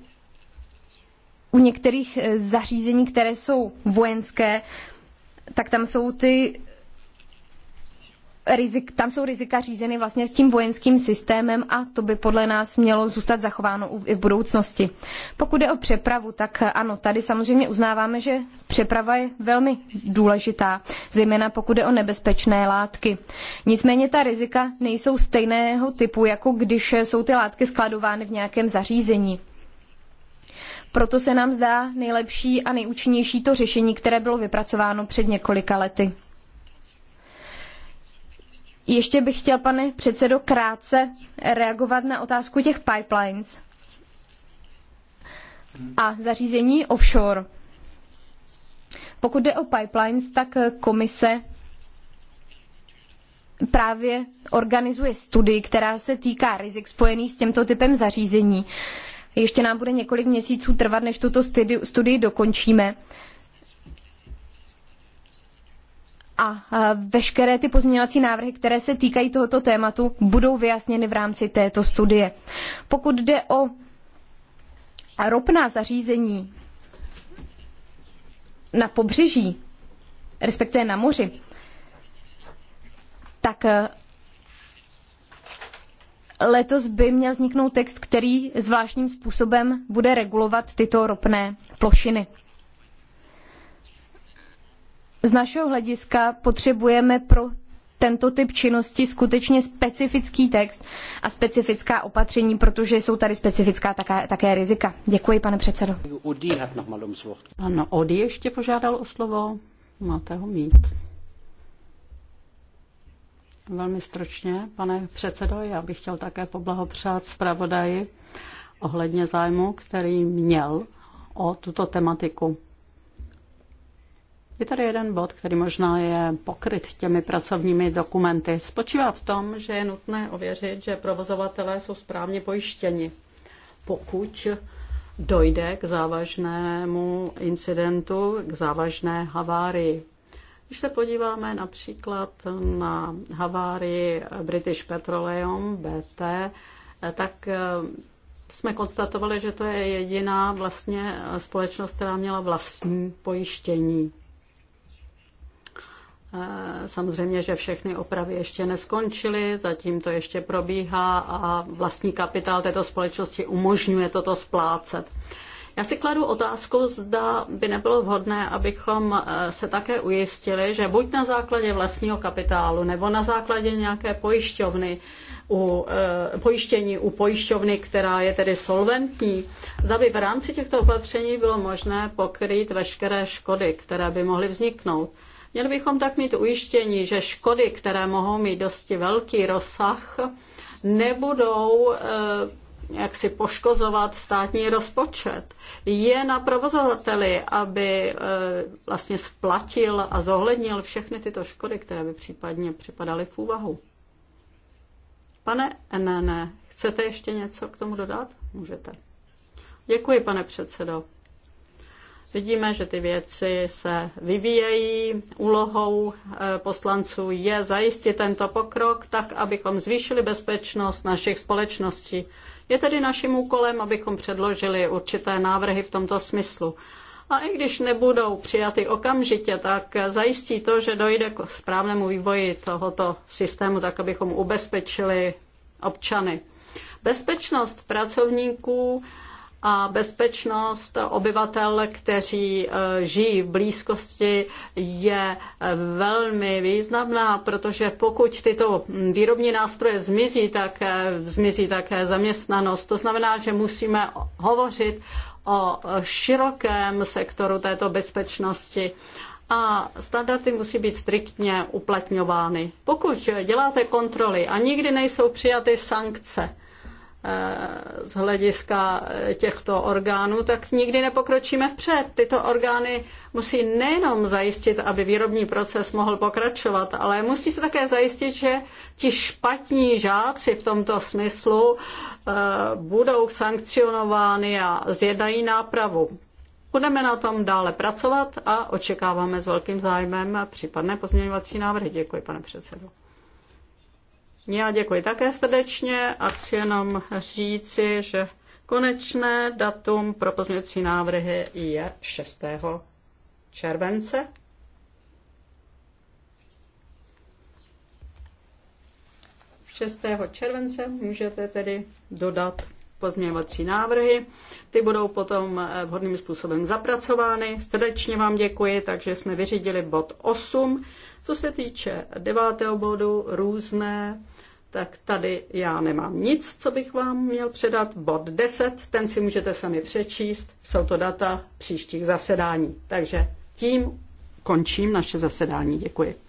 u některých eh, zařízení, které jsou vojenské, tak tam jsou ty rizik, tam jsou rizika řízeny vlastně tím vojenským systémem a to by podle nás mělo zůstat zachováno i v budoucnosti. Pokud jde o přepravu, tak ano, tady samozřejmě uznáváme, že přeprava je velmi důležitá, zejména pokud jde o nebezpečné látky. Nicméně ta rizika nejsou stejného typu, jako když jsou ty látky skladovány v nějakém zařízení. Proto se nám zdá nejlepší a nejúčinnější to řešení, které bylo vypracováno před několika lety. Ještě bych chtěl, pane předsedo, krátce reagovat na otázku těch pipelines a zařízení offshore. Pokud jde o pipelines, tak komise právě organizuje studii, která se týká rizik spojených s tímto typem zařízení. Ještě nám bude několik měsíců trvat, než tuto studii dokončíme. a veškeré ty pozměňovací návrhy, které se týkají tohoto tématu, budou vyjasněny v rámci této studie. Pokud jde o ropná zařízení na pobřeží, respektive na moři, tak e, letos by měl vzniknout text, který zvláštním způsobem bude regulovat tyto ropné plošiny z našeho hlediska potřebujeme pro tento typ činnosti skutečně specifický text a specifická opatření, protože jsou tady specifická také, také rizika. Děkuji, pane předsedo. Pan Odi ještě požádal o slovo. Máte ho mít. Velmi stročně, pane předsedo, já bych chtěl také poblahopřát zpravodaji ohledně zájmu, který měl o tuto tematiku. Je tady jeden bod, který možná je pokryt těmi pracovními dokumenty. Spočívá v tom, že je nutné ověřit, že provozovatelé jsou správně pojištěni. Pokud dojde k závažnému incidentu, k závažné havárii. Když se podíváme například na havárii British Petroleum, BT, tak eh, jsme konstatovali, že to je jediná vlastně společnost, která měla vlastní pojištění. Samozřejmě, že všechny opravy ještě neskončily, zatím to ještě probíhá a vlastní kapitál této společnosti umožňuje toto splácet. Já si kladu otázku, zda by nebylo vhodné, abychom e, se také ujistili, že buď na základě vlastního kapitálu nebo na základě nějaké pojišťovny, u, e, pojištění u pojišťovny, která je tedy solventní, zda by v rámci těchto opatření bylo možné pokrýt veškeré škody, které by mohly vzniknout. Měli bychom tak mít ujištění, že škody, které mohou mít dosti velký rozsah, nebudou eh, jak si poškozovat státní rozpočet. Je na provozovateli, aby eh, vlastně splatil a zohlednil všechny tyto škody, které by případně připadaly v úvahu. Pane NN, chcete ještě něco k tomu dodat? Můžete. Děkuji, pane předsedo. Vidíme, že ty věci se vyvíjejí. Úlohou eh, poslanců je zajistit tento pokrok tak, abychom zvýšili bezpečnost našich společností. Je tedy naším úkolem, abychom předložili určité návrhy v tomto smyslu. A i když nebudou přijaty okamžitě, tak zajistí to, že dojde k správnému vývoji tohoto systému, tak abychom ubezpečili občany. Bezpečnost pracovníků a bezpečnost obyvatel, kteří eh, žijí v blízkosti, je eh, velmi významná, protože pokud tyto výrobní nástroje zmizí, tak eh, zmizí také zaměstnanost. To znamená, že musíme hovořit o širokém sektoru této bezpečnosti a standardy musí být striktně uplatňovány. Pokud děláte kontroly a nikdy nejsou přijaty sankce, Eh, z hlediska eh, těchto orgánů, tak nikdy nepokročíme vpřed. Tyto orgány musí nejenom zajistit, aby výrobní proces mohl pokračovat, ale musí se také zajistit, že ti špatní žáci v tomto smyslu eh, budou sankcionovány a zjednají nápravu. Budeme na tom dále pracovat a očekáváme s velkým zájmem případné pozměňovací návrhy. Děkuji, pane předsedo. Já děkuji také srdečně a chci jenom říci, že konečné datum pro pozměňovací návrhy je 6. července. Šestého července můžete tedy dodat pozměňovací návrhy. Ty budou potom eh, vhodným způsobem zapracovány. Srdečně vám děkuji, takže jsme vyřídili bod 8. Co se týče devátého bodu, různé tak tady já nemám nic, co bych vám měl předat. Bod 10, ten si můžete sami přečíst, jsou to data příštích zasedání. Takže tím končím naše zasedání. Děkuji.